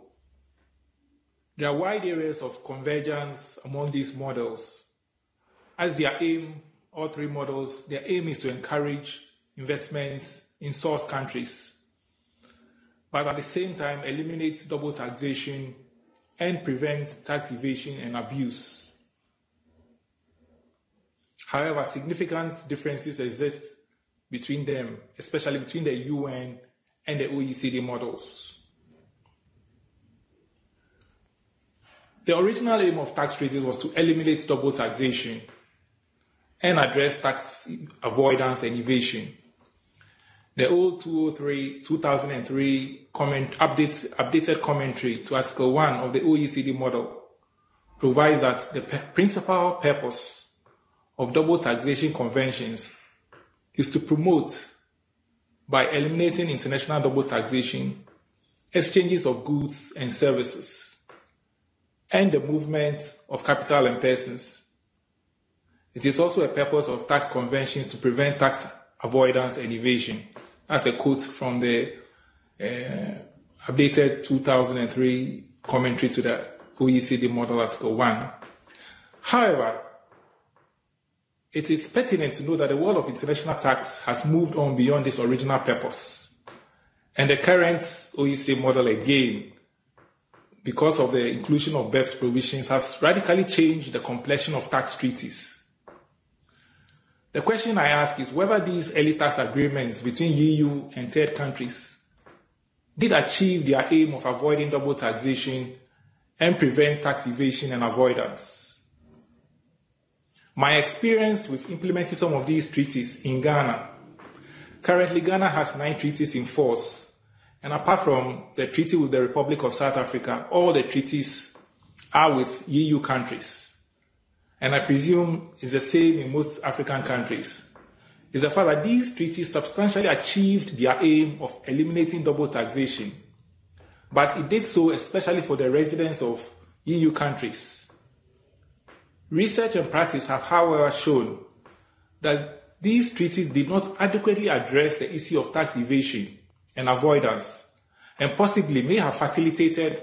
There are wide areas of convergence among these models, as their aim, all three models, their aim is to encourage investments in source countries but at the same time eliminate double taxation and prevent tax evasion and abuse. However, significant differences exist between them, especially between the UN and the OECD models. The original aim of tax treaties was to eliminate double taxation and address tax avoidance and evasion. The 203 2003 comment, updates, updated commentary to Article 1 of the OECD model provides that the principal purpose of double taxation conventions is to promote, by eliminating international double taxation, exchanges of goods and services, and the movement of capital and persons. It is also a purpose of tax conventions to prevent tax avoidance and evasion. That's a quote from the uh, updated 2003 commentary to the OECD model article 1. However, it is pertinent to know that the world of international tax has moved on beyond its original purpose. And the current OECD model again, because of the inclusion of BEPS provisions, has radically changed the complexion of tax treaties The question I ask is whether these elitist agreements between EU and third countries did achieve their aim of avoiding double taxation and prevent tax evasion and avoidance. My experience with implementing some of these treaties in Ghana. Currently, Ghana has nine treaties in force, and apart from the treaty with the Republic of South Africa, all the treaties are with EU countries and I presume is the same in most African countries, is the fact that these treaties substantially achieved their aim of eliminating double taxation, but it did so especially for the residents of EU countries. Research and practice have, however, shown that these treaties did not adequately address the issue of tax evasion and avoidance, and possibly may have facilitated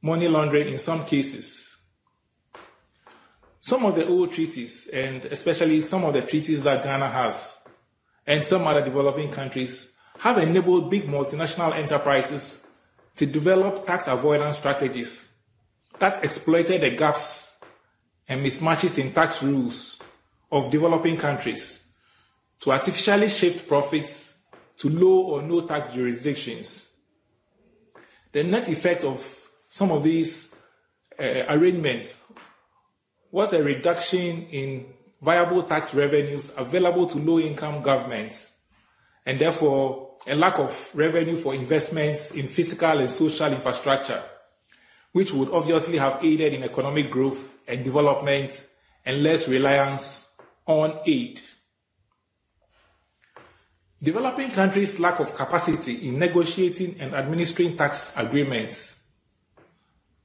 money laundering in some cases some of the old treaties, and especially some of the treaties that Ghana has, and some other developing countries, have enabled big multinational enterprises to develop tax avoidance strategies that exploited the gaps and mismatches in tax rules of developing countries to artificially shift profits to low or no tax jurisdictions. The net effect of some of these uh, arrangements was a reduction in viable tax revenues available to low income governments, and therefore a lack of revenue for investments in physical and social infrastructure, which would obviously have aided in economic growth and development and less reliance on aid. Developing countries' lack of capacity in negotiating and administering tax agreements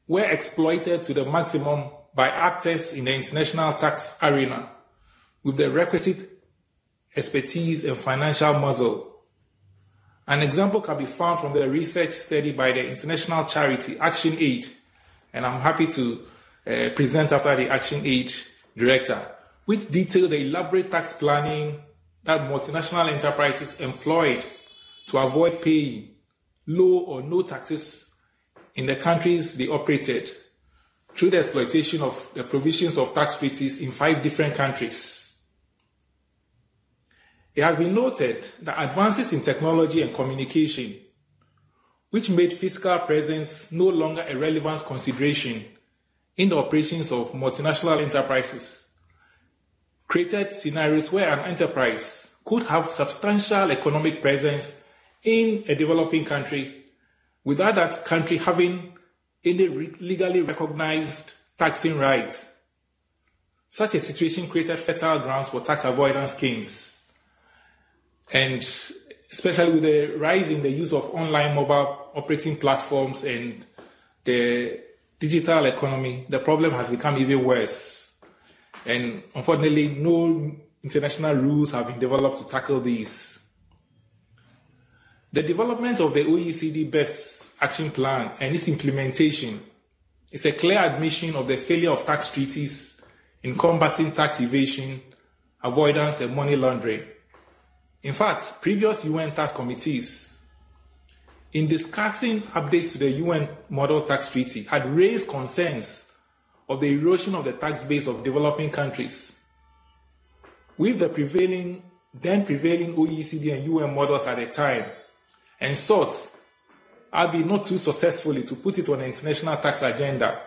were exploited to the maximum by actors in the international tax arena with the requisite expertise and financial muscle. An example can be found from the research study by the international charity Action Aid, and I'm happy to uh, present after the Action Aid director, which detailed the elaborate tax planning that multinational enterprises employed to avoid paying low or no taxes in the countries they operated through the exploitation of the provisions of tax treaties in five different countries. It has been noted that advances in technology and communication, which made fiscal presence no longer a relevant consideration in the operations of multinational enterprises, created scenarios where an enterprise could have substantial economic presence in a developing country without that country having in the re- legally recognized taxing rights. Such a situation created fertile grounds for tax avoidance schemes. And especially with the rise in the use of online mobile operating platforms and the digital economy, the problem has become even worse. And unfortunately, no international rules have been developed to tackle these. The development of the OECD BEPS action plan and its implementation is a clear admission of the failure of tax treaties in combating tax evasion, avoidance, and money laundering. In fact, previous UN tax committees, in discussing updates to the UN Model Tax Treaty, had raised concerns of the erosion of the tax base of developing countries. With the prevailing, then prevailing OECD and UN models at the time, and sought Abi not too successfully to put it on the international tax agenda.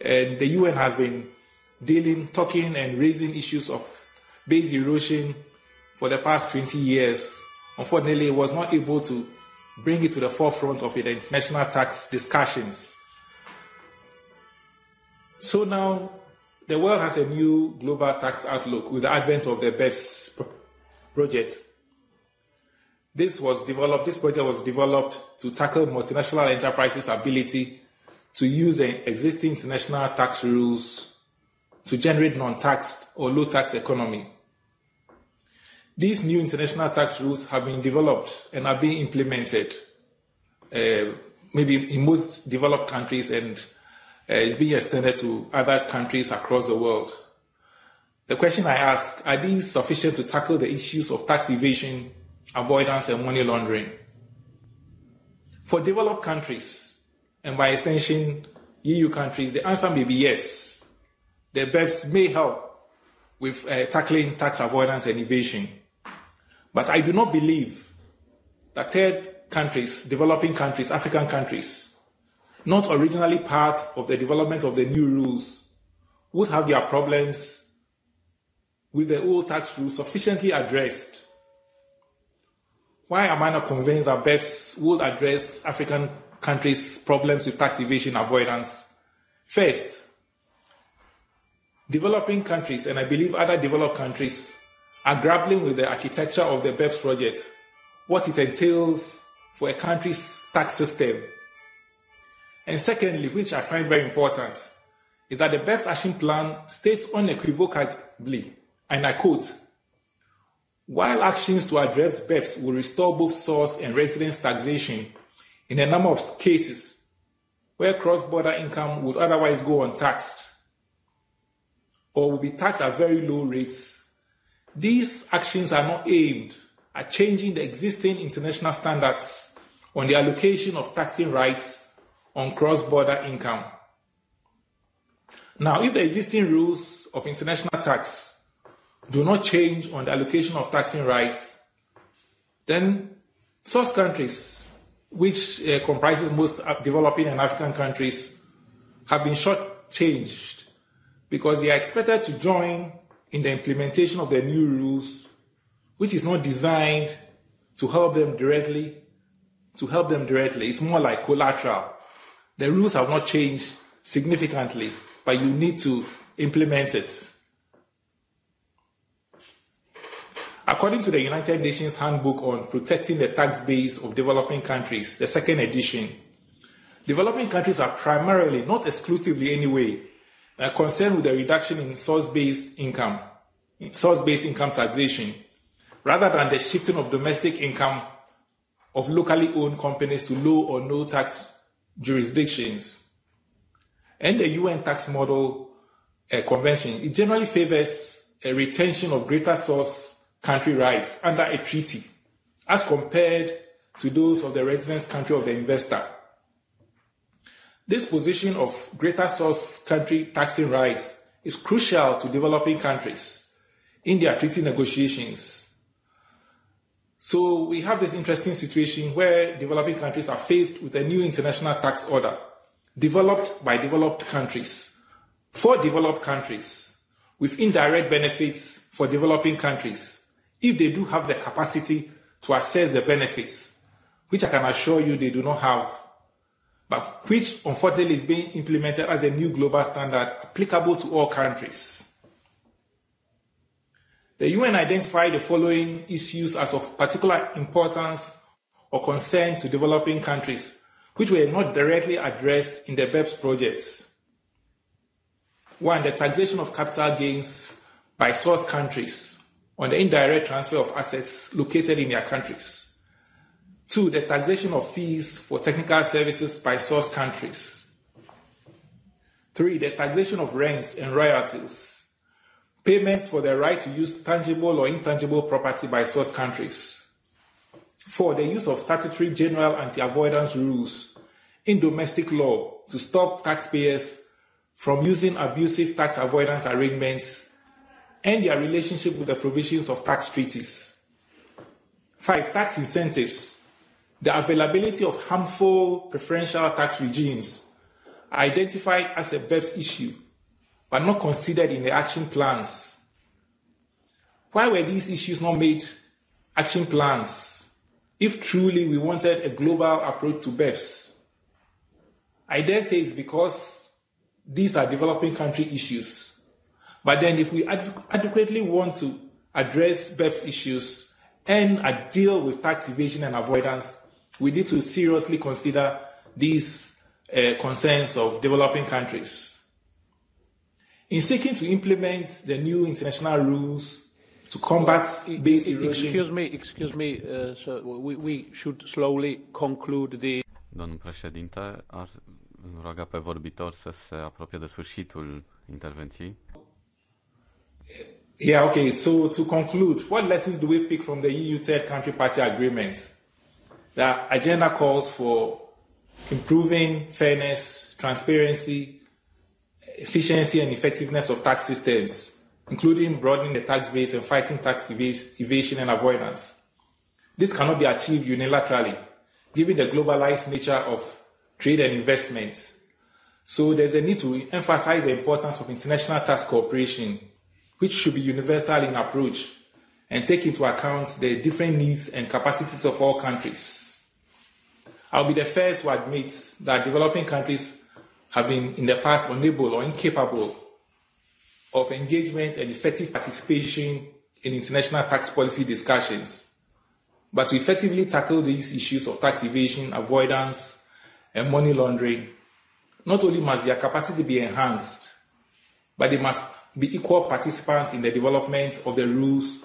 And the UN has been dealing, talking, and raising issues of base erosion for the past 20 years. Unfortunately, it was not able to bring it to the forefront of the international tax discussions. So now the world has a new global tax outlook with the advent of the BEPS project. This was developed, this project was developed to tackle multinational enterprises' ability to use existing international tax rules to generate non-taxed or low-tax economy. These new international tax rules have been developed and are being implemented, uh, maybe in most developed countries, and uh, is being extended to other countries across the world. The question I ask, are these sufficient to tackle the issues of tax evasion avoidance and money laundering. For developed countries, and by extension, EU countries, the answer may be yes. The BEPS may help with uh, tackling tax avoidance and evasion. But I do not believe that third countries, developing countries, African countries, not originally part of the development of the new rules, would have their problems with the old tax rules sufficiently addressed why am I not convinced that BEPS would address African countries' problems with tax evasion avoidance? First, developing countries, and I believe other developed countries, are grappling with the architecture of the BEPS project, what it entails for a country's tax system. And secondly, which I find very important, is that the BEPS Action Plan states unequivocally, and I quote, While actions to address BEPS will restore both source and residence taxation in a number of cases where cross-border income would otherwise go untaxed or will be taxed at very low rates, these actions are not aimed at changing the existing international standards on the allocation of taxing rights on cross-border income. Now, if the existing rules of international tax do not change on the allocation of taxing rights, then source countries, which uh, comprises most developing and African countries, have been shortchanged because they are expected to join in the implementation of the new rules, which is not designed to help them directly. To help them directly, it's more like collateral. The rules have not changed significantly, but you need to implement it. According to the United Nations Handbook on Protecting the Tax Base of Developing Countries, the second edition, developing countries are primarily, not exclusively anyway, uh, concerned with the reduction in source-based income, source-based income taxation, rather than the shifting of domestic income of locally owned companies to low or no tax jurisdictions. And the UN tax model uh, convention, it generally favors a retention of greater source country rights under a treaty as compared to those of the residence country of the investor. This position of greater source country taxing rights is crucial to developing countries in their treaty negotiations. So we have this interesting situation where developing countries are faced with a new international tax order developed by developed countries for developed countries with indirect benefits for developing countries if they do have the capacity to assess the benefits, which I can assure you they do not have, but which unfortunately is being implemented as a new global standard applicable to all countries. The UN identified the following issues as of particular importance or concern to developing countries, which were not directly addressed in the BEPS projects. One, the taxation of capital gains by source countries on the indirect transfer of assets located in their countries. Two, the taxation of fees for technical services by source countries. Three, the taxation of rents and royalties. Payments for the right to use tangible or intangible property by source countries. Four, the use of statutory general anti-avoidance rules in domestic law to stop taxpayers from using abusive tax avoidance arrangements and their relationship with the provisions of tax treaties. Five, tax incentives. The availability of harmful preferential tax regimes identified as a BEPS issue, but not considered in the action plans. Why were these issues not made action plans if truly we wanted a global approach to BEPS? I dare say it's because these are developing country issues But then if we ad- adequately want to address BEPS issues and uh, deal with tax evasion and avoidance, we need to seriously consider these uh, concerns of developing countries. In seeking to implement the new international rules to combat well, base erosion... Excuse me, excuse me, uh, so we, we should slowly conclude the... Domnul președinte, ar ruga pe vorbitor să se apropie de sfârșitul intervenției. Yeah, okay. So to conclude, what lessons do we pick from the EU third country party agreements? The agenda calls for improving fairness, transparency, efficiency and effectiveness of tax systems, including broadening the tax base and fighting tax ev- evasion and avoidance. This cannot be achieved unilaterally, given the globalized nature of trade and investment. So there's a need to emphasize the importance of international tax cooperation which should be universal in approach and take into account the different needs and capacities of all countries. I'll be the first to admit that developing countries have been in the past unable or incapable of engagement and effective participation in international tax policy discussions. But to effectively tackle these issues of tax evasion, avoidance, and money laundering, not only must their capacity be enhanced, but they must be equal participants in the development of the rules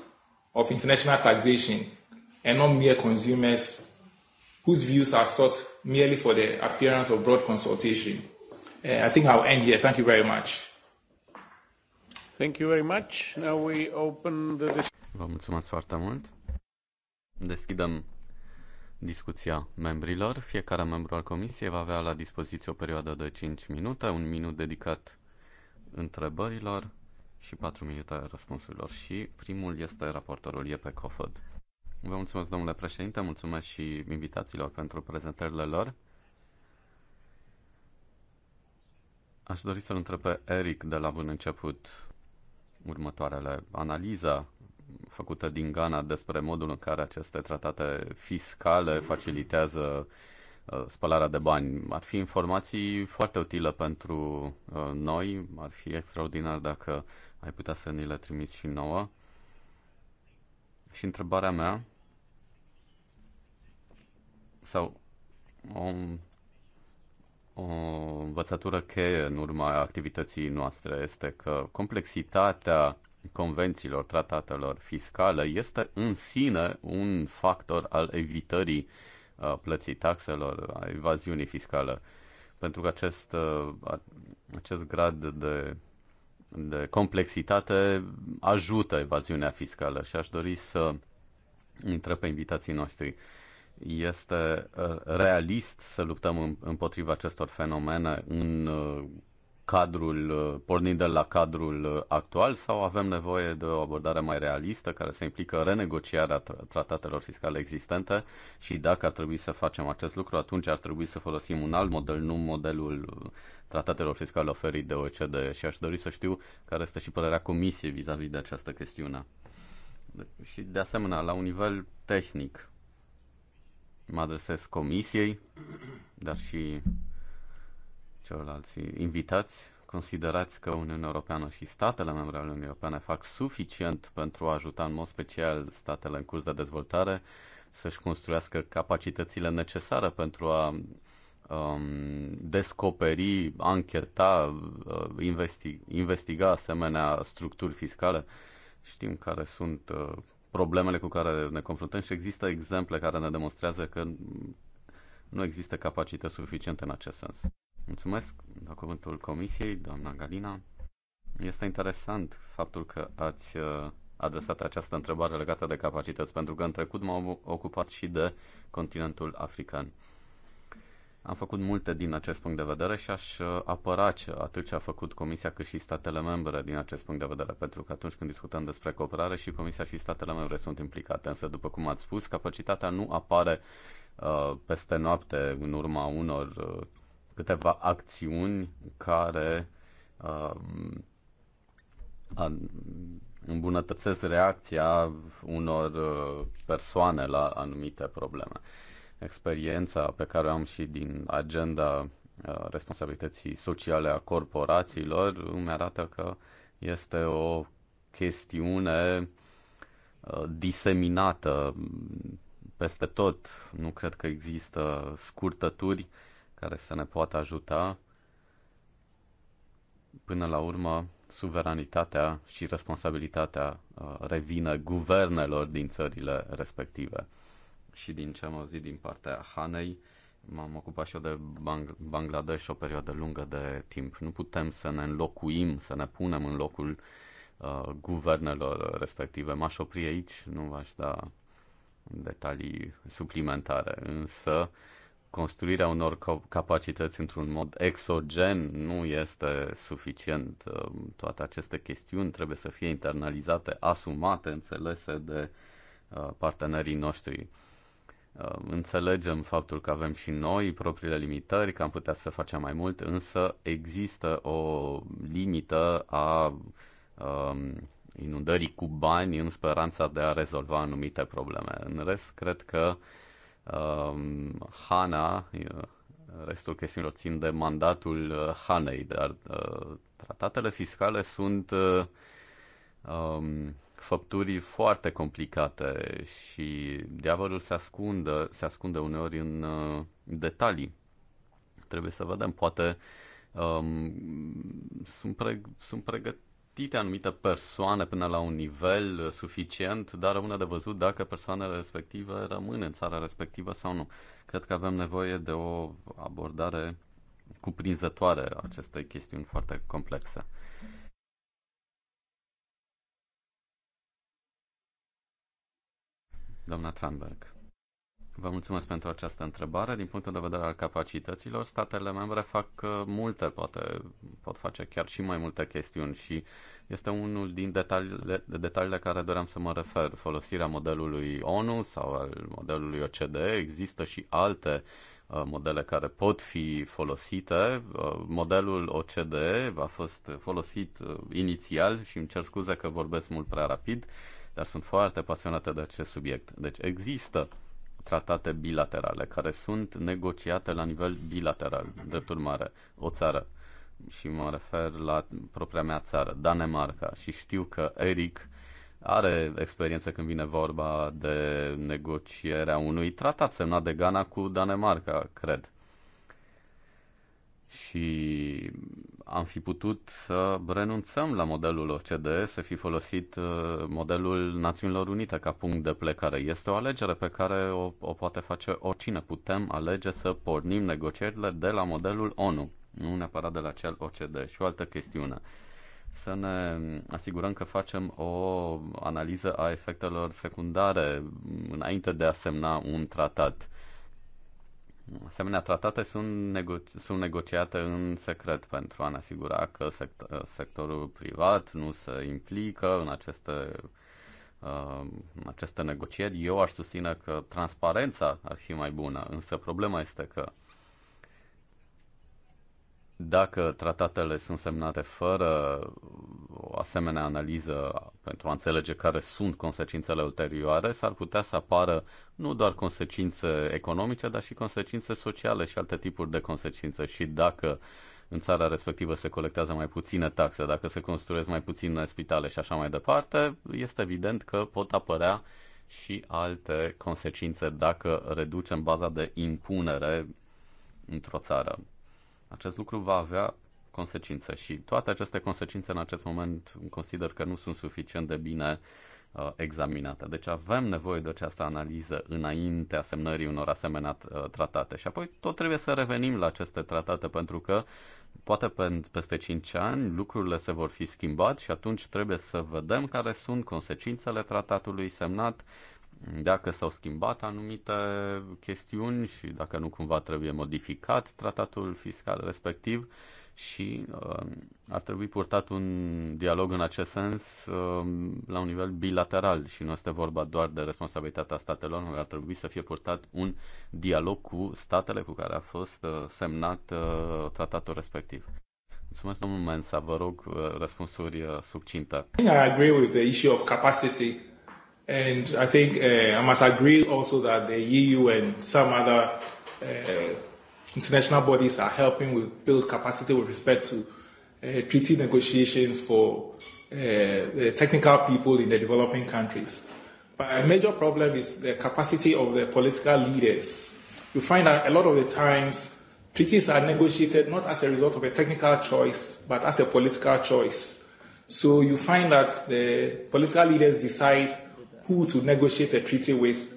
of international taxation and not mere consumers whose views are sought merely for the appearance of broad consultation. Uh, I think I'll end here. Thank you very much. Thank you very much. Now we open the Vă mulțumesc foarte mult. Deschidem discuția membrilor. Fiecare membru al comisiei va avea la dispoziție o perioadă de 5 minute, un minut dedicat întrebărilor și 4 minute răspunsurilor. Și primul este raportorul Iepe Cofod. Vă mulțumesc, domnule președinte, mulțumesc și invitațiilor pentru prezentările lor. Aș dori să-l întreb pe Eric de la bun început următoarele. Analiza făcută din Ghana despre modul în care aceste tratate fiscale facilitează uh, spălarea de bani. Ar fi informații foarte utile pentru uh, noi, ar fi extraordinar dacă ai putea să ni le trimiți și nouă. Și întrebarea mea, sau o, o învățătură cheie în urma activității noastre este că complexitatea convențiilor, tratatelor fiscale este în sine un factor al evitării uh, plății taxelor, a evaziunii fiscale. Pentru că acest, uh, acest grad de de complexitate ajută evaziunea fiscală și aș dori să intră pe invitații noștri. Este uh, realist să luptăm împotriva acestor fenomene în uh, cadrul, uh, pornind de la cadrul uh, actual sau avem nevoie de o abordare mai realistă care să implică renegocierea tratatelor fiscale existente și dacă ar trebui să facem acest lucru, atunci ar trebui să folosim un alt model, nu modelul uh, tratatelor fiscale oferit de OECD și aș dori să știu care este și părerea Comisiei vis-a-vis de această chestiune. Și de asemenea, la un nivel tehnic, mă adresez Comisiei, dar și celorlalți invitați, considerați că Uniunea Europeană și statele membre ale Uniunii Europene fac suficient pentru a ajuta în mod special statele în curs de dezvoltare să-și construiască capacitățile necesare pentru a um, descoperi, ancheta, uh, investi- investiga asemenea structuri fiscale. Știm care sunt uh, problemele cu care ne confruntăm și există exemple care ne demonstrează că nu există capacități suficiente în acest sens. Mulțumesc. La cuvântul comisiei, doamna Galina. Este interesant faptul că ați uh, adresat această întrebare legată de capacități, pentru că în trecut m-am ocupat și de continentul african. Am făcut multe din acest punct de vedere și aș uh, apăra ce, atât ce a făcut Comisia cât și statele membre din acest punct de vedere, pentru că atunci când discutăm despre cooperare și Comisia și statele membre sunt implicate. Însă, după cum ați spus, capacitatea nu apare uh, peste noapte în urma unor uh, câteva acțiuni care uh, îmbunătățesc reacția unor uh, persoane la anumite probleme. Experiența pe care o am și din agenda uh, responsabilității sociale a corporațiilor îmi arată că este o chestiune uh, diseminată peste tot. Nu cred că există scurtături care să ne poată ajuta până la urmă suveranitatea și responsabilitatea uh, revină guvernelor din țările respective. Și din ce am auzit din partea Hanei, m-am ocupat și eu de Bang- Bangladesh o perioadă lungă de timp. Nu putem să ne înlocuim, să ne punem în locul uh, guvernelor respective. M-aș opri aici, nu v-aș da detalii suplimentare, însă uh, construirea unor capacități într-un mod exogen nu este suficient. Uh, toate aceste chestiuni trebuie să fie internalizate, asumate, înțelese de uh, partenerii noștri. Uh, înțelegem faptul că avem și noi propriile limitări, că am putea să facem mai mult, însă există o limită a um, inundării cu bani în speranța de a rezolva anumite probleme. În rest, cred că uh, um, Hana, uh, restul chestiunilor țin de mandatul uh, Hanei, dar uh, tratatele fiscale sunt uh, um, făpturii foarte complicate și diavolul se ascunde, se ascunde uneori în uh, detalii. Trebuie să vedem, poate um, sunt, preg, sunt pregătiți țintite anumite persoane până la un nivel uh, suficient, dar rămâne de văzut dacă persoanele respective rămân în țara respectivă sau nu. Cred că avem nevoie de o abordare cuprinzătoare a acestei chestiuni foarte complexe. Doamna Tranberg. Vă mulțumesc pentru această întrebare. Din punctul de vedere al capacităților, statele membre fac uh, multe, poate pot face chiar și mai multe chestiuni și este unul din detaliile, detaliile care doream să mă refer. Folosirea modelului ONU sau al modelului OCDE, există și alte uh, modele care pot fi folosite. Uh, modelul OCDE a fost folosit inițial și îmi cer scuze că vorbesc mult prea rapid, dar sunt foarte pasionată de acest subiect. Deci există tratate bilaterale, care sunt negociate la nivel bilateral, drept urmare, o țară. Și mă refer la propria mea țară, Danemarca. Și știu că Eric are experiență când vine vorba de negocierea unui tratat semnat de Ghana cu Danemarca, cred. Și am fi putut să renunțăm la modelul OCDE, să fi folosit uh, modelul Națiunilor Unite ca punct de plecare. Este o alegere pe care o, o poate face oricine. Putem alege să pornim negocierile de la modelul ONU, nu neapărat de la cel OCDE. Și o altă chestiune să ne asigurăm că facem o analiză a efectelor secundare înainte de a semna un tratat asemenea tratate sunt, nego- sunt negociate în secret pentru a ne asigura că sect- sectorul privat nu se implică în aceste, uh, în aceste negocieri. Eu aș susține că transparența ar fi mai bună, însă problema este că dacă tratatele sunt semnate fără o asemenea analiză pentru a înțelege care sunt consecințele ulterioare, s-ar putea să apară nu doar consecințe economice, dar și consecințe sociale și alte tipuri de consecințe. Și dacă în țara respectivă se colectează mai puține taxe, dacă se construiesc mai puține spitale și așa mai departe, este evident că pot apărea și alte consecințe dacă reducem baza de impunere într-o țară. Acest lucru va avea consecințe și toate aceste consecințe în acest moment consider că nu sunt suficient de bine uh, examinate. Deci avem nevoie de această analiză înainte semnării unor asemenea uh, tratate și apoi tot trebuie să revenim la aceste tratate pentru că poate pe, peste 5 ani lucrurile se vor fi schimbat și atunci trebuie să vedem care sunt consecințele tratatului semnat dacă s-au schimbat anumite chestiuni și dacă nu cumva trebuie modificat tratatul fiscal respectiv și uh, ar trebui purtat un dialog în acest sens uh, la un nivel bilateral și nu este vorba doar de responsabilitatea statelor, ar trebui să fie purtat un dialog cu statele cu care a fost uh, semnat uh, tratatul respectiv. Mulțumesc, domnul Mensa, vă rog uh, răspunsuri uh, succinte. I agree with the issue of capacity And I think uh, I must agree also that the EU and some other uh, international bodies are helping with build capacity with respect to uh, treaty negotiations for uh, the technical people in the developing countries. But a major problem is the capacity of the political leaders. You find that a lot of the times treaties are negotiated not as a result of a technical choice, but as a political choice. So you find that the political leaders decide who to negotiate a treaty with,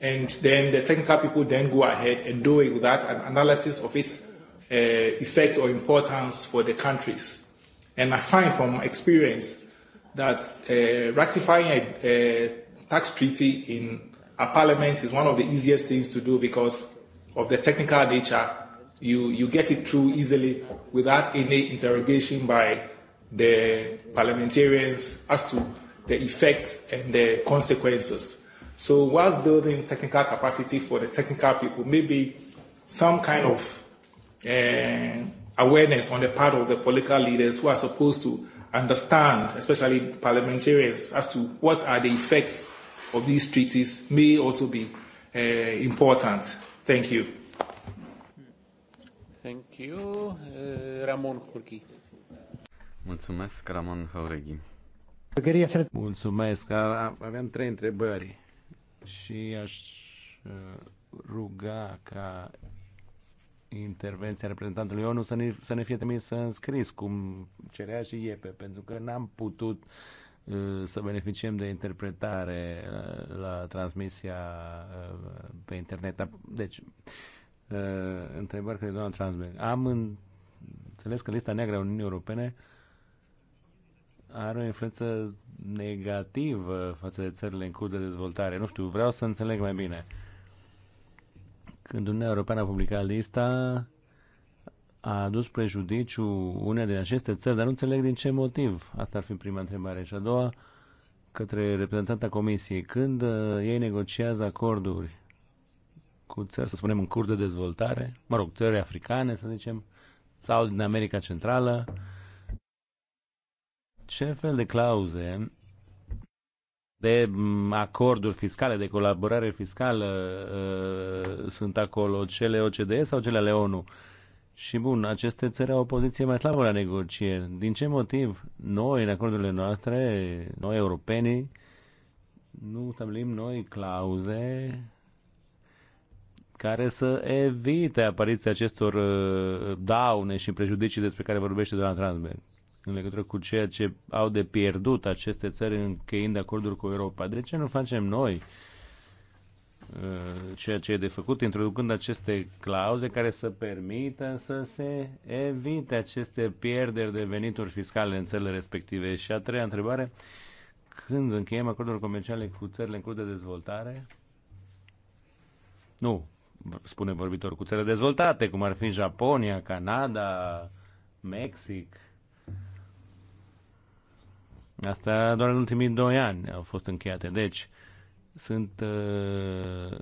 and then the technical people then go ahead and do it without an analysis of its uh, effect or importance for the countries. And I find from experience that uh, ratifying a, a tax treaty in a parliament is one of the easiest things to do because of the technical nature. You, you get it through easily without any interrogation by the parliamentarians as to the effects and the consequences. So, whilst building technical capacity for the technical people, maybe some kind of uh, awareness on the part of the political leaders who are supposed to understand, especially parliamentarians, as to what are the effects of these treaties may also be uh, important. Thank you. Thank you. Uh, Ramon Hurghi. Mulțumesc, Ramon Haureghi. Mulțumesc. Aveam trei întrebări și aș uh, ruga ca intervenția reprezentantului ONU să ne, să ne fie trimis să înscris, cum cerea și IEPE, pentru că n-am putut uh, să beneficiem de interpretare uh, la transmisia pe internet. Deci, întrebări către doamna Transberg. Am înțeles că lista neagră a Uniunii Europene uh, are o influență negativă față de țările în curs de dezvoltare. Nu știu, vreau să înțeleg mai bine. Când Uniunea Europeană a publicat lista, a adus prejudiciu unei din aceste țări, dar nu înțeleg din ce motiv. Asta ar fi prima întrebare. Și a doua, către reprezentanta Comisiei, când uh, ei negociază acorduri cu țări, să spunem, în curs de dezvoltare, mă rog, țări africane, să zicem, sau din America Centrală, ce fel de clauze de mm, acorduri fiscale, de colaborare fiscală uh, sunt acolo, cele OCDE sau cele ale ONU? Și bun, aceste țări au o poziție mai slabă la negocieri. Din ce motiv noi, în acordurile noastre, noi europenii, nu stabilim noi clauze care să evite apariția acestor uh, daune și prejudicii despre care vorbește doamna Transberg? în legătură cu ceea ce au de pierdut aceste țări încheind acorduri cu Europa. De ce nu facem noi uh, ceea ce e de făcut, introducând aceste clauze care să permită să se evite aceste pierderi de venituri fiscale în țările respective? Și a treia întrebare, când încheiem acorduri comerciale cu țările în curs de dezvoltare? Nu, spune vorbitor, cu țările dezvoltate, cum ar fi Japonia, Canada, Mexic, Asta doar în ultimii doi ani au fost încheiate. Deci, sunt uh,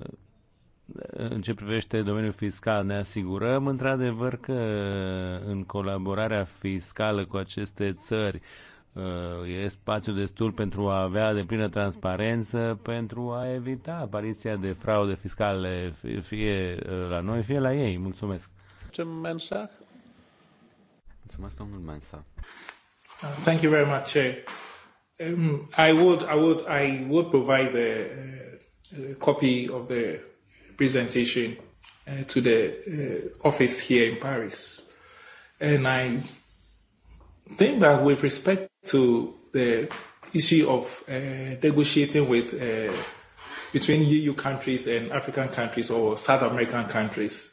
în ce privește domeniul fiscal, ne asigurăm într-adevăr că uh, în colaborarea fiscală cu aceste țări uh, e spațiu destul pentru a avea de plină transparență, pentru a evita apariția de fraude fiscale, fie la noi, fie la ei. Mulțumesc. Mulțumesc, domnul Mensah! Thank you very much, Chair. Um, I would, I would, I would provide the uh, copy of the presentation uh, to the uh, office here in Paris, and I think that with respect to the issue of uh, negotiating with uh, between EU countries and African countries or South American countries,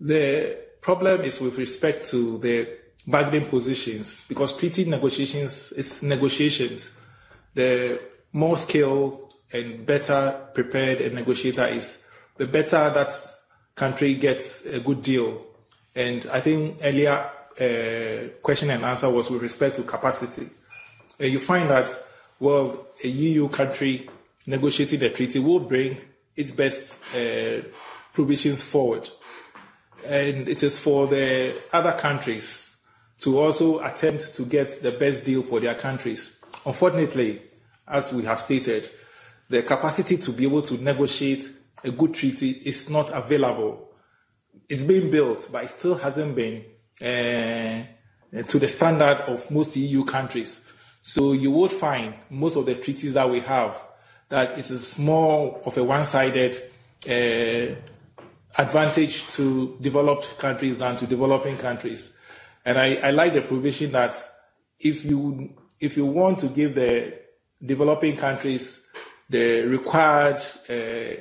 the problem is with respect to the bargaining positions because treaty negotiations is negotiations. The more skilled and better prepared a negotiator is, the better that country gets a good deal. And I think earlier uh, question and answer was with respect to capacity. And you find that, well, a EU country negotiating the treaty will bring its best uh, provisions forward. And it is for the other countries to also attempt to get the best deal for their countries. Unfortunately, as we have stated, the capacity to be able to negotiate a good treaty is not available. It's being built, but it still hasn't been uh, to the standard of most EU countries. So you would find most of the treaties that we have that it is more of a one-sided uh, advantage to developed countries than to developing countries. And I, I like the provision that if you if you want to give the developing countries the required uh,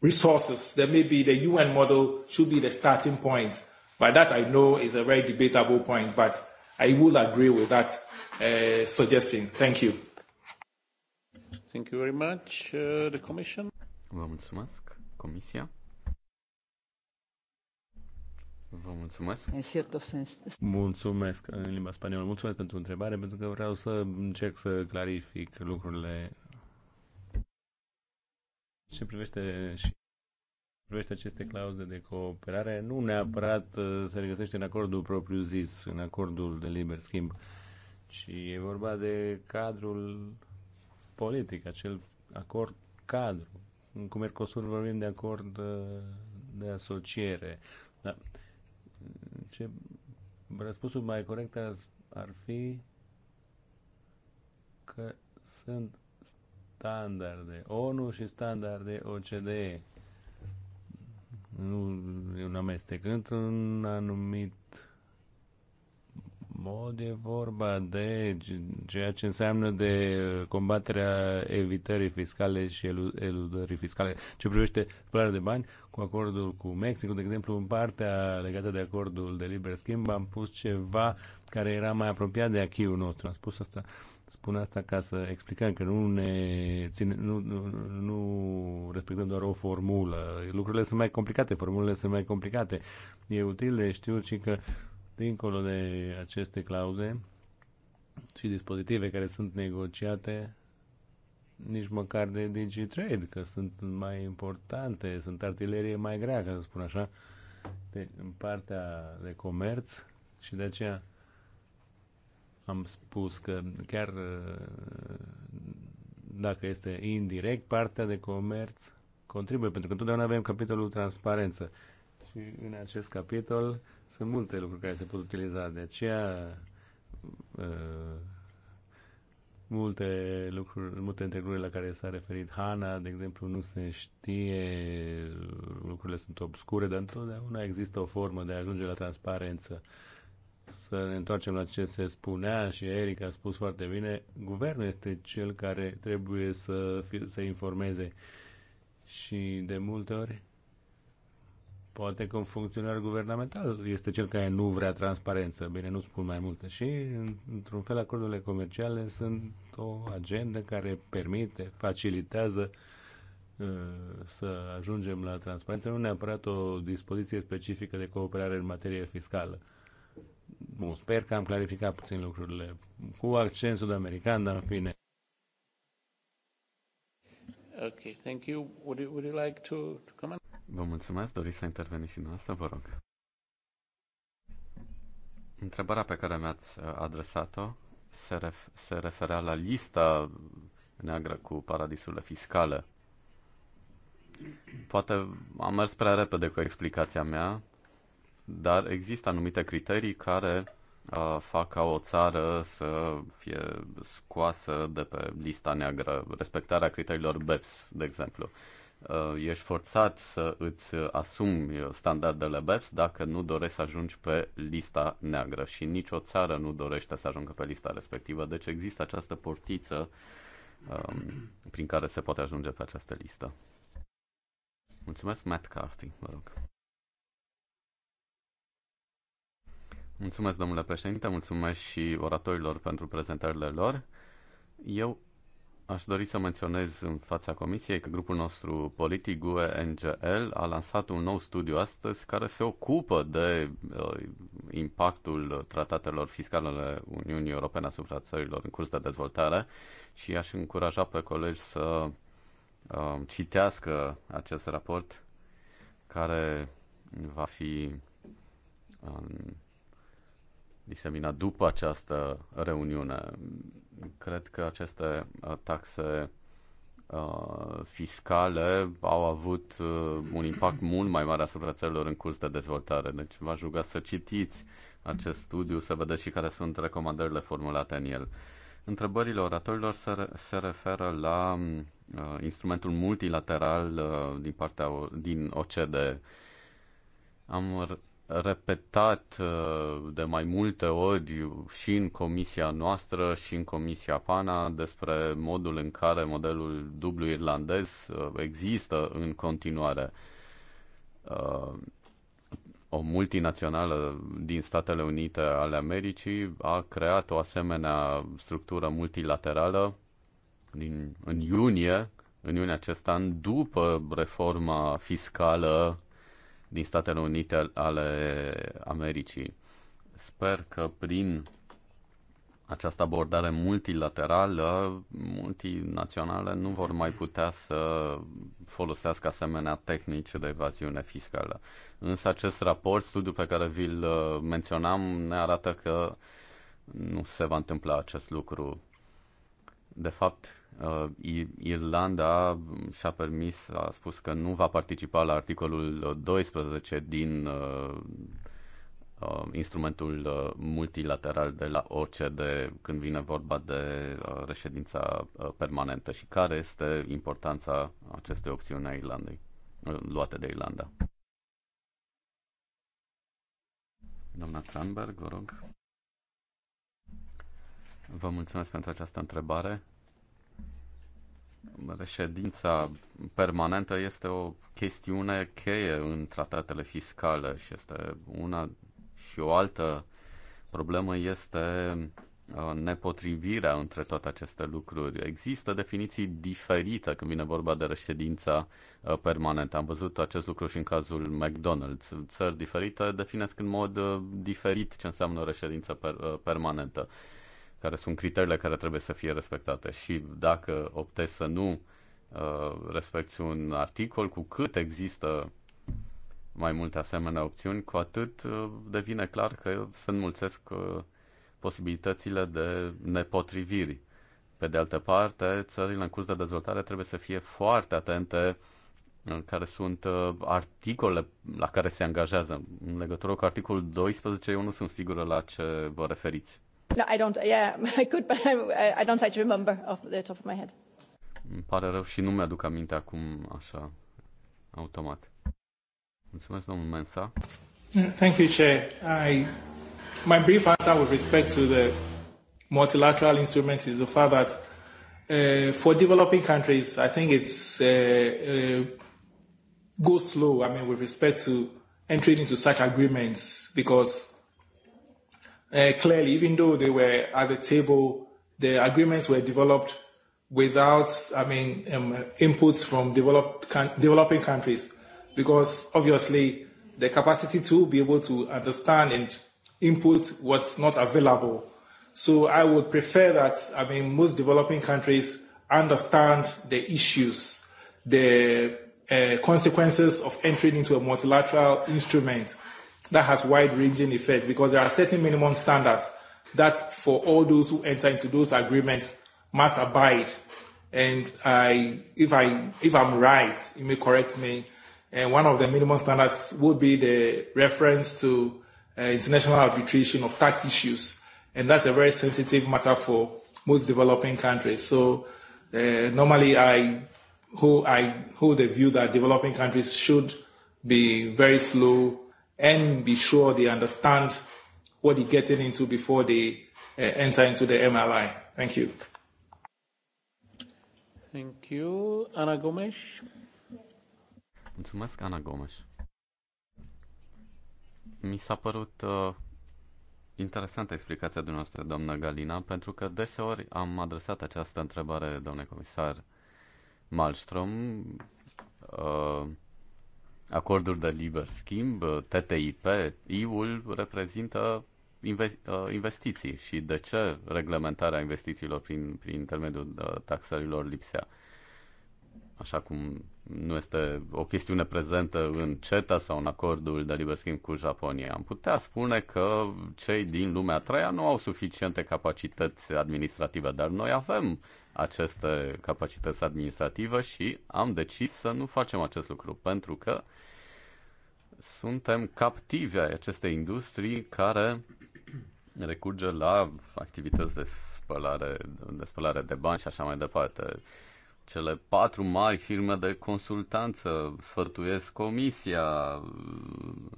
resources, then maybe the UN model should be the starting point. But that I know is a very debatable point, but I will agree with that uh, suggestion. Thank you. Thank you very much, uh, the Commission. Vă mulțumesc, Comisia. Vă mulțumesc. În cierto sens. Mulțumesc în limba spaniolă. Mulțumesc pentru întrebare, pentru că vreau să încerc să clarific lucrurile ce privește și privește aceste clauze de cooperare, nu neapărat uh, se regăsește în acordul propriu-zis, în acordul de liber schimb, ci e vorba de cadrul politic, acel acord cadru. Cu Mercosur vorbim de acord uh, de asociere. Da. Ce răspunsul mai corect ar fi că sunt standarde ONU și standarde OCDE. Nu e un amestec. Într-un anumit mod e vorba de ceea ce înseamnă de combaterea evitării fiscale și eludării fiscale. Ce privește spălarea de bani, cu acordul cu Mexicul, de exemplu, în partea legată de acordul de liber schimb, am pus ceva care era mai apropiat de achiul nostru. Am spus asta spun asta ca să explicăm că nu ne ține, nu, nu, nu respectăm doar o formulă. Lucrurile sunt mai complicate, formulele sunt mai complicate. E util de știut și că Dincolo de aceste clauze și dispozitive care sunt negociate, nici măcar de DigiTrade, că sunt mai importante, sunt artilerie mai grea, ca să spun așa, de, în partea de comerț și de aceea am spus că chiar uh, dacă este indirect, partea de comerț contribuie, pentru că întotdeauna avem capitolul transparență. Și în acest capitol sunt multe lucruri care se pot utiliza, de aceea uh, multe lucruri, multe dintre la care s-a referit Hana, de exemplu, nu se știe, lucrurile sunt obscure, dar întotdeauna există o formă de a ajunge la transparență. Să ne întoarcem la ce se spunea și Eric a spus foarte bine, guvernul este cel care trebuie să, fie, să informeze și de multe ori Poate că un funcționar guvernamental este cel care nu vrea transparență. Bine, nu spun mai multe. Și, într-un fel, acordurile comerciale sunt o agendă care permite, facilitează uh, să ajungem la transparență, nu neapărat o dispoziție specifică de cooperare în materie fiscală. Bun, sper că am clarificat puțin lucrurile cu accent sud-american, dar în fine. Okay, thank you. Would you, would you like to, to comment? Vă mulțumesc, doriți să interveniți și dumneavoastră, vă rog. Întrebarea pe care mi-ați uh, adresat-o se, ref- se referea la lista neagră cu paradisurile fiscale. Poate am mers prea repede cu explicația mea, dar există anumite criterii care uh, fac ca o țară să fie scoasă de pe lista neagră, respectarea criteriilor BEPS, de exemplu. Uh, Uh, ești forțat să îți asumi standardele BEPS dacă nu dorești să ajungi pe lista neagră și nicio țară nu dorește să ajungă pe lista respectivă. Deci există această portiță um, prin care se poate ajunge pe această listă. Mulțumesc, Matt Carty, vă rog. Mulțumesc, domnule președinte, mulțumesc și oratorilor pentru prezentările lor. Eu Aș dori să menționez în fața Comisiei că grupul nostru politic GUE NGL a lansat un nou studiu astăzi care se ocupă de uh, impactul tratatelor fiscale ale Uniunii Europene asupra țărilor în curs de dezvoltare și aș încuraja pe colegi să uh, citească acest raport care va fi um, diseminat după această reuniune. Cred că aceste uh, taxe uh, fiscale au avut uh, un impact mult mai mare asupra țărilor în curs de dezvoltare. Deci v-aș ruga să citiți acest studiu, să vedeți și care sunt recomandările formulate în el. Întrebările oratorilor se, se referă la uh, instrumentul multilateral uh, din partea din OCDE. Am repetat uh, de mai multe ori și în comisia noastră și în comisia PANA despre modul în care modelul dublu irlandez uh, există în continuare. Uh, o multinațională din Statele Unite ale Americii a creat o asemenea structură multilaterală din, în iunie, în iunie acest an, după reforma fiscală din Statele Unite ale Americii. Sper că prin această abordare multilaterală, multinaționale nu vor mai putea să folosească asemenea tehnici de evaziune fiscală. Însă acest raport, studiul pe care vi-l uh, menționam, ne arată că nu se va întâmpla acest lucru. De fapt, Uh, Irlanda și-a permis, a spus că nu va participa la articolul 12 din uh, uh, instrumentul multilateral de la de când vine vorba de reședința permanentă și care este importanța acestei opțiuni a Irlandei, luate de Irlanda. Doamna Tranberg, vă rog. Vă mulțumesc pentru această întrebare reședința permanentă este o chestiune cheie în tratatele fiscale și este una și o altă problemă este uh, nepotrivirea între toate aceste lucruri. Există definiții diferite când vine vorba de reședința uh, permanentă. Am văzut acest lucru și în cazul McDonald's. Țări diferite definesc în mod uh, diferit ce înseamnă reședință permanentă care sunt criteriile care trebuie să fie respectate. Și dacă optezi să nu uh, respecti un articol, cu cât există mai multe asemenea opțiuni, cu atât uh, devine clar că se înmulțesc uh, posibilitățile de nepotriviri. Pe de altă parte, țările în curs de dezvoltare trebuie să fie foarte atente care sunt articole la care se angajează. În legătură cu articolul 12, eu nu sunt sigură la ce vă referiți. No, I don't, yeah, I could, but I, I don't actually remember off the top of my head. Îmi pare rău și nu mi-aduc aminte acum așa, automat. Mulțumesc, domnul Mensa. Mm, thank you, Chair. I, my brief answer with respect to the multilateral instruments is the fact that uh, for developing countries, I think it's uh, uh, go slow, I mean, with respect to entering into such agreements because Uh, clearly, even though they were at the table, the agreements were developed without, I mean, um, inputs from developed can- developing countries, because obviously the capacity to be able to understand and input what's not available. So I would prefer that, I mean, most developing countries understand the issues, the uh, consequences of entering into a multilateral instrument that has wide-ranging effects because there are certain minimum standards that for all those who enter into those agreements must abide. And I, if I, if I'm right, you may correct me. And one of the minimum standards would be the reference to uh, international arbitration of tax issues. And that's a very sensitive matter for most developing countries. So uh, normally I hold, I hold the view that developing countries should be very slow and be sure they understand what they're getting into before they uh, enter into the MLI. Thank you. Thank you. Ana Gomes. Mulțumesc, Ana Gomes. Mi s-a părut uh, interesantă explicația dumneavoastră, doamnă Galina, pentru că deseori am adresat această întrebare, domnule comisar Malmström, uh, acorduri de liber schimb, TTIP, EU-ul reprezintă uh, investiții și de ce reglementarea investițiilor prin, prin intermediul uh, taxărilor lipsea. Așa cum nu este o chestiune prezentă în CETA sau în acordul de liber schimb cu Japonia. Am putea spune că cei din lumea a treia nu au suficiente capacități administrative, dar noi avem aceste capacități administrative și am decis să nu facem acest lucru pentru că suntem captivi ai acestei industrii care recurge la activități de spălare, de spălare de bani și așa mai departe. Cele patru mari firme de consultanță sfătuiesc comisia,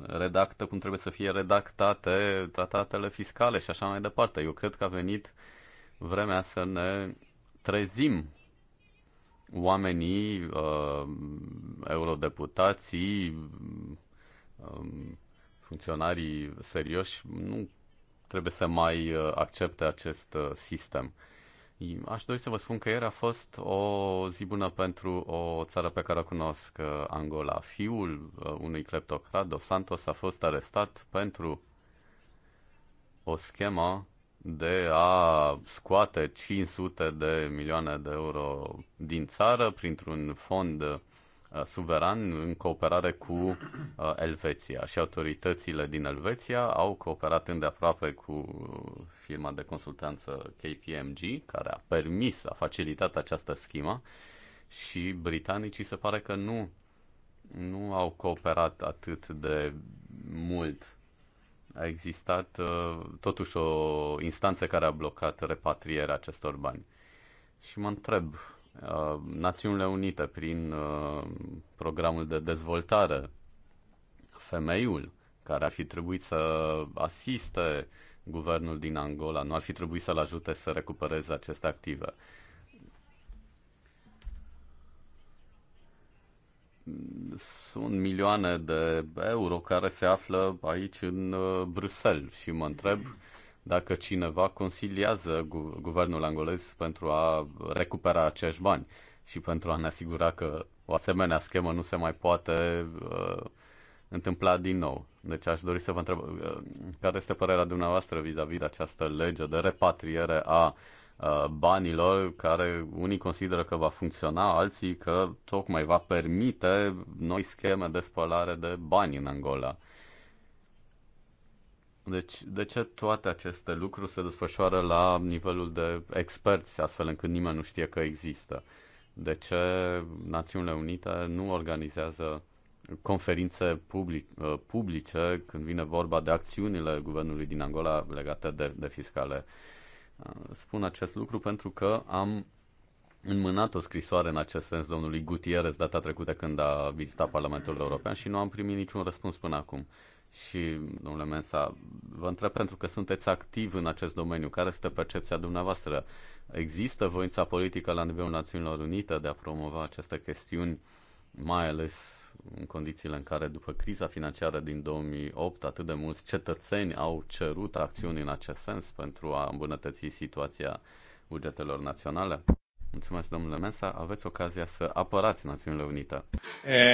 redactă cum trebuie să fie redactate tratatele fiscale și așa mai departe. Eu cred că a venit vremea să ne trezim oamenii, uh, eurodeputații, funcționarii serioși nu trebuie să mai uh, accepte acest uh, sistem. Aș dori să vă spun că ieri a fost o zi bună pentru o țară pe care o cunosc, uh, Angola. Fiul unui cleptocrat, Dos Santos, a fost arestat pentru o schemă de a scoate 500 de milioane de euro din țară printr-un fond Uh, suveran în cooperare cu uh, Elveția și autoritățile din Elveția au cooperat îndeaproape cu firma de consultanță KPMG care a permis, a facilitat această schimă și britanicii se pare că nu, nu au cooperat atât de mult a existat uh, totuși o instanță care a blocat repatrierea acestor bani. Și mă întreb Uh, Națiunile Unite, prin uh, programul de dezvoltare, femeiul care ar fi trebuit să asiste guvernul din Angola, nu ar fi trebuit să-l ajute să recupereze aceste active. Sunt milioane de euro care se află aici în uh, Bruxelles și mă întreb dacă cineva consiliază gu- guvernul angolez pentru a recupera acești bani și pentru a ne asigura că o asemenea schemă nu se mai poate uh, întâmpla din nou. Deci aș dori să vă întreb uh, care este părerea dumneavoastră vis-a-vis de această lege de repatriere a uh, banilor care unii consideră că va funcționa, alții că tocmai va permite noi scheme de spălare de bani în Angola. Deci, de ce toate aceste lucruri se desfășoară la nivelul de experți, astfel încât nimeni nu știe că există? De ce Națiunile Unite nu organizează conferințe public, uh, publice când vine vorba de acțiunile guvernului din Angola legate de, de fiscale? Uh, spun acest lucru pentru că am înmânat o scrisoare în acest sens domnului Gutierrez data trecută când a vizitat Parlamentul European și nu am primit niciun răspuns până acum și, domnule Mensa, vă întreb pentru că sunteți activ în acest domeniu. Care este percepția dumneavoastră? Există voința politică la nivelul Națiunilor Unite de a promova aceste chestiuni, mai ales în condițiile în care, după criza financiară din 2008, atât de mulți cetățeni au cerut acțiuni în acest sens pentru a îmbunătăți situația bugetelor naționale? Mulțumesc, domnule Mensa. Aveți ocazia să apărați Națiunile Unite.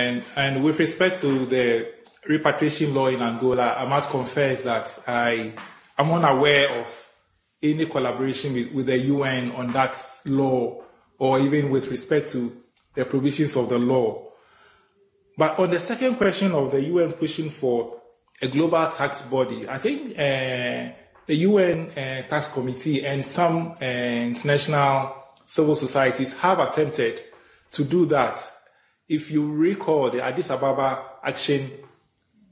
And, and with respect to the repatriation law in Angola, I must confess that I am unaware of any collaboration with, with the UN on that law or even with respect to the provisions of the law. But on the second question of the UN pushing for a global tax body, I think uh, the UN uh, Tax Committee and some uh, international civil societies have attempted to do that. If you recall the Addis Ababa Action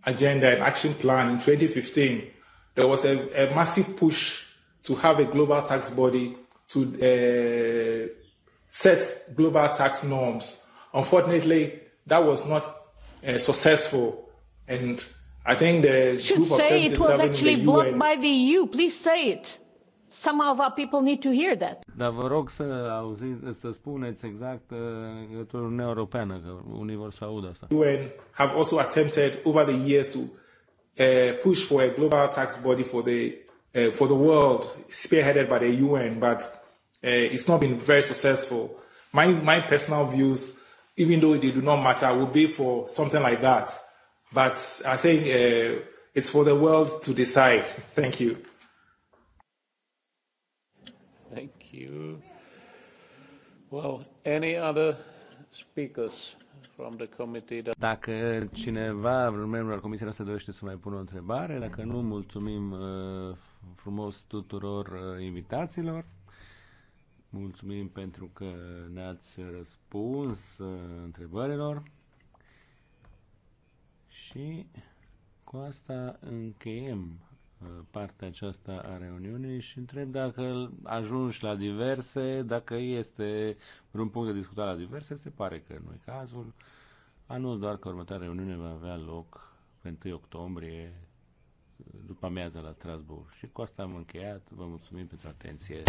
agenda and action plan in 2015, there was a, a massive push to have a global tax body to uh, set global tax norms. Unfortunately, that was not uh, successful, and I think the should say it was actually blocked UN by the EU. Please say it. Some of our people need to hear that. Dar vă rog să auziți, să spuneți exact legătura uh, Uniunea Europeană, că unii vor să audă asta. UN have also attempted over the years to uh, push for a global tax body for the uh, for the world, spearheaded by the UN, but uh, it's not been very successful. My my personal views, even though they do not matter, would be for something like that. But I think uh, it's for the world to decide. Thank you. you. Well, any other speakers from the committee that... Dacă cineva, vreun membru al comisiei noastre dorește să mai pună o întrebare, dacă nu, mulțumim uh, frumos tuturor uh, invitațiilor. Mulțumim pentru că ne-ați răspuns uh, întrebărilor. Și cu asta încheiem partea aceasta a reuniunii și întreb dacă ajungi la diverse, dacă este vreun punct de discutat la diverse, se pare că nu e cazul. Anul doar că următoarea reuniune va avea loc pe 1 octombrie, după amiază la Strasbourg. Și cu asta am încheiat. Vă mulțumim pentru atenție.